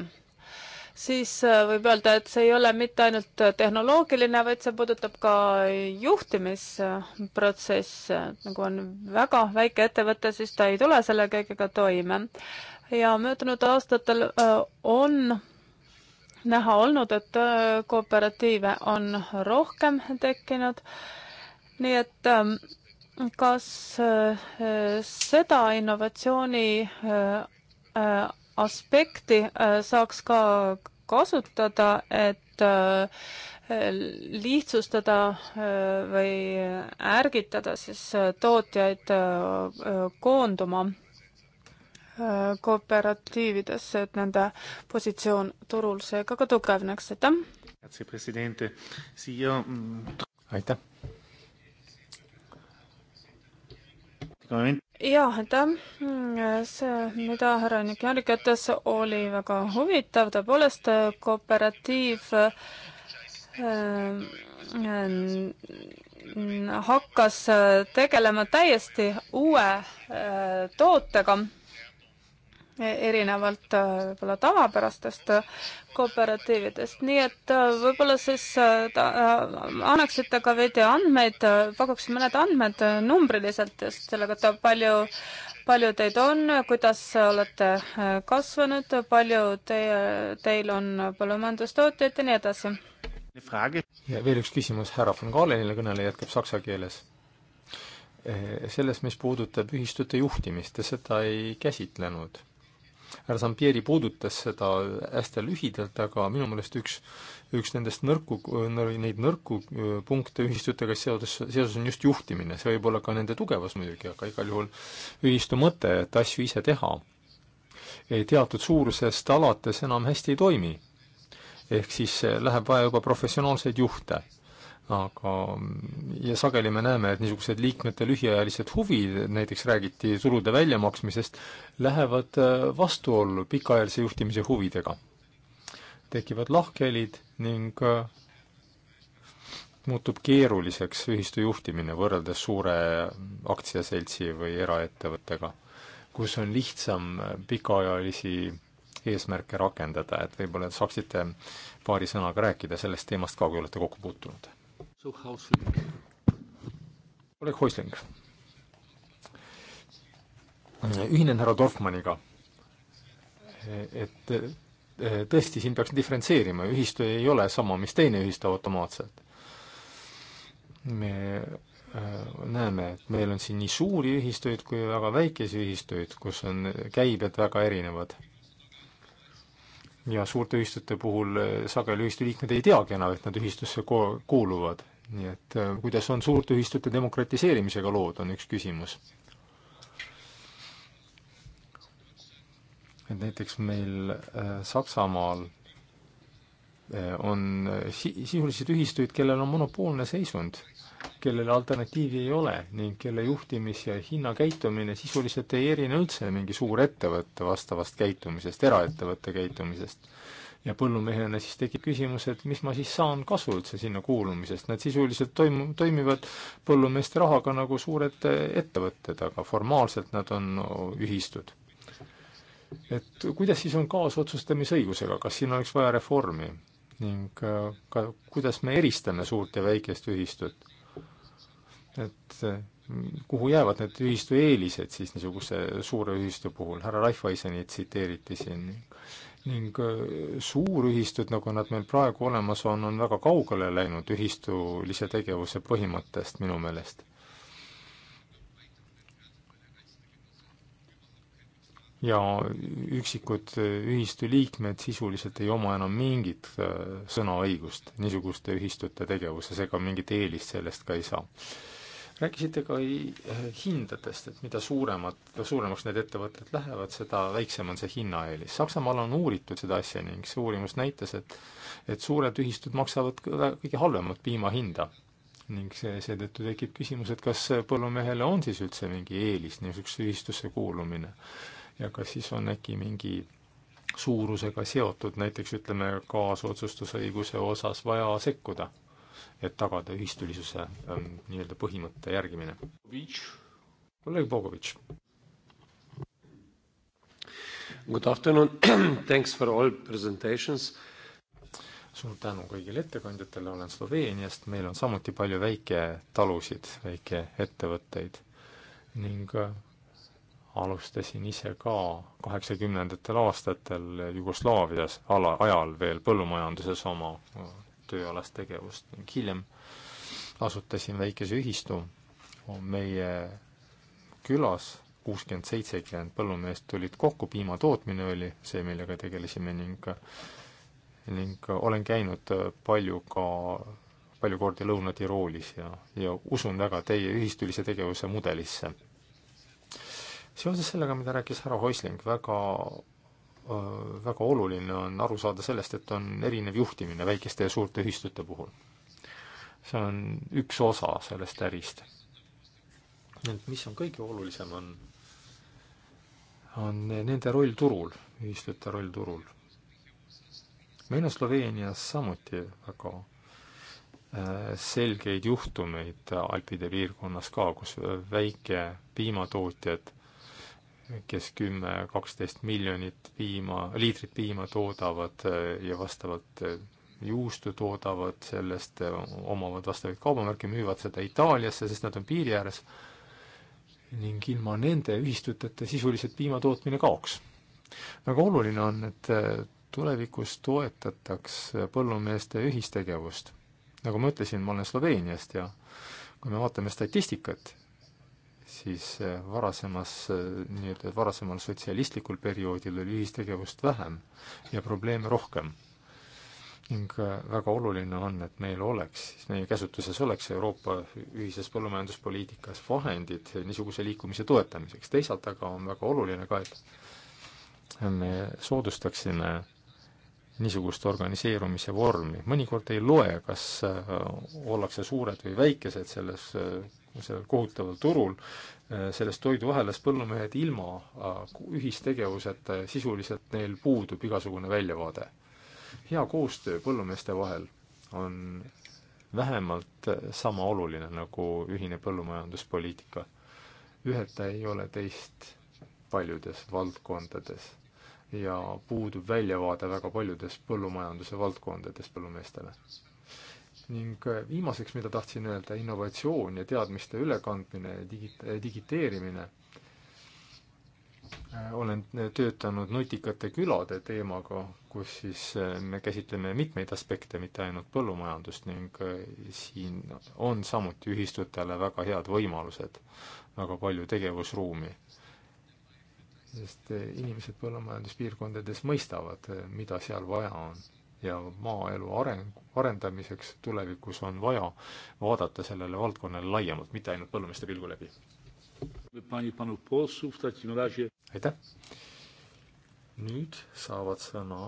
siis äh, võib öelda, et see ei ole mitte ainult äh, tehnoloogiline, vaid see puudutab ka juhtimisprotsesse. nagu on väga väike ettevõte, siis ta ei tule selle kõigega toime. ja möödunud aastatel äh, on näha olnud, et kooperatiive on rohkem tekkinud. nii et ähm, kas seda innovatsiooni aspekti äh, saaks ka kasutada, et äh, lihtsustada äh, või ärgitada siis tootjaid koonduma kooperatiividesse, et nende positsioon turul seega ka tugevneks, aitäh! Mm, aitäh! jaa, aitäh. Mm, see, mida härra Nikjalik ütles, oli väga huvitav, tõepoolest kooperatiiv ehm, hakkas tegelema täiesti uue ehm, tootega erinevalt äh, võib-olla tavapärastest äh, kooperatiividest, nii et äh, võib-olla siis ta, annaksite ka veidi andmeid, pakuksite mõned andmed numbriliselt just sellega, et palju, palju teid on, kuidas olete kasvanud, palju teie, teil on põllumajandustootjaid ja nii edasi? ja veel üks küsimus härra von Galenile, kõneleja jätkab saksa keeles selles, mis puudutab ühistute juhtimist, te seda ei käsitlenud härra Zampieri puudutas seda hästi lühidalt, aga minu meelest üks, üks nendest nõrku, neid nõrku punkte ühistutega seoses, seoses on just juhtimine, see võib olla ka nende tugevus muidugi, aga igal juhul ühistu mõte, et asju ise teha, teatud suurusest alates enam hästi ei toimi. ehk siis läheb vaja juba professionaalseid juhte aga, ja sageli me näeme, et niisugused liikmete lühiajalised huvid, näiteks räägiti tulude väljamaksmisest, lähevad äh, vastuollu pikaajalise juhtimise huvidega. tekivad lahkhelid ning äh, muutub keeruliseks ühistu juhtimine võrreldes suure aktsiaseltsi või eraettevõttega, kus on lihtsam äh, pikaajalisi eesmärke rakendada, et võib-olla saaksite paari sõnaga rääkida sellest teemast ka, kui olete kokku puutunud? So Häusling. kolleeg Häusling. ühinen härra Dorfmanniga, et tõesti, siin peaks diferentseerima, ühistu ei ole sama, mis teine ühistu automaatselt. me äh, näeme, et meil on siin nii suuri ühistuid kui väga väikesi ühistuid, kus on käibed väga erinevad. ja suurte ühistute puhul äh, sageli ühistu liikmed ei teagi enam, et nad ühistusse kuuluvad nii et äh, kuidas on suurte ühistute demokratiseerimisega lood, on üks küsimus. et näiteks meil äh, Saksamaal äh, on äh, si-, sisuliselt ühistuid, kellel on monopoolne seisund, kellele alternatiivi ei ole ning kelle juhtimis- ja hinnakäitumine sisuliselt ei erine üldse mingi suurettevõtte vastavast käitumisest, eraettevõtte käitumisest ja põllumehena siis tekib küsimus, et mis ma siis saan kasu üldse sinna kuulumisest, nad sisuliselt toimu-, toimivad põllumeeste rahaga nagu suured ettevõtted, aga formaalselt nad on ühistud. et kuidas siis on kaasotsustamisõigusega, kas siin oleks vaja reformi ning äh, ka kuidas me eristame suurt ja väikest ühistut? et äh, kuhu jäävad need ühistu eelised siis niisuguse suure ühistu puhul, härra Raiffaisenit tsiteeriti siin ning äh, suurühistud, nagu nad meil praegu olemas on, on väga kaugele läinud ühistulise tegevuse põhimõttest minu meelest. ja üksikud äh, ühistu liikmed sisuliselt ei oma enam mingit äh, sõnaõigust niisuguste ühistute tegevuses ega mingit eelist sellest ka ei saa rääkisite ka eh, hindadest, et mida suuremad, suuremaks need ettevõtted lähevad, seda väiksem on see hinnaeelis. Saksamaal on uuritud seda asja ning see uurimus näitas, et et suured ühistud maksavad kõige halvemat piima hinda. ning see, seetõttu tekib küsimus, et kas põllumehele on siis üldse mingi eelis niisugusesse ühistusse kuulumine ja kas siis on äkki mingi suurusega seotud, näiteks ütleme, kaasotsustusõiguse osas vaja sekkuda et tagada ühistulisuse ähm, nii-öelda põhimõtte järgimine. kolleeg Bogovitš. Good afternoon, *clears throat* thanks for all presentations. suur tänu kõigile ettekandjatele, olen Sloveeniast, meil on samuti palju väiketalusid, väikeettevõtteid ning äh, alustasin ise ka kaheksakümnendatel aastatel Jugoslaavias ala, ajal veel põllumajanduses oma äh, tööalast tegevust ning hiljem asutasin väikese ühistu meie külas, kuuskümmend, seitsekümmend põllumeest tulid kokku, piimatootmine oli see, millega tegelesime ning ning olen käinud palju ka, palju kordi Lõuna-Tiroolis ja, ja usun väga teie ühistulise tegevuse mudelisse. seoses sellega, mida rääkis härra Häusling, väga Äh, väga oluline on aru saada sellest, et on erinev juhtimine väikeste ja suurte ühistute puhul. see on üks osa sellest ärist. ent mis on kõige olulisem, on, on nende roll turul, ühistute roll turul. meil on Sloveenias samuti väga äh, selgeid juhtumeid Alpide piirkonnas ka, kus väike piimatootjad kes kümme, kaksteist miljonit piima, liitrit piima toodavad äh, ja vastavalt äh, juustu toodavad sellest, äh, omavad vastavaid kaubamärke, müüvad seda Itaaliasse, sest nad on piiri ääres, ning ilma nende ühistuteta sisuliselt piima tootmine kaoks. väga oluline on, et tulevikus toetataks põllumeeste ühistegevust. nagu ma ütlesin, ma olen Sloveeniast ja kui me vaatame statistikat, siis äh, varasemas, äh, nii-öelda varasemal sotsialistlikul perioodil oli ühistegevust vähem ja probleeme rohkem ning äh, väga oluline on, et meil oleks, meie käsutuses oleks Euroopa ühises põllumajanduspoliitikas vahendid niisuguse liikumise toetamiseks, teisalt aga on väga oluline ka, et me soodustaksime niisugust organiseerumise vormi, mõnikord ei loe, kas ollakse suured või väikesed selles sellel kohutaval turul, äh, selles toiduahelas põllumehed ilma äh, ühistegevuseta ja sisuliselt neil puudub igasugune väljavaade. hea koostöö põllumeeste vahel on vähemalt äh, sama oluline nagu ühine põllumajanduspoliitika. üheta ei ole teist paljudes valdkondades ja puudub väljavaade väga paljudes põllumajanduse valdkondades põllumeestele ning äh, viimaseks, mida tahtsin öelda, innovatsioon ja teadmiste ülekandmine ja digi-, äh, digiteerimine. Äh, olen töötanud nutikate külade teemaga, kus siis me käsitleme mitmeid aspekte, mitte ainult põllumajandust ning siin on samuti ühistutele väga head võimalused, väga palju tegevusruumi. sest inimesed põllumajanduspiirkondades mõistavad, mida seal vaja on ja maaelu areng, arendamiseks tulevikus on vaja vaadata sellele valdkonnale laiemalt, mitte ainult põllumeeste pilgu läbi. aitäh! nüüd saavad sõna,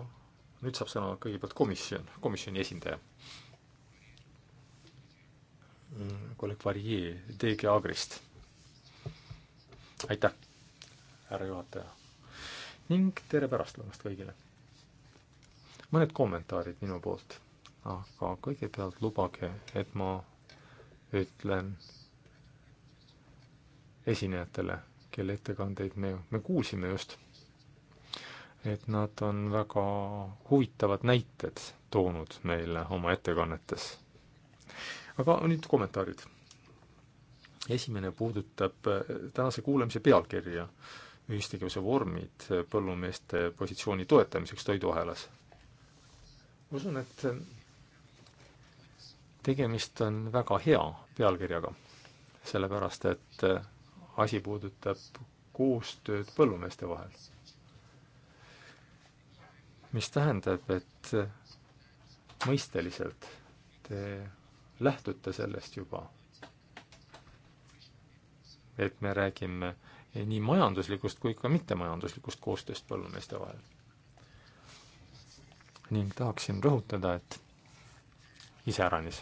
nüüd saab sõna kõigepealt komisjon, komisjoni esindaja. kolleeg Varier DG Agrist. aitäh, härra juhataja! ning tere pärastlõunast kõigile! mõned kommentaarid minu poolt, aga kõigepealt lubage, et ma ütlen esinejatele, kelle ettekandeid me, me kuulsime just, et nad on väga huvitavad näited toonud meile oma ettekannetes. aga nüüd kommentaarid. esimene puudutab eh, tänase kuulamise pealkirja ühistegevuse vormid põllumeeste positsiooni toetamiseks toiduahelas usun, et äh, tegemist on väga hea pealkirjaga, sellepärast et äh, asi puudutab koostööd põllumeeste vahel. mis tähendab, et äh, mõisteliselt te lähtute sellest juba, et me räägime nii majanduslikust kui ka mittemajanduslikust koostööst põllumeeste vahel ning tahaksin rõhutada, et iseäranis.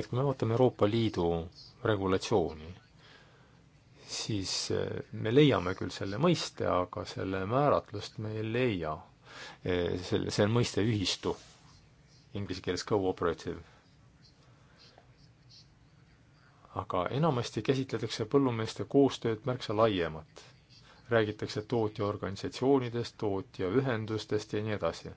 et kui me vaatame Euroopa Liidu regulatsiooni, siis eh, me leiame küll selle mõiste, aga selle määratlust me ei leia. Eh, selle, see on mõiste ühistu, inglise keeles cooperative. aga enamasti käsitletakse põllumeeste koostööd märksa laiemalt räägitakse tootjaorganisatsioonidest, tootjaühendustest ja nii edasi.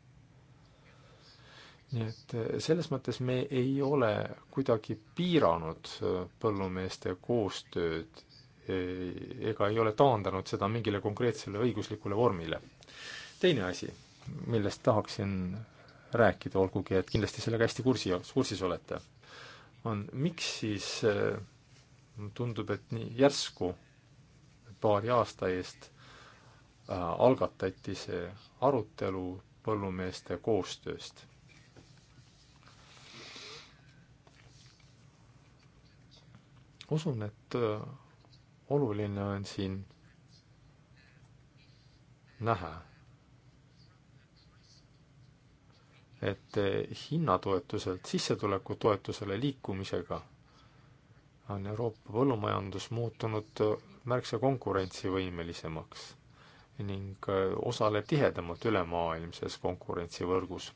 nii et eh, selles mõttes me ei ole kuidagi piiranud eh, põllumeeste koostööd eh, ega ei ole taandanud seda mingile konkreetsele õiguslikule vormile. teine asi, millest tahaksin rääkida, olgugi et kindlasti sellega hästi kursi, kursis olete, on miks siis tundub, et nii järsku paari aasta eest äh, algatati see arutelu põllumeeste koostööst. usun, et äh, oluline on siin näha, et äh, hinnatoetuselt sissetulekutoetusele liikumisega on Euroopa põllumajandus muutunud äh, märksa konkurentsivõimelisemaks ning äh, osaleb tihedamalt ülemaailmses konkurentsivõrgus.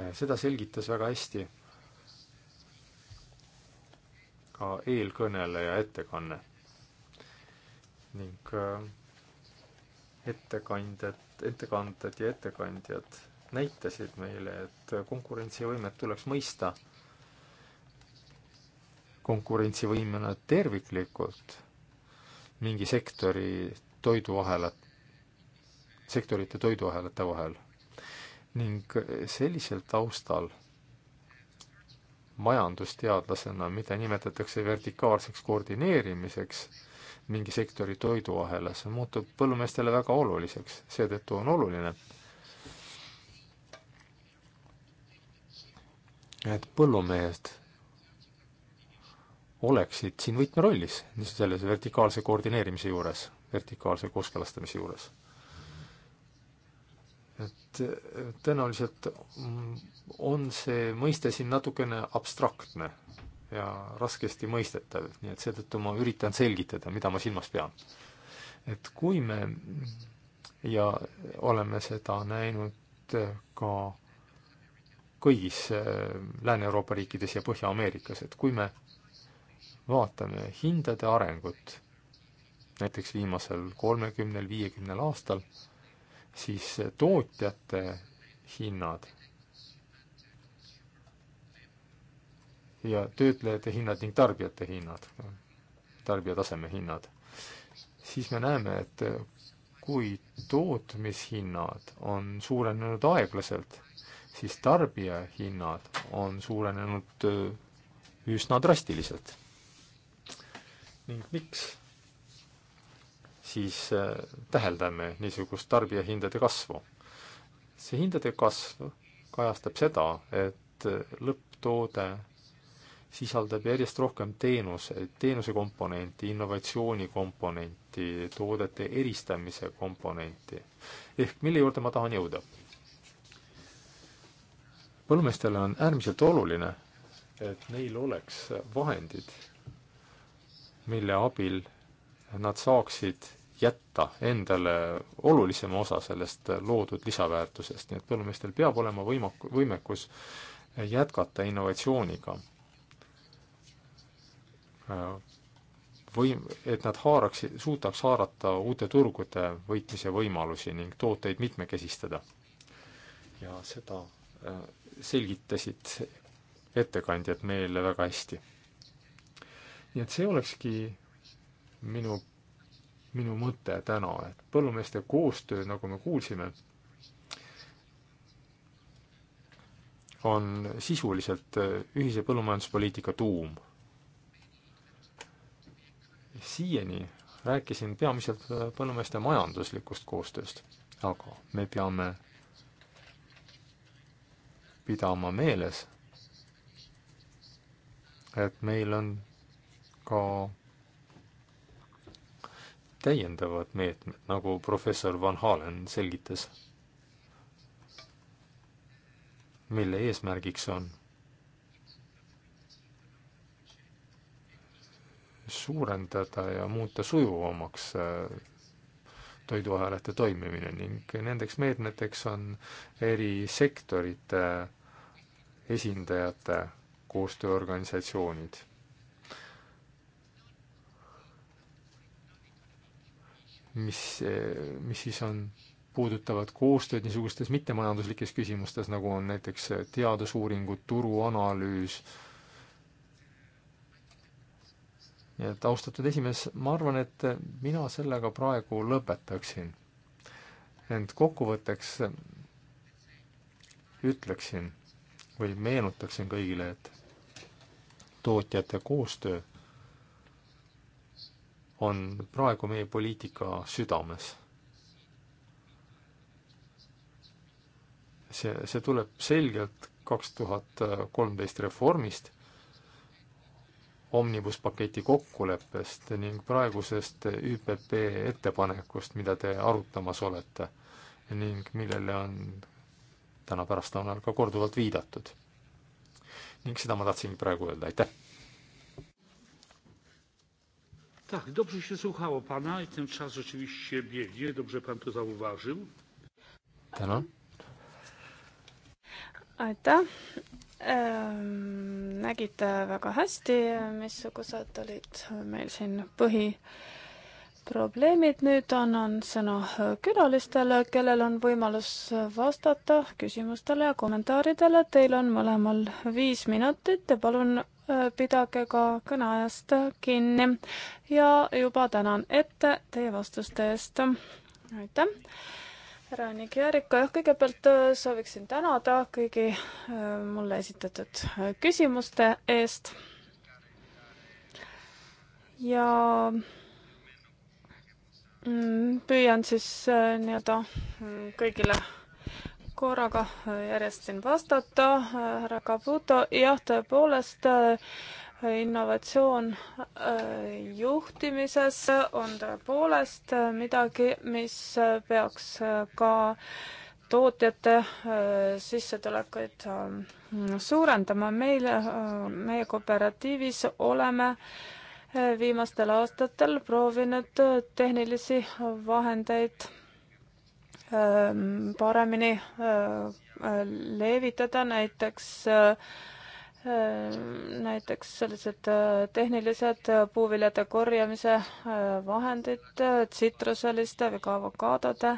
Äh, seda selgitas väga hästi ka eelkõneleja ettekanne ning äh, ettekandjad, ettekanded ja ettekandjad näitasid meile, et konkurentsivõimet tuleks mõista konkurentsivõimena terviklikult mingi sektori toiduahelat, sektorite toiduahelate vahel. ning sellisel taustal majandusteadlasena, mida nimetatakse vertikaalseks koordineerimiseks mingi sektori toiduahelas, muutub põllumeestele väga oluliseks, seetõttu on oluline, et põllumehed oleksid siin võtmerollis selles vertikaalse koordineerimise juures, vertikaalse kooskõlastamise juures. et tõenäoliselt on see mõiste siin natukene abstraktne ja raskesti mõistetav, nii et seetõttu ma üritan selgitada, mida ma silmas pean. et kui me ja oleme seda näinud ka kõigis äh, Lääne-Euroopa riikides ja Põhja-Ameerikas, et kui me vaatame hindade arengut näiteks viimasel kolmekümnel, viiekümnel aastal, siis tootjate hinnad ja töötlejate hinnad ning tarbijate hinnad, tarbijataseme hinnad, siis me näeme, et kui tootmishinnad on suurenenud aeglaselt, siis tarbijahinnad on suurenenud üsna drastiliselt ning miks siis äh, täheldame niisugust tarbijahindade kasvu. see hindade kasv kajastab seda, et äh, lõpptoode sisaldab järjest rohkem teenuseid, teenuse komponenti, innovatsiooni komponenti, toodete eristamise komponenti. ehk mille juurde ma tahan jõuda? põllumeestele on äärmiselt oluline, et neil oleks vahendid mille abil nad saaksid jätta endale olulisema osa sellest loodud lisaväärtusest, nii et põllumeestel peab olema võimak-, võimekus jätkata innovatsiooniga. Võim-, et nad haaraksid, suudaks haarata uute turgude võitmise võimalusi ning tooteid mitmekesistada. ja seda äh, selgitasid ettekandjad meile väga hästi nii et see olekski minu, minu mõte täna, et põllumeeste koostöö, nagu me kuulsime, on sisuliselt äh, ühise põllumajanduspoliitika tuum. siiani rääkisin peamiselt äh, põllumeeste majanduslikust koostööst, aga me peame pidama meeles, et meil on ka täiendavad meetmed, nagu professor Van Halen selgitas, mille eesmärgiks on suurendada ja muuta sujuvamaks äh, toiduahelate toimimine ning nendeks meetmeteks on eri sektorite esindajate koostööorganisatsioonid mis, mis siis on, puudutavad koostööd niisugustes mittemajanduslikes küsimustes, nagu on näiteks teadusuuringud, turuanalüüs. nii et austatud esimees, ma arvan, et mina sellega praegu lõpetaksin. ent kokkuvõtteks ütleksin või meenutaksin kõigile, et tootjate koostöö on praegu meie poliitika südames. see, see tuleb selgelt kaks tuhat kolmteist reformist, omnibuspaketi kokkuleppest ning praegusest ÜPP ettepanekust, mida te arutamas olete ning millele on täna pärastlõunal ka korduvalt viidatud. ning seda ma tahtsingi praegu öelda, aitäh! Tak, dobrze się słuchało pana i ten czas rzeczywiście biegnie. Dobrze pan to zauważył. tänan. aitäh ähm,. nägite väga hästi, missugused olid meil siin põhiprobleemid. nüüd annan sõna külalistele, kellel on võimalus vastata küsimustele ja kommentaaridele. Teil on mõlemal viis minutit ja palun Äh, pidage ka kõneajast kinni ja juba tänan ette teie vastuste eest. aitäh, härra Annik Jäärika, jah, kõigepealt äh, sooviksin tänada kõigi äh, mulle esitatud küsimuste eest. ja mm, püüan siis nii-öelda mm, kõigile korraga äh, järjest siin vastata, äh, härra Caputo, jah, tõepoolest äh, innovatsioon juhtimises on tõepoolest midagi, mis peaks ka tootjate sissetulekuid suurendama. meil, meie kooperatiivis oleme viimastel aastatel proovinud tehnilisi vahendeid Ähm, paremini äh, äh, levitada, näiteks äh, näiteks sellised tehnilised puuviljade korjamise vahendid, tsitruseliste või ka avokaadode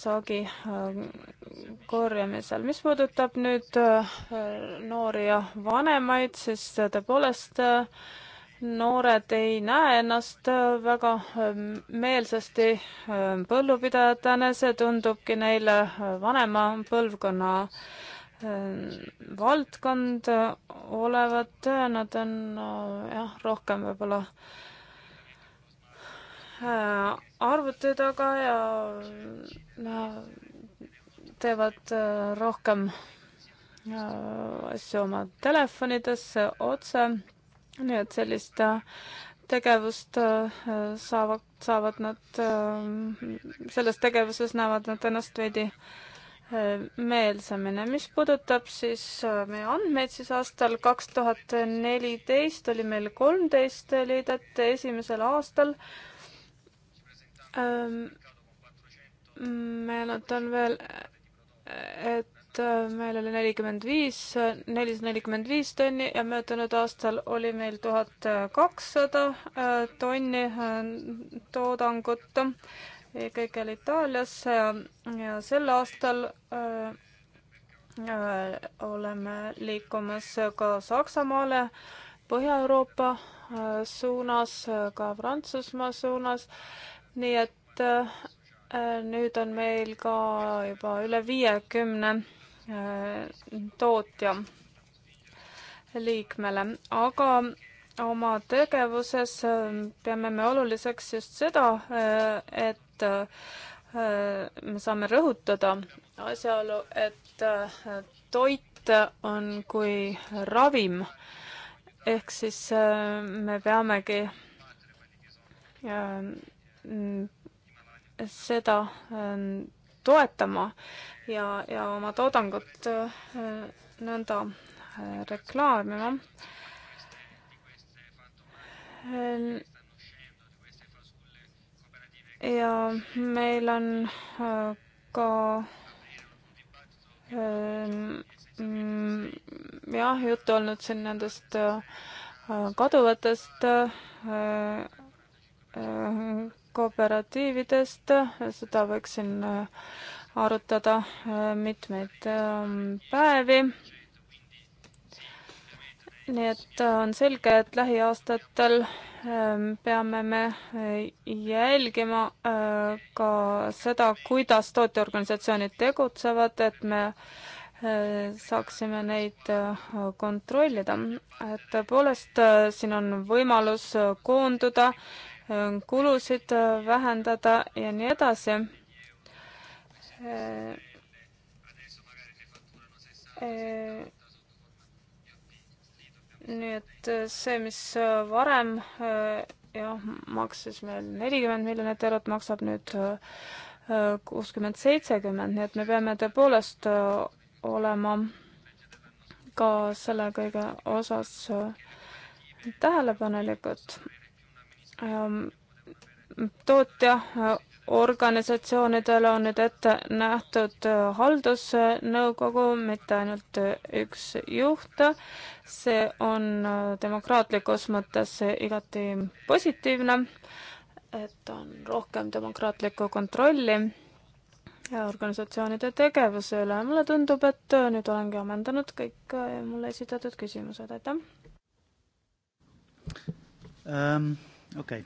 saagi korjamisel. mis puudutab nüüd noori ja vanemaid, siis tõepoolest noored ei näe ennast äh, väga ähm, meelsasti ähm, põllupidajatena, see tundubki neile äh, vanema põlvkonna ähm, valdkond äh, olevat, nad on jah, rohkem võib-olla arvuti taga ja teevad rohkem asju oma telefonides otse nii et sellist äh, tegevust äh, saavad, saavad nad, äh, selles tegevuses näevad nad ennast veidi meelsamini. mis puudutab siis meie andmeid, siis aastal kaks tuhat neliteist oli meil kolmteist liidet esimesel aastal. Ähm, meil on veel, et Äh, meil oli nelikümmend viis, äh, nelisada nelikümmend viis tonni ja möödunud aastal oli meil tuhat kakssada äh, tonni toodangut. kõik oli Itaalias ja, ja sel aastal öö, öö, oleme liikumas ka Saksamaale, Põhja-Euroopa suunas, ka Prantsusmaa suunas, nii et nüüd on meil ka juba üle viiekümne 50 Äh, tootja liikmele, aga oma tegevuses äh, peame me oluliseks just seda, äh, et me saame rõhutada asjaolu, et toit on kui ravim. ehk siis me peamegi seda toetama ja, ja oma toodangut äh, nõnda äh, reklaamima. Äh, ja meil on ka jah, juttu olnud siin nendest kaduvatest kooperatiividest, seda võiksin äh, arutada äh, mitmeid ähm, päevi. nii et äh, on selge, et lähiaastatel ähm, peame me jälgima ka seda, kuidas tootjaorganisatsioonid tegutsevad, et me saaksime neid kontrollida. et tõepoolest, siin on võimalus koonduda Äh, kulusid äh, vähendada ja nii edasi. Äh, nii et see, mis varem jah, maksis meil nelikümmend miljonit eurot, maksab nüüd kuuskümmend, seitsekümmend, nii et me peame tõepoolest olema ka selle kõige osas tähelepanelikud Ähm, tootjaorganisatsioonidele on nüüd ette nähtud äh, haldusnõukogu, mitte ainult äh, üks juht. see on äh, demokraatlikus mõttes igati positiivne, et on rohkem demokraatlikku kontrolli ja organisatsioonide tegevuse üle. mulle tundub, et nüüd olengi ammendanud kõik mulle esitatud küsimused, aitäh um,. Okay.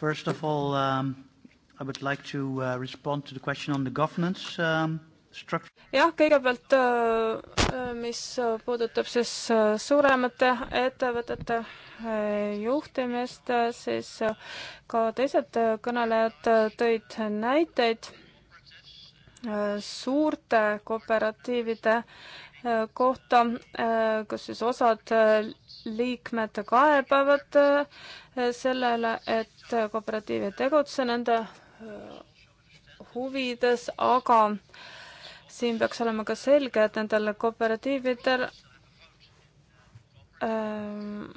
First of all, um, I would like to uh, respond to the question on the governance um, structure. jah, kõigepealt, äh, äh, mis puudutab siis äh, suuremate ettevõtete juhtimist, siis ka teised kõnelejad tõid näiteid suurte kooperatiivide kohta, kus siis osad liikmed kaebavad äh, sellele, et kooperatiiv ei tegutse nende äh, huvides, aga siin peaks olema ka selge, et nendel kooperatiividel äh,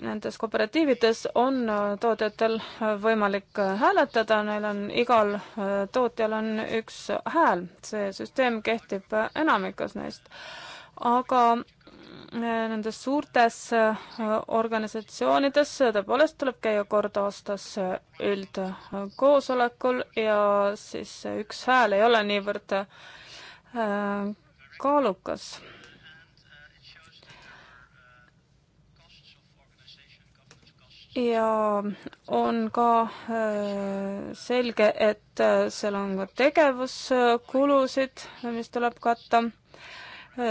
nendes kooperatiivides on tootjatel võimalik hääletada, neil on igal tootjal on üks hääl, see süsteem kehtib enamikus neist. aga nendes suurtes äh, organisatsioonides tõepoolest tuleb käia kord aastas äh, üldkoosolekul ja siis üks hääl ei ole niivõrd äh, kaalukas. ja on ka selge, et seal on ka tegevuskulusid, mis tuleb katta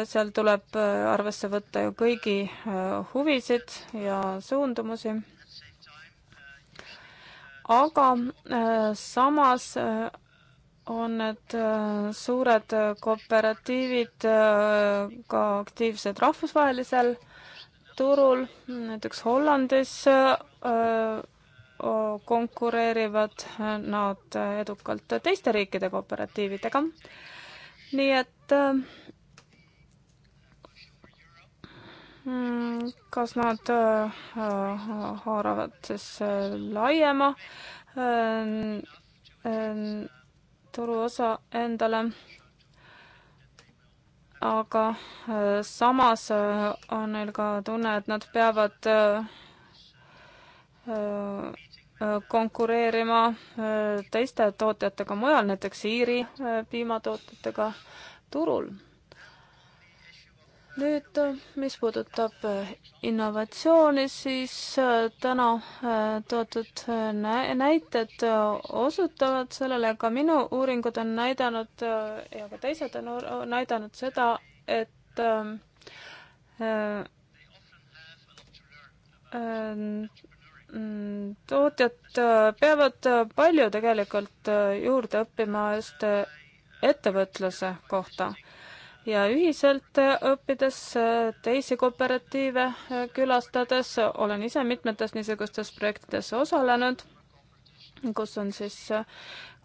seal tuleb äh, arvesse võtta ju kõigi äh, huvisid ja suundumusi. aga äh, samas on need suured kooperatiivid ka aktiivsed rahvusvahelisel turul, näiteks Hollandis konkureerivad nad edukalt teiste riikide kooperatiividega. nii et Mm, kas nad äh, äh, haaravad siis äh, laiema ähm, ähm, turuosa endale, aga samas on neil ka tunne, et nad peavad konkureerima teiste tootjatega mujal, näiteks Iiri piimatootjatega turul nüüd, mis puudutab äh, innovatsiooni, siis äh, täna äh, toodud näited osutavad sellele, ka minu uuringud on näidanud ja ka teised on näidanud seda, et ähm, tootjad peavad palju tegelikult juurde õppima just ettevõtluse kohta ja ühiselt äh, õppides, äh, teisi kooperatiive äh, külastades, olen ise mitmetes niisugustes projektides osalenud, kus on siis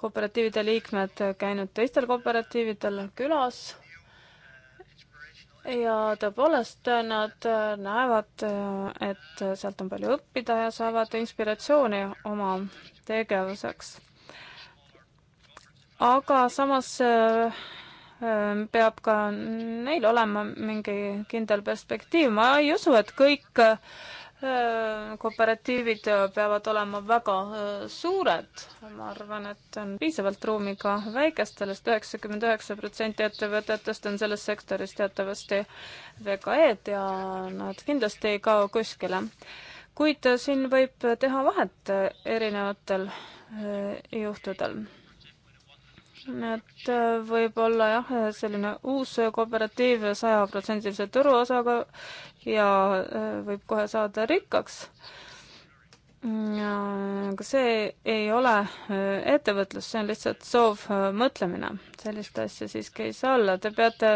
kooperatiivide liikmed käinud teistel kooperatiividel külas ja tõepoolest nad näevad, et sealt on palju õppida ja saavad inspiratsiooni oma tegevuseks. aga samas Ehm, peab ka neil olema mingi kindel perspektiiv. ma ei usu, et kõik ehm, kooperatiivid peavad olema väga eh, suured. ma arvan, et on piisavalt ruumi ka väikestelest. üheksakümmend üheksa protsenti ettevõtetest on selles sektoris teatavasti VKE-d ja nad kindlasti ei kao kuskile. kuid eh, siin võib teha vahet eh, erinevatel juhtudel et äh, võib-olla jah, selline uus kooperatiiv sajaprotsendilise turuosaga ja äh, võib kohe saada rikkaks. aga see ei ole äh, ettevõtlus, see on lihtsalt soovmõtlemine. sellist asja siiski ei saa olla, te peate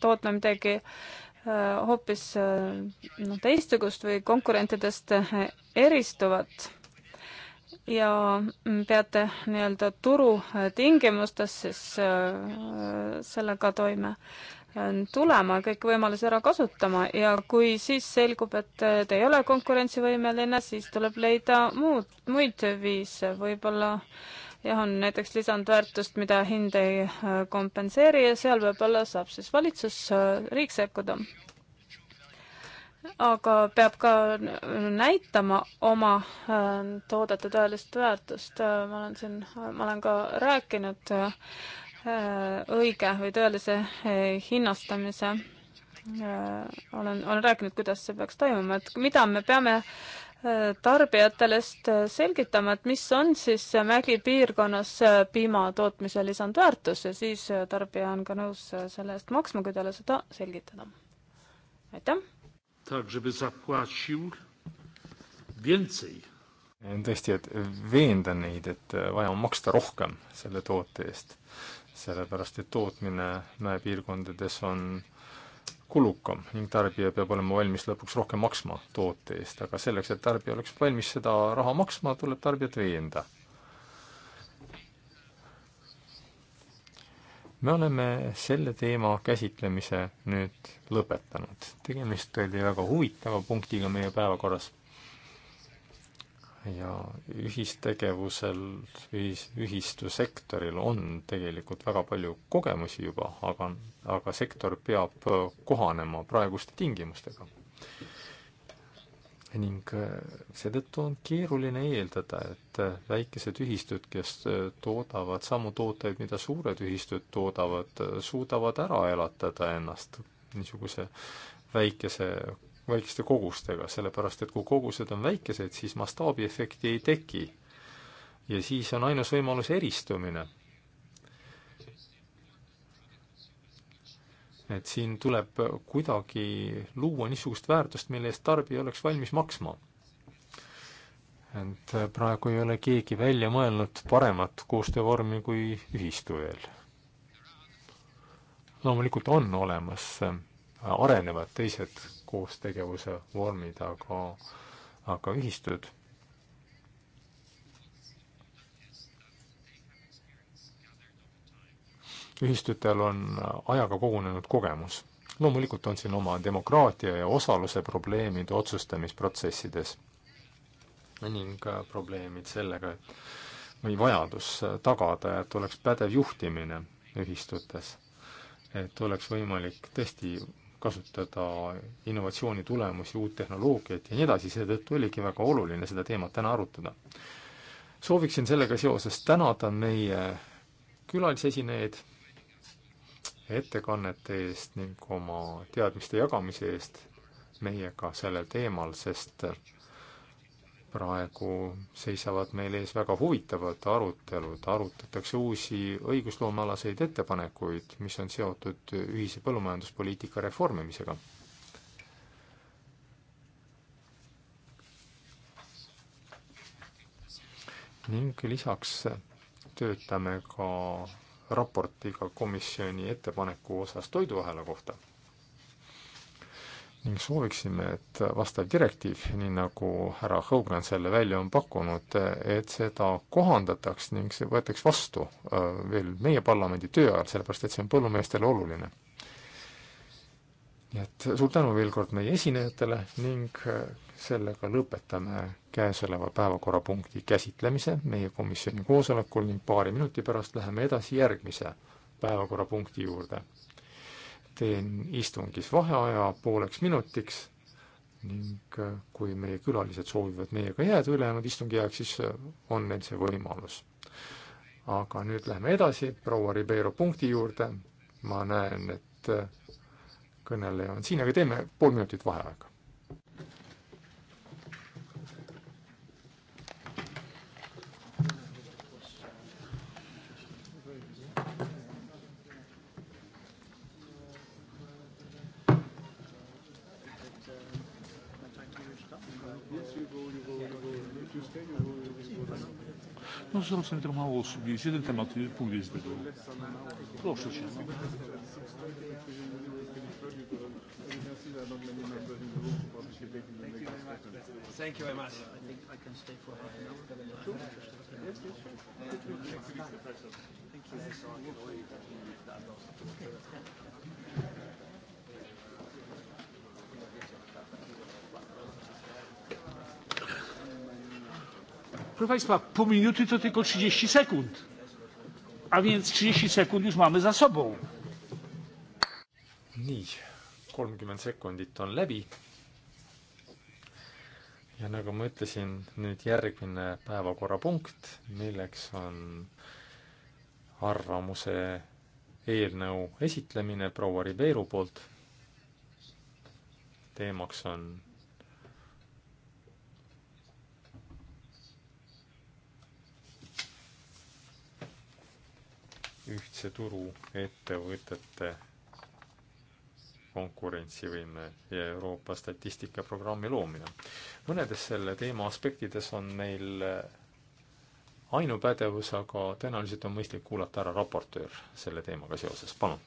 tootma midagi hoopis noh, teistsugust või konkurentidest eristuvat ja peate nii-öelda turutingimustes siis äh, sellega toime äh, tulema, kõik võimalusi ära kasutama ja kui siis selgub, et äh, te ei ole konkurentsivõimeline, siis tuleb leida muud, muid viise, võib-olla jah, on näiteks lisandväärtust, mida hind ei kompenseeri ja seal võib-olla saab siis valitsus, riik sekkuda aga peab ka näitama oma äh, toodete tõelist väärtust. Äh, ma olen siin, ma olen ka rääkinud äh, õige või tõelise hinnastamise. olen, olen rääkinud, kuidas see peaks toimuma, et mida me peame tarbijatele just selgitama, et mis on siis mägipiirkonnas piima tootmise lisandväärtus ja siis tarbija on ka nõus selle eest maksma, kui talle seda selgitada. aitäh! tak żeby zapłacił więcej. tõesti, et veenda neid, et vaja on maksta rohkem selle toote eest, sellepärast et tootmine mäepiirkondades on kulukam ning tarbija peab olema valmis lõpuks rohkem maksma toote eest, aga selleks, et tarbija oleks valmis seda raha maksma, tuleb tarbijat veenda me oleme selle teema käsitlemise nüüd lõpetanud. tegemist oli väga huvitava punktiga meie päevakorras. ja ühistegevusel, ühis, ühistusektoril on tegelikult väga palju kogemusi juba, aga, aga sektor peab kohanema praeguste tingimustega ning äh, seetõttu on keeruline eeldada, et äh, väikesed ühistud, kes äh, toodavad samu tooteid, mida suured ühistud toodavad, suudavad ära elatada ennast niisuguse väikese, väikeste kogustega, sellepärast et kui kogused on väikesed, siis mastaabiefekti ei teki. ja siis on ainus võimalus eristumine et siin tuleb kuidagi luua niisugust väärtust, mille eest tarbija oleks valmis maksma. et praegu ei ole keegi välja mõelnud paremat koostöövormi kui ühistu veel. loomulikult on olemas arenevad teised koostegevuse vormid, aga, aga ühistud ühistutel on ajaga kogunenud kogemus. loomulikult on siin oma demokraatia ja osaluse probleemid otsustamisprotsessides ning probleemid sellega, et või vajadus tagada, et oleks pädev juhtimine ühistutes. et oleks võimalik tõesti kasutada innovatsiooni tulemusi, uut tehnoloogiat ja nii edasi, seetõttu oligi väga oluline seda teemat täna arutada. sooviksin sellega seoses tänada meie külalisesinejaid ettekannete eest ning oma teadmiste jagamise eest meiega sellel teemal, sest praegu seisavad meil ees väga huvitavad arutelud, arutatakse uusi õigusloomealaseid ettepanekuid, mis on seotud ühise põllumajanduspoliitika reformimisega. ning lisaks töötame ka raportiga komisjoni ettepaneku osas toiduahela kohta ning sooviksime, et vastav direktiiv, nii nagu härra Hõugran selle välja on pakkunud, et seda kohandataks ning see võetaks vastu äh, veel meie parlamendi töö ajal, sellepärast et see on põllumeestele oluline. nii et suur tänu veel kord meie esinejatele ning äh, sellega lõpetame käesoleva päevakorrapunkti käsitlemise meie komisjoni koosolekul ning paari minuti pärast läheme edasi järgmise päevakorrapunkti juurde. teen istungis vaheaja pooleks minutiks ning äh, kui meie külalised soovivad meiega jääda ülejäänud istungi ajaks, siis äh, on neil see võimalus. aga nüüd läheme edasi proua Ribeiro punkti juurde, ma näen, et äh, kõneleja on siin, aga teeme pool minutit vaheaega. No zawsze tak mało osób jest. Jeden temat, pół jest tego. Proszę cię. No. Thank you very much. I think I can stay for half an hour. Sure. Yes, yes, sure. Thank you. Thank you. Thank you. Proszę Państwa, pół minuty to tylko 30 sekund, a więc 30 sekund już mamy za sobą. nii, kolmkümmend sekundit on läbi. ja nagu ma ütlesin, nüüd järgmine päevakorrapunkt, milleks on arvamuse eelnõu esitlemine proua Ribeiro poolt. teemaks on ühtse turu ettevõtete konkurentsivõime ja Euroopa statistikaprogrammi loomine. mõnedes selle teema aspektides on meil ainupädevus, aga tõenäoliselt on mõistlik kuulata ära raportöör selle teemaga seoses, palun.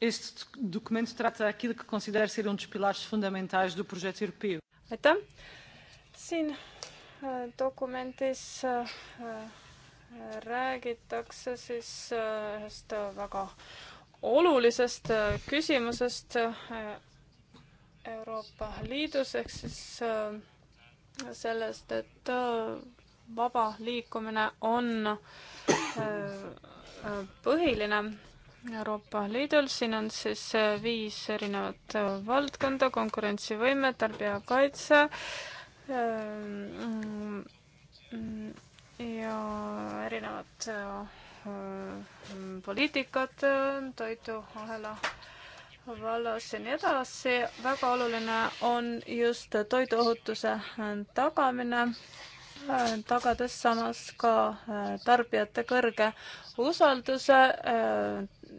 Este documento trata daquilo que considero ser um dos pilares fundamentais do projeto europeu aitäh! siin äh, dokumendis äh, räägitakse siis äh, ühest väga olulisest küsimusest Euroopa Liidus ehk siis sellest, et vaba liikumine on põhiline Euroopa Liidul, siin on siis äh, viis erinevat äh, valdkonda, konkurentsivõime, tarbijakaitse ähm, ja erinevad äh, poliitikad toiduahela vallas ja nii edasi. väga oluline on just toiduohutuse tagamine tagades samas ka tarbijate kõrge usalduse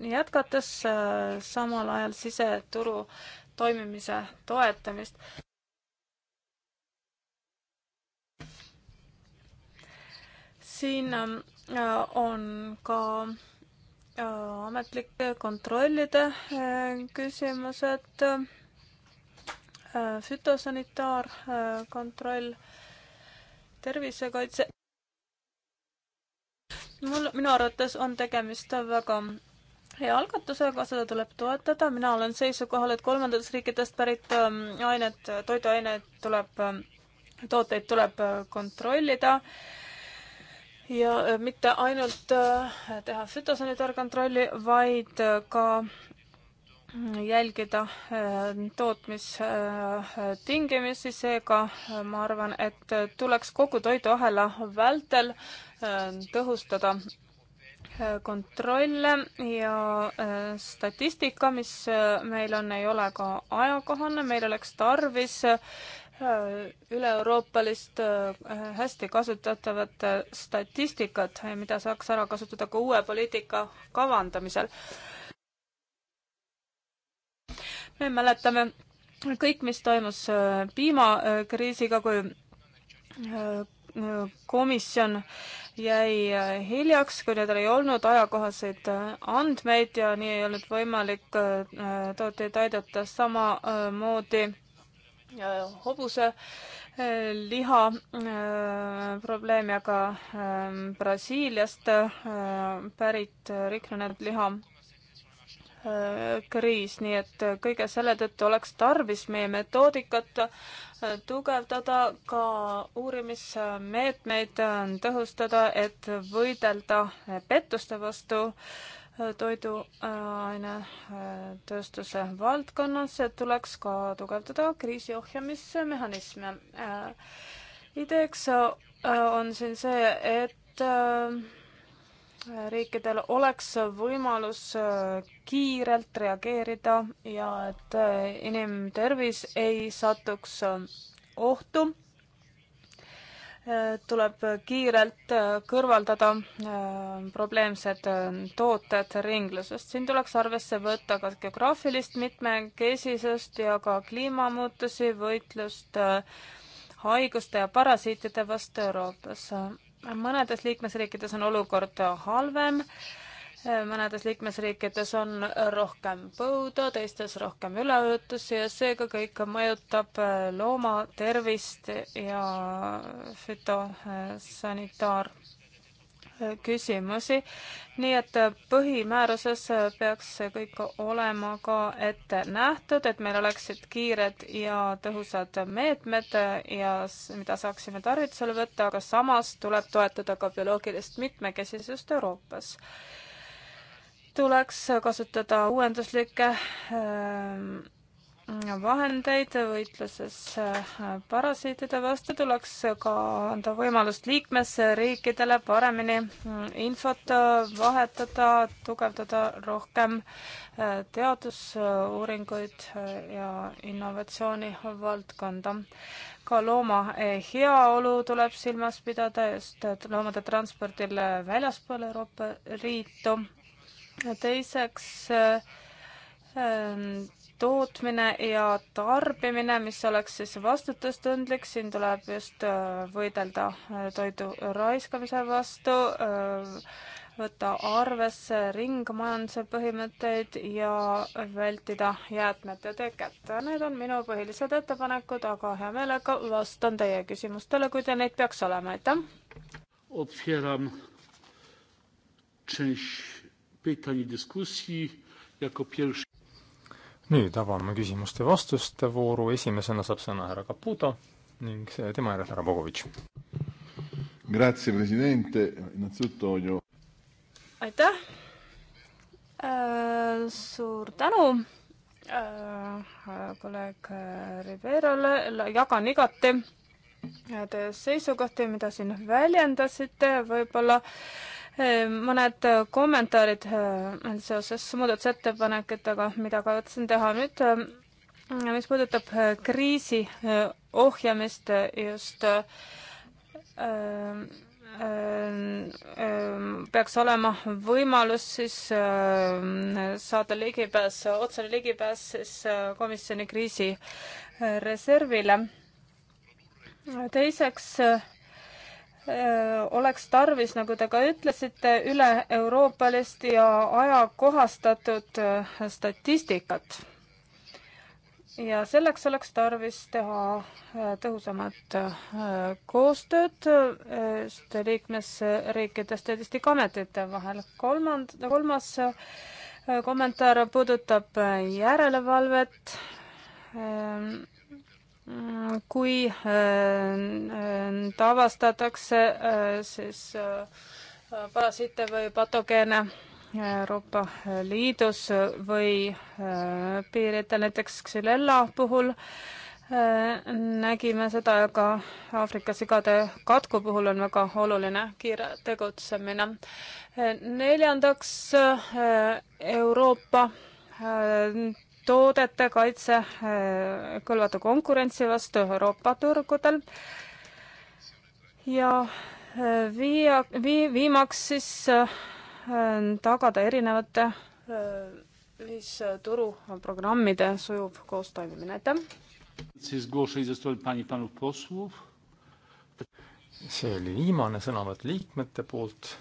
jätkates äh, samal ajal siseturu toimimise toetamist. siin ähm, äh, on ka äh, ametlike kontrollide küsimused, fütosanitaarkontroll, tervisekaitse mul, minu arvates on tegemist väga hea algatusega, seda tuleb toetada, mina olen seisukohal, et kolmandatest riikidest pärit ähm, ained, toiduained tuleb, ähm, tooteid tuleb äh, kontrollida ja äh, mitte ainult äh, teha fütosanitaarkontrolli, vaid ka mm, jälgida tootmistingimusi, seega ma arvan, et tuleks kogu toiduahela vältel tõhustada kontrolle ja äh, statistika, mis äh, meil on, ei ole ka ajakohane, meil oleks tarvis äh, üle-euroopalist hästi kasutatavat statistikat, mida saaks ära kasutada ka uue poliitika kavandamisel. me mäletame kõik, mis toimus piimakriisiga, kui komisjon jäi hiljaks, kuna tal ei olnud ajakohaseid andmeid ja nii ei olnud võimalik äh, tootjaid aidata samamoodi äh, hobuse äh, liha probleem ja ka ähm, Brasiiliast pärit riknenud liha kriis, nii et kõige selle tõttu oleks tarvis meie metoodikat tugevdada ka uurimismeetmeid, tõhustada, et võidelda pettuste vastu äh, toiduainetööstuse äh, valdkonnas, et tuleks ka tugevdada kriisi ohjamismehhanisme. Äh, ideeks on siin see, et riikidel oleks võimalus äh, kiirelt reageerida ja et äh, inimtervis ei satuks äh, ohtu. tuleb kiirelt kõrvaldada probleemsed tooted ringlusest. siin tuleks arvesse võtta ka geograafilist mitmekesisust ja ka kliimamuutusi, võitlust haiguste ja parasiitide vastu Euroopas mõnedes liikmesriikides on olukord halvem, mõnedes liikmesriikides on rohkem põuda, teistes rohkem üleujutusi ja seega kõik mõjutab eh, looma tervist ja fütosanitaar- küsimusi. nii et põhimääruses peaks see kõik olema ka ette nähtud, et meil oleksid kiired ja tõhusad meetmed ja mida saaksime tarvitusele võtta, aga samas tuleb toetada ka bioloogilist mitmekesisust Euroopas tuleks kasutada uuenduslikke ähm, vahendeid võitluses äh, parasiitide vastu tuleks ka anda võimalust liikmesriikidele paremini mm, infot äh, vahetada, tugevdada rohkem äh, teadusuuringuid ja innovatsiooni valdkonda. ka looma heaolu tuleb silmas pidada just loomade transpordil väljaspool Euroopa Liitu. teiseks ähm, tootmine ja tarbimine, mis oleks siis vastutustundlik, siin tuleb just äh, võidelda äh, toidu raiskamise vastu, äh, võtta arvesse ringmajanduse põhimõtteid ja vältida jäätmete teket. Need on minu põhilised ettepanekud, aga hea meelega vastan teie küsimustele, kui teil neid peaks olema, aitäh! Otwieram część pytań i dyskusji. Jako pierwszy nüüd avame küsimuste ja vastuste vooru, esimesena saab sõna härra Caputo ning tema järel härra Bogovitš. Grazie, president, innanzitutto voglio. aitäh äh,, suur tänu äh, kolleeg Riverole, jagan igati äh, teie seisukohti, mida siin väljendasite, võib-olla äh, Ehm, mõned äh, kommentaarid äh, seoses muudatusettepanekutega, mida kavatsen teha nüüd, ähm, mis puudutab äh, kriisi ohjamist just ähm, ähm, peaks olema võimalus siis saada ligipääs, otsene ligipääs siis komisjoni kriisireservile. teiseks oleks tarvis, nagu te ka ütlesite, üle-euroopalist ja ajakohastatud statistikat. ja selleks oleks tarvis teha tõhusamat koostööd liikmesriikide statistikaametite vahel. kolmand-, kolmas kommentaar puudutab järelevalvet kui äh, äh, tavastatakse äh, siis parasiite või patogeene Euroopa Liidus või piiridel, näiteks Xylella puhul nägime seda ka Aafrika sigade katku puhul on väga oluline kiire tegutsemine. neljandaks Euroopa toodete kaitse äh, kõlvatu konkurentsi vastu Euroopa turgudel ja äh, viia, vii-, viimaks siis äh, tagada erinevate siis turuprogrammide sujuv koostoimimine, aitäh! see oli viimane sõnavõtt liikmete poolt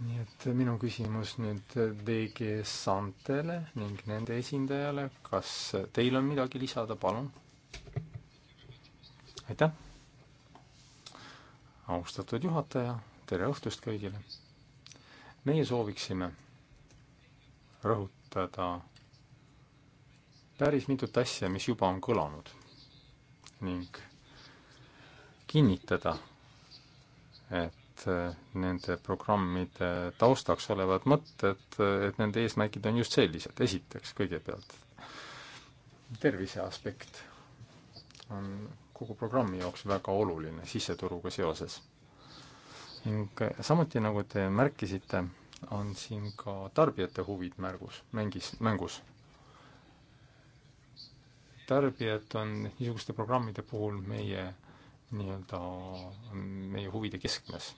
nii et minu küsimus nüüd DG Santele ning nende esindajale, kas teil on midagi lisada, palun? aitäh! austatud juhataja, tere õhtust kõigile! meie sooviksime rõhutada päris mitut asja, mis juba on kõlanud ning kinnitada, et et äh, nende programmide taustaks olevad mõtted, et nende eesmärgid on just sellised, esiteks kõigepealt. tervise aspekt on kogu programmi jaoks väga oluline siseturuga seoses. ning äh, samuti, nagu te märkisite, on siin ka tarbijate huvid märgus, mängis, mängus tarbijad on niisuguste programmide puhul meie nii-öelda, meie huvide keskmes.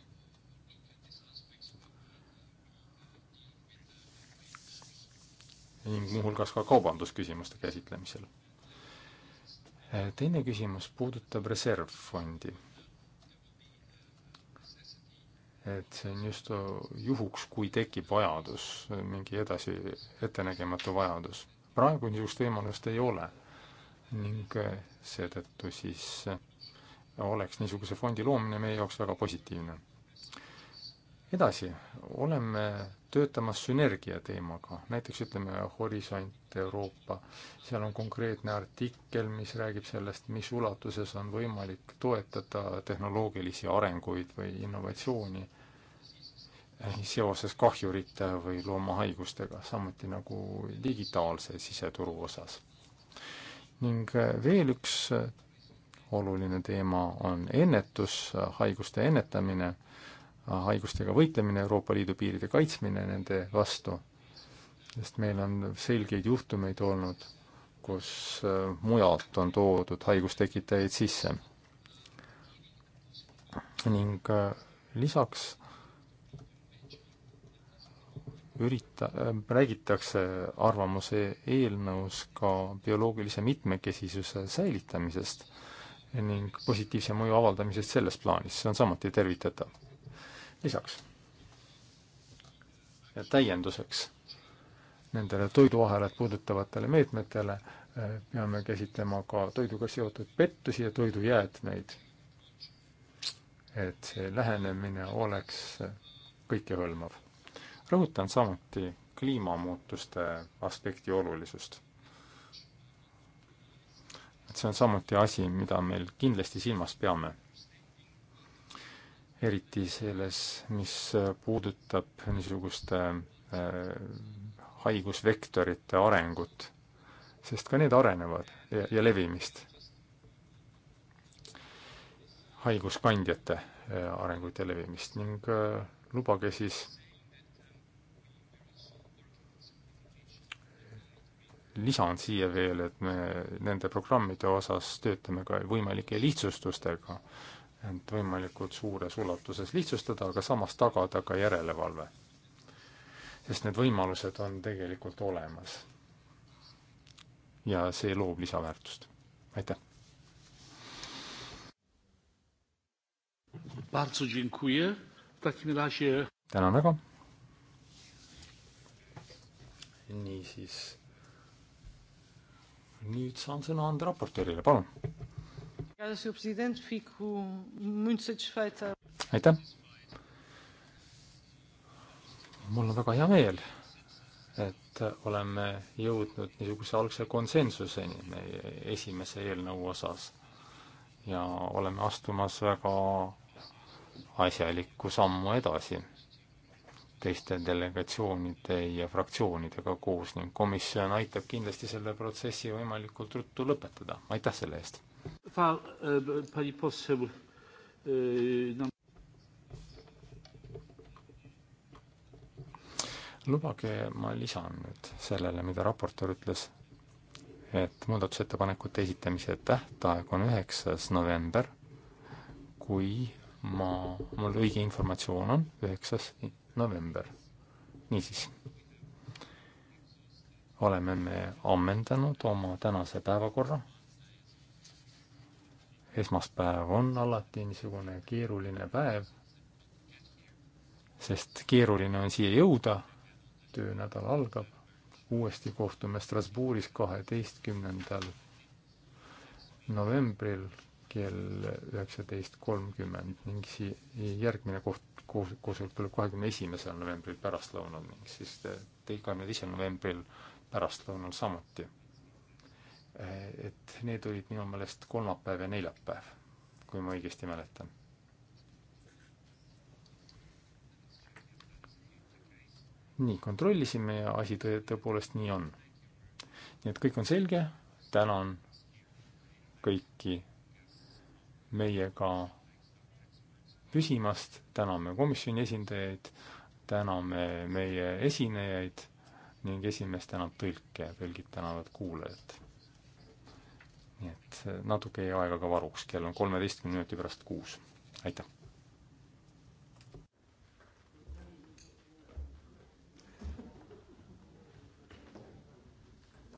ning muuhulgas ka kaubandusküsimuste käsitlemisel. teine küsimus puudutab reservfondi. et see on just juhuks, kui tekib vajadus, mingi edasi ettenägematu vajadus. praegu niisugust võimalust ei ole ning seetõttu siis oleks niisuguse fondi loomine meie jaoks väga positiivne. edasi, oleme töötamas sünergia teemaga, näiteks ütleme, Horisont Euroopa, seal on konkreetne artikkel, mis räägib sellest, mis ulatuses on võimalik toetada tehnoloogilisi arenguid või innovatsiooni seoses kahjurite või loomahaigustega, samuti nagu digitaalse siseturu osas. ning veel üks oluline teema on ennetus, haiguste ennetamine Äh, haigustega võitlemine, Euroopa Liidu piiride kaitsmine nende vastu, sest meil on selgeid juhtumeid olnud, kus äh, mujalt on toodud haigustekitajaid sisse. ning äh, lisaks ürita-, räägitakse arvamuse eelnõus ka bioloogilise mitmekesisuse säilitamisest ning positiivse mõju avaldamisest selles plaanis, see on samuti tervitatav lisaks. ja täienduseks nendele toiduahelat puudutavatele meetmetele äh, peame käsitlema ka toiduga seotud pettusi ja toidujäätmeid. et see lähenemine oleks kõikehõlmav. rõhutan samuti kliimamuutuste aspekti olulisust. et see on samuti asi, mida meil kindlasti silmas peame eriti selles, mis puudutab niisuguste äh, haigusvektorite arengut, sest ka need arenevad ja, ja levimist. haiguskandjate äh, arengut ja levimist ning äh, lubage siis lisan siia veel, et me nende programmide osas töötame ka võimalike lihtsustustega äh, ent võimalikult suures ulatuses lihtsustada, aga samas tagada ka järelevalve. sest need võimalused on tegelikult olemas. ja see loob lisaväärtust. aitäh! tänan väga! niisiis, nüüd saan sõna anda raportöörile, palun! aitäh. mul on väga hea meel, et oleme jõudnud niisuguse algse konsensuseni meie esimese eelnõu osas ja oleme astumas väga asjalikku sammu edasi teiste delegatsioonide ja fraktsioonidega koos ning komisjon aitab kindlasti selle protsessi võimalikult ruttu lõpetada. aitäh selle eest! E, e, lubage, ma lisan nüüd sellele, mida raportöör ütles, et muudatusettepanekute esitamise tähtaeg on üheksas november, kui ma, mul õige informatsioon on üheksas november. niisiis, oleme me ammendanud oma tänase päevakorra esmaspäev on alati niisugune keeruline päev, sest keeruline on siia jõuda, töönädal algab, uuesti kohtume Strasbourgis kaheteistkümnendal novembril kell üheksateist kolmkümmend ning sii-, järgmine koht, koos, koosolek tuleb kahekümne esimesel novembril pärastlõunal ning siis te, te kahekümne teisel novembril pärastlõunal samuti Eh, et need olid minu meelest kolmapäev ja neljapäev, kui ma õigesti mäletan. nii, kontrollisime ja asi tõe, tõepoolest nii on. nii et kõik on selge, tänan kõiki meiega püsimast, täname komisjoni esindajaid, täname meie esinejaid ning esimees tänab tõlke ja tõlgid tänavad kuulajat nii et eh, natuke jäi aega ka varuks, kell on kolmeteistkümne minuti pärast kuus. aitäh!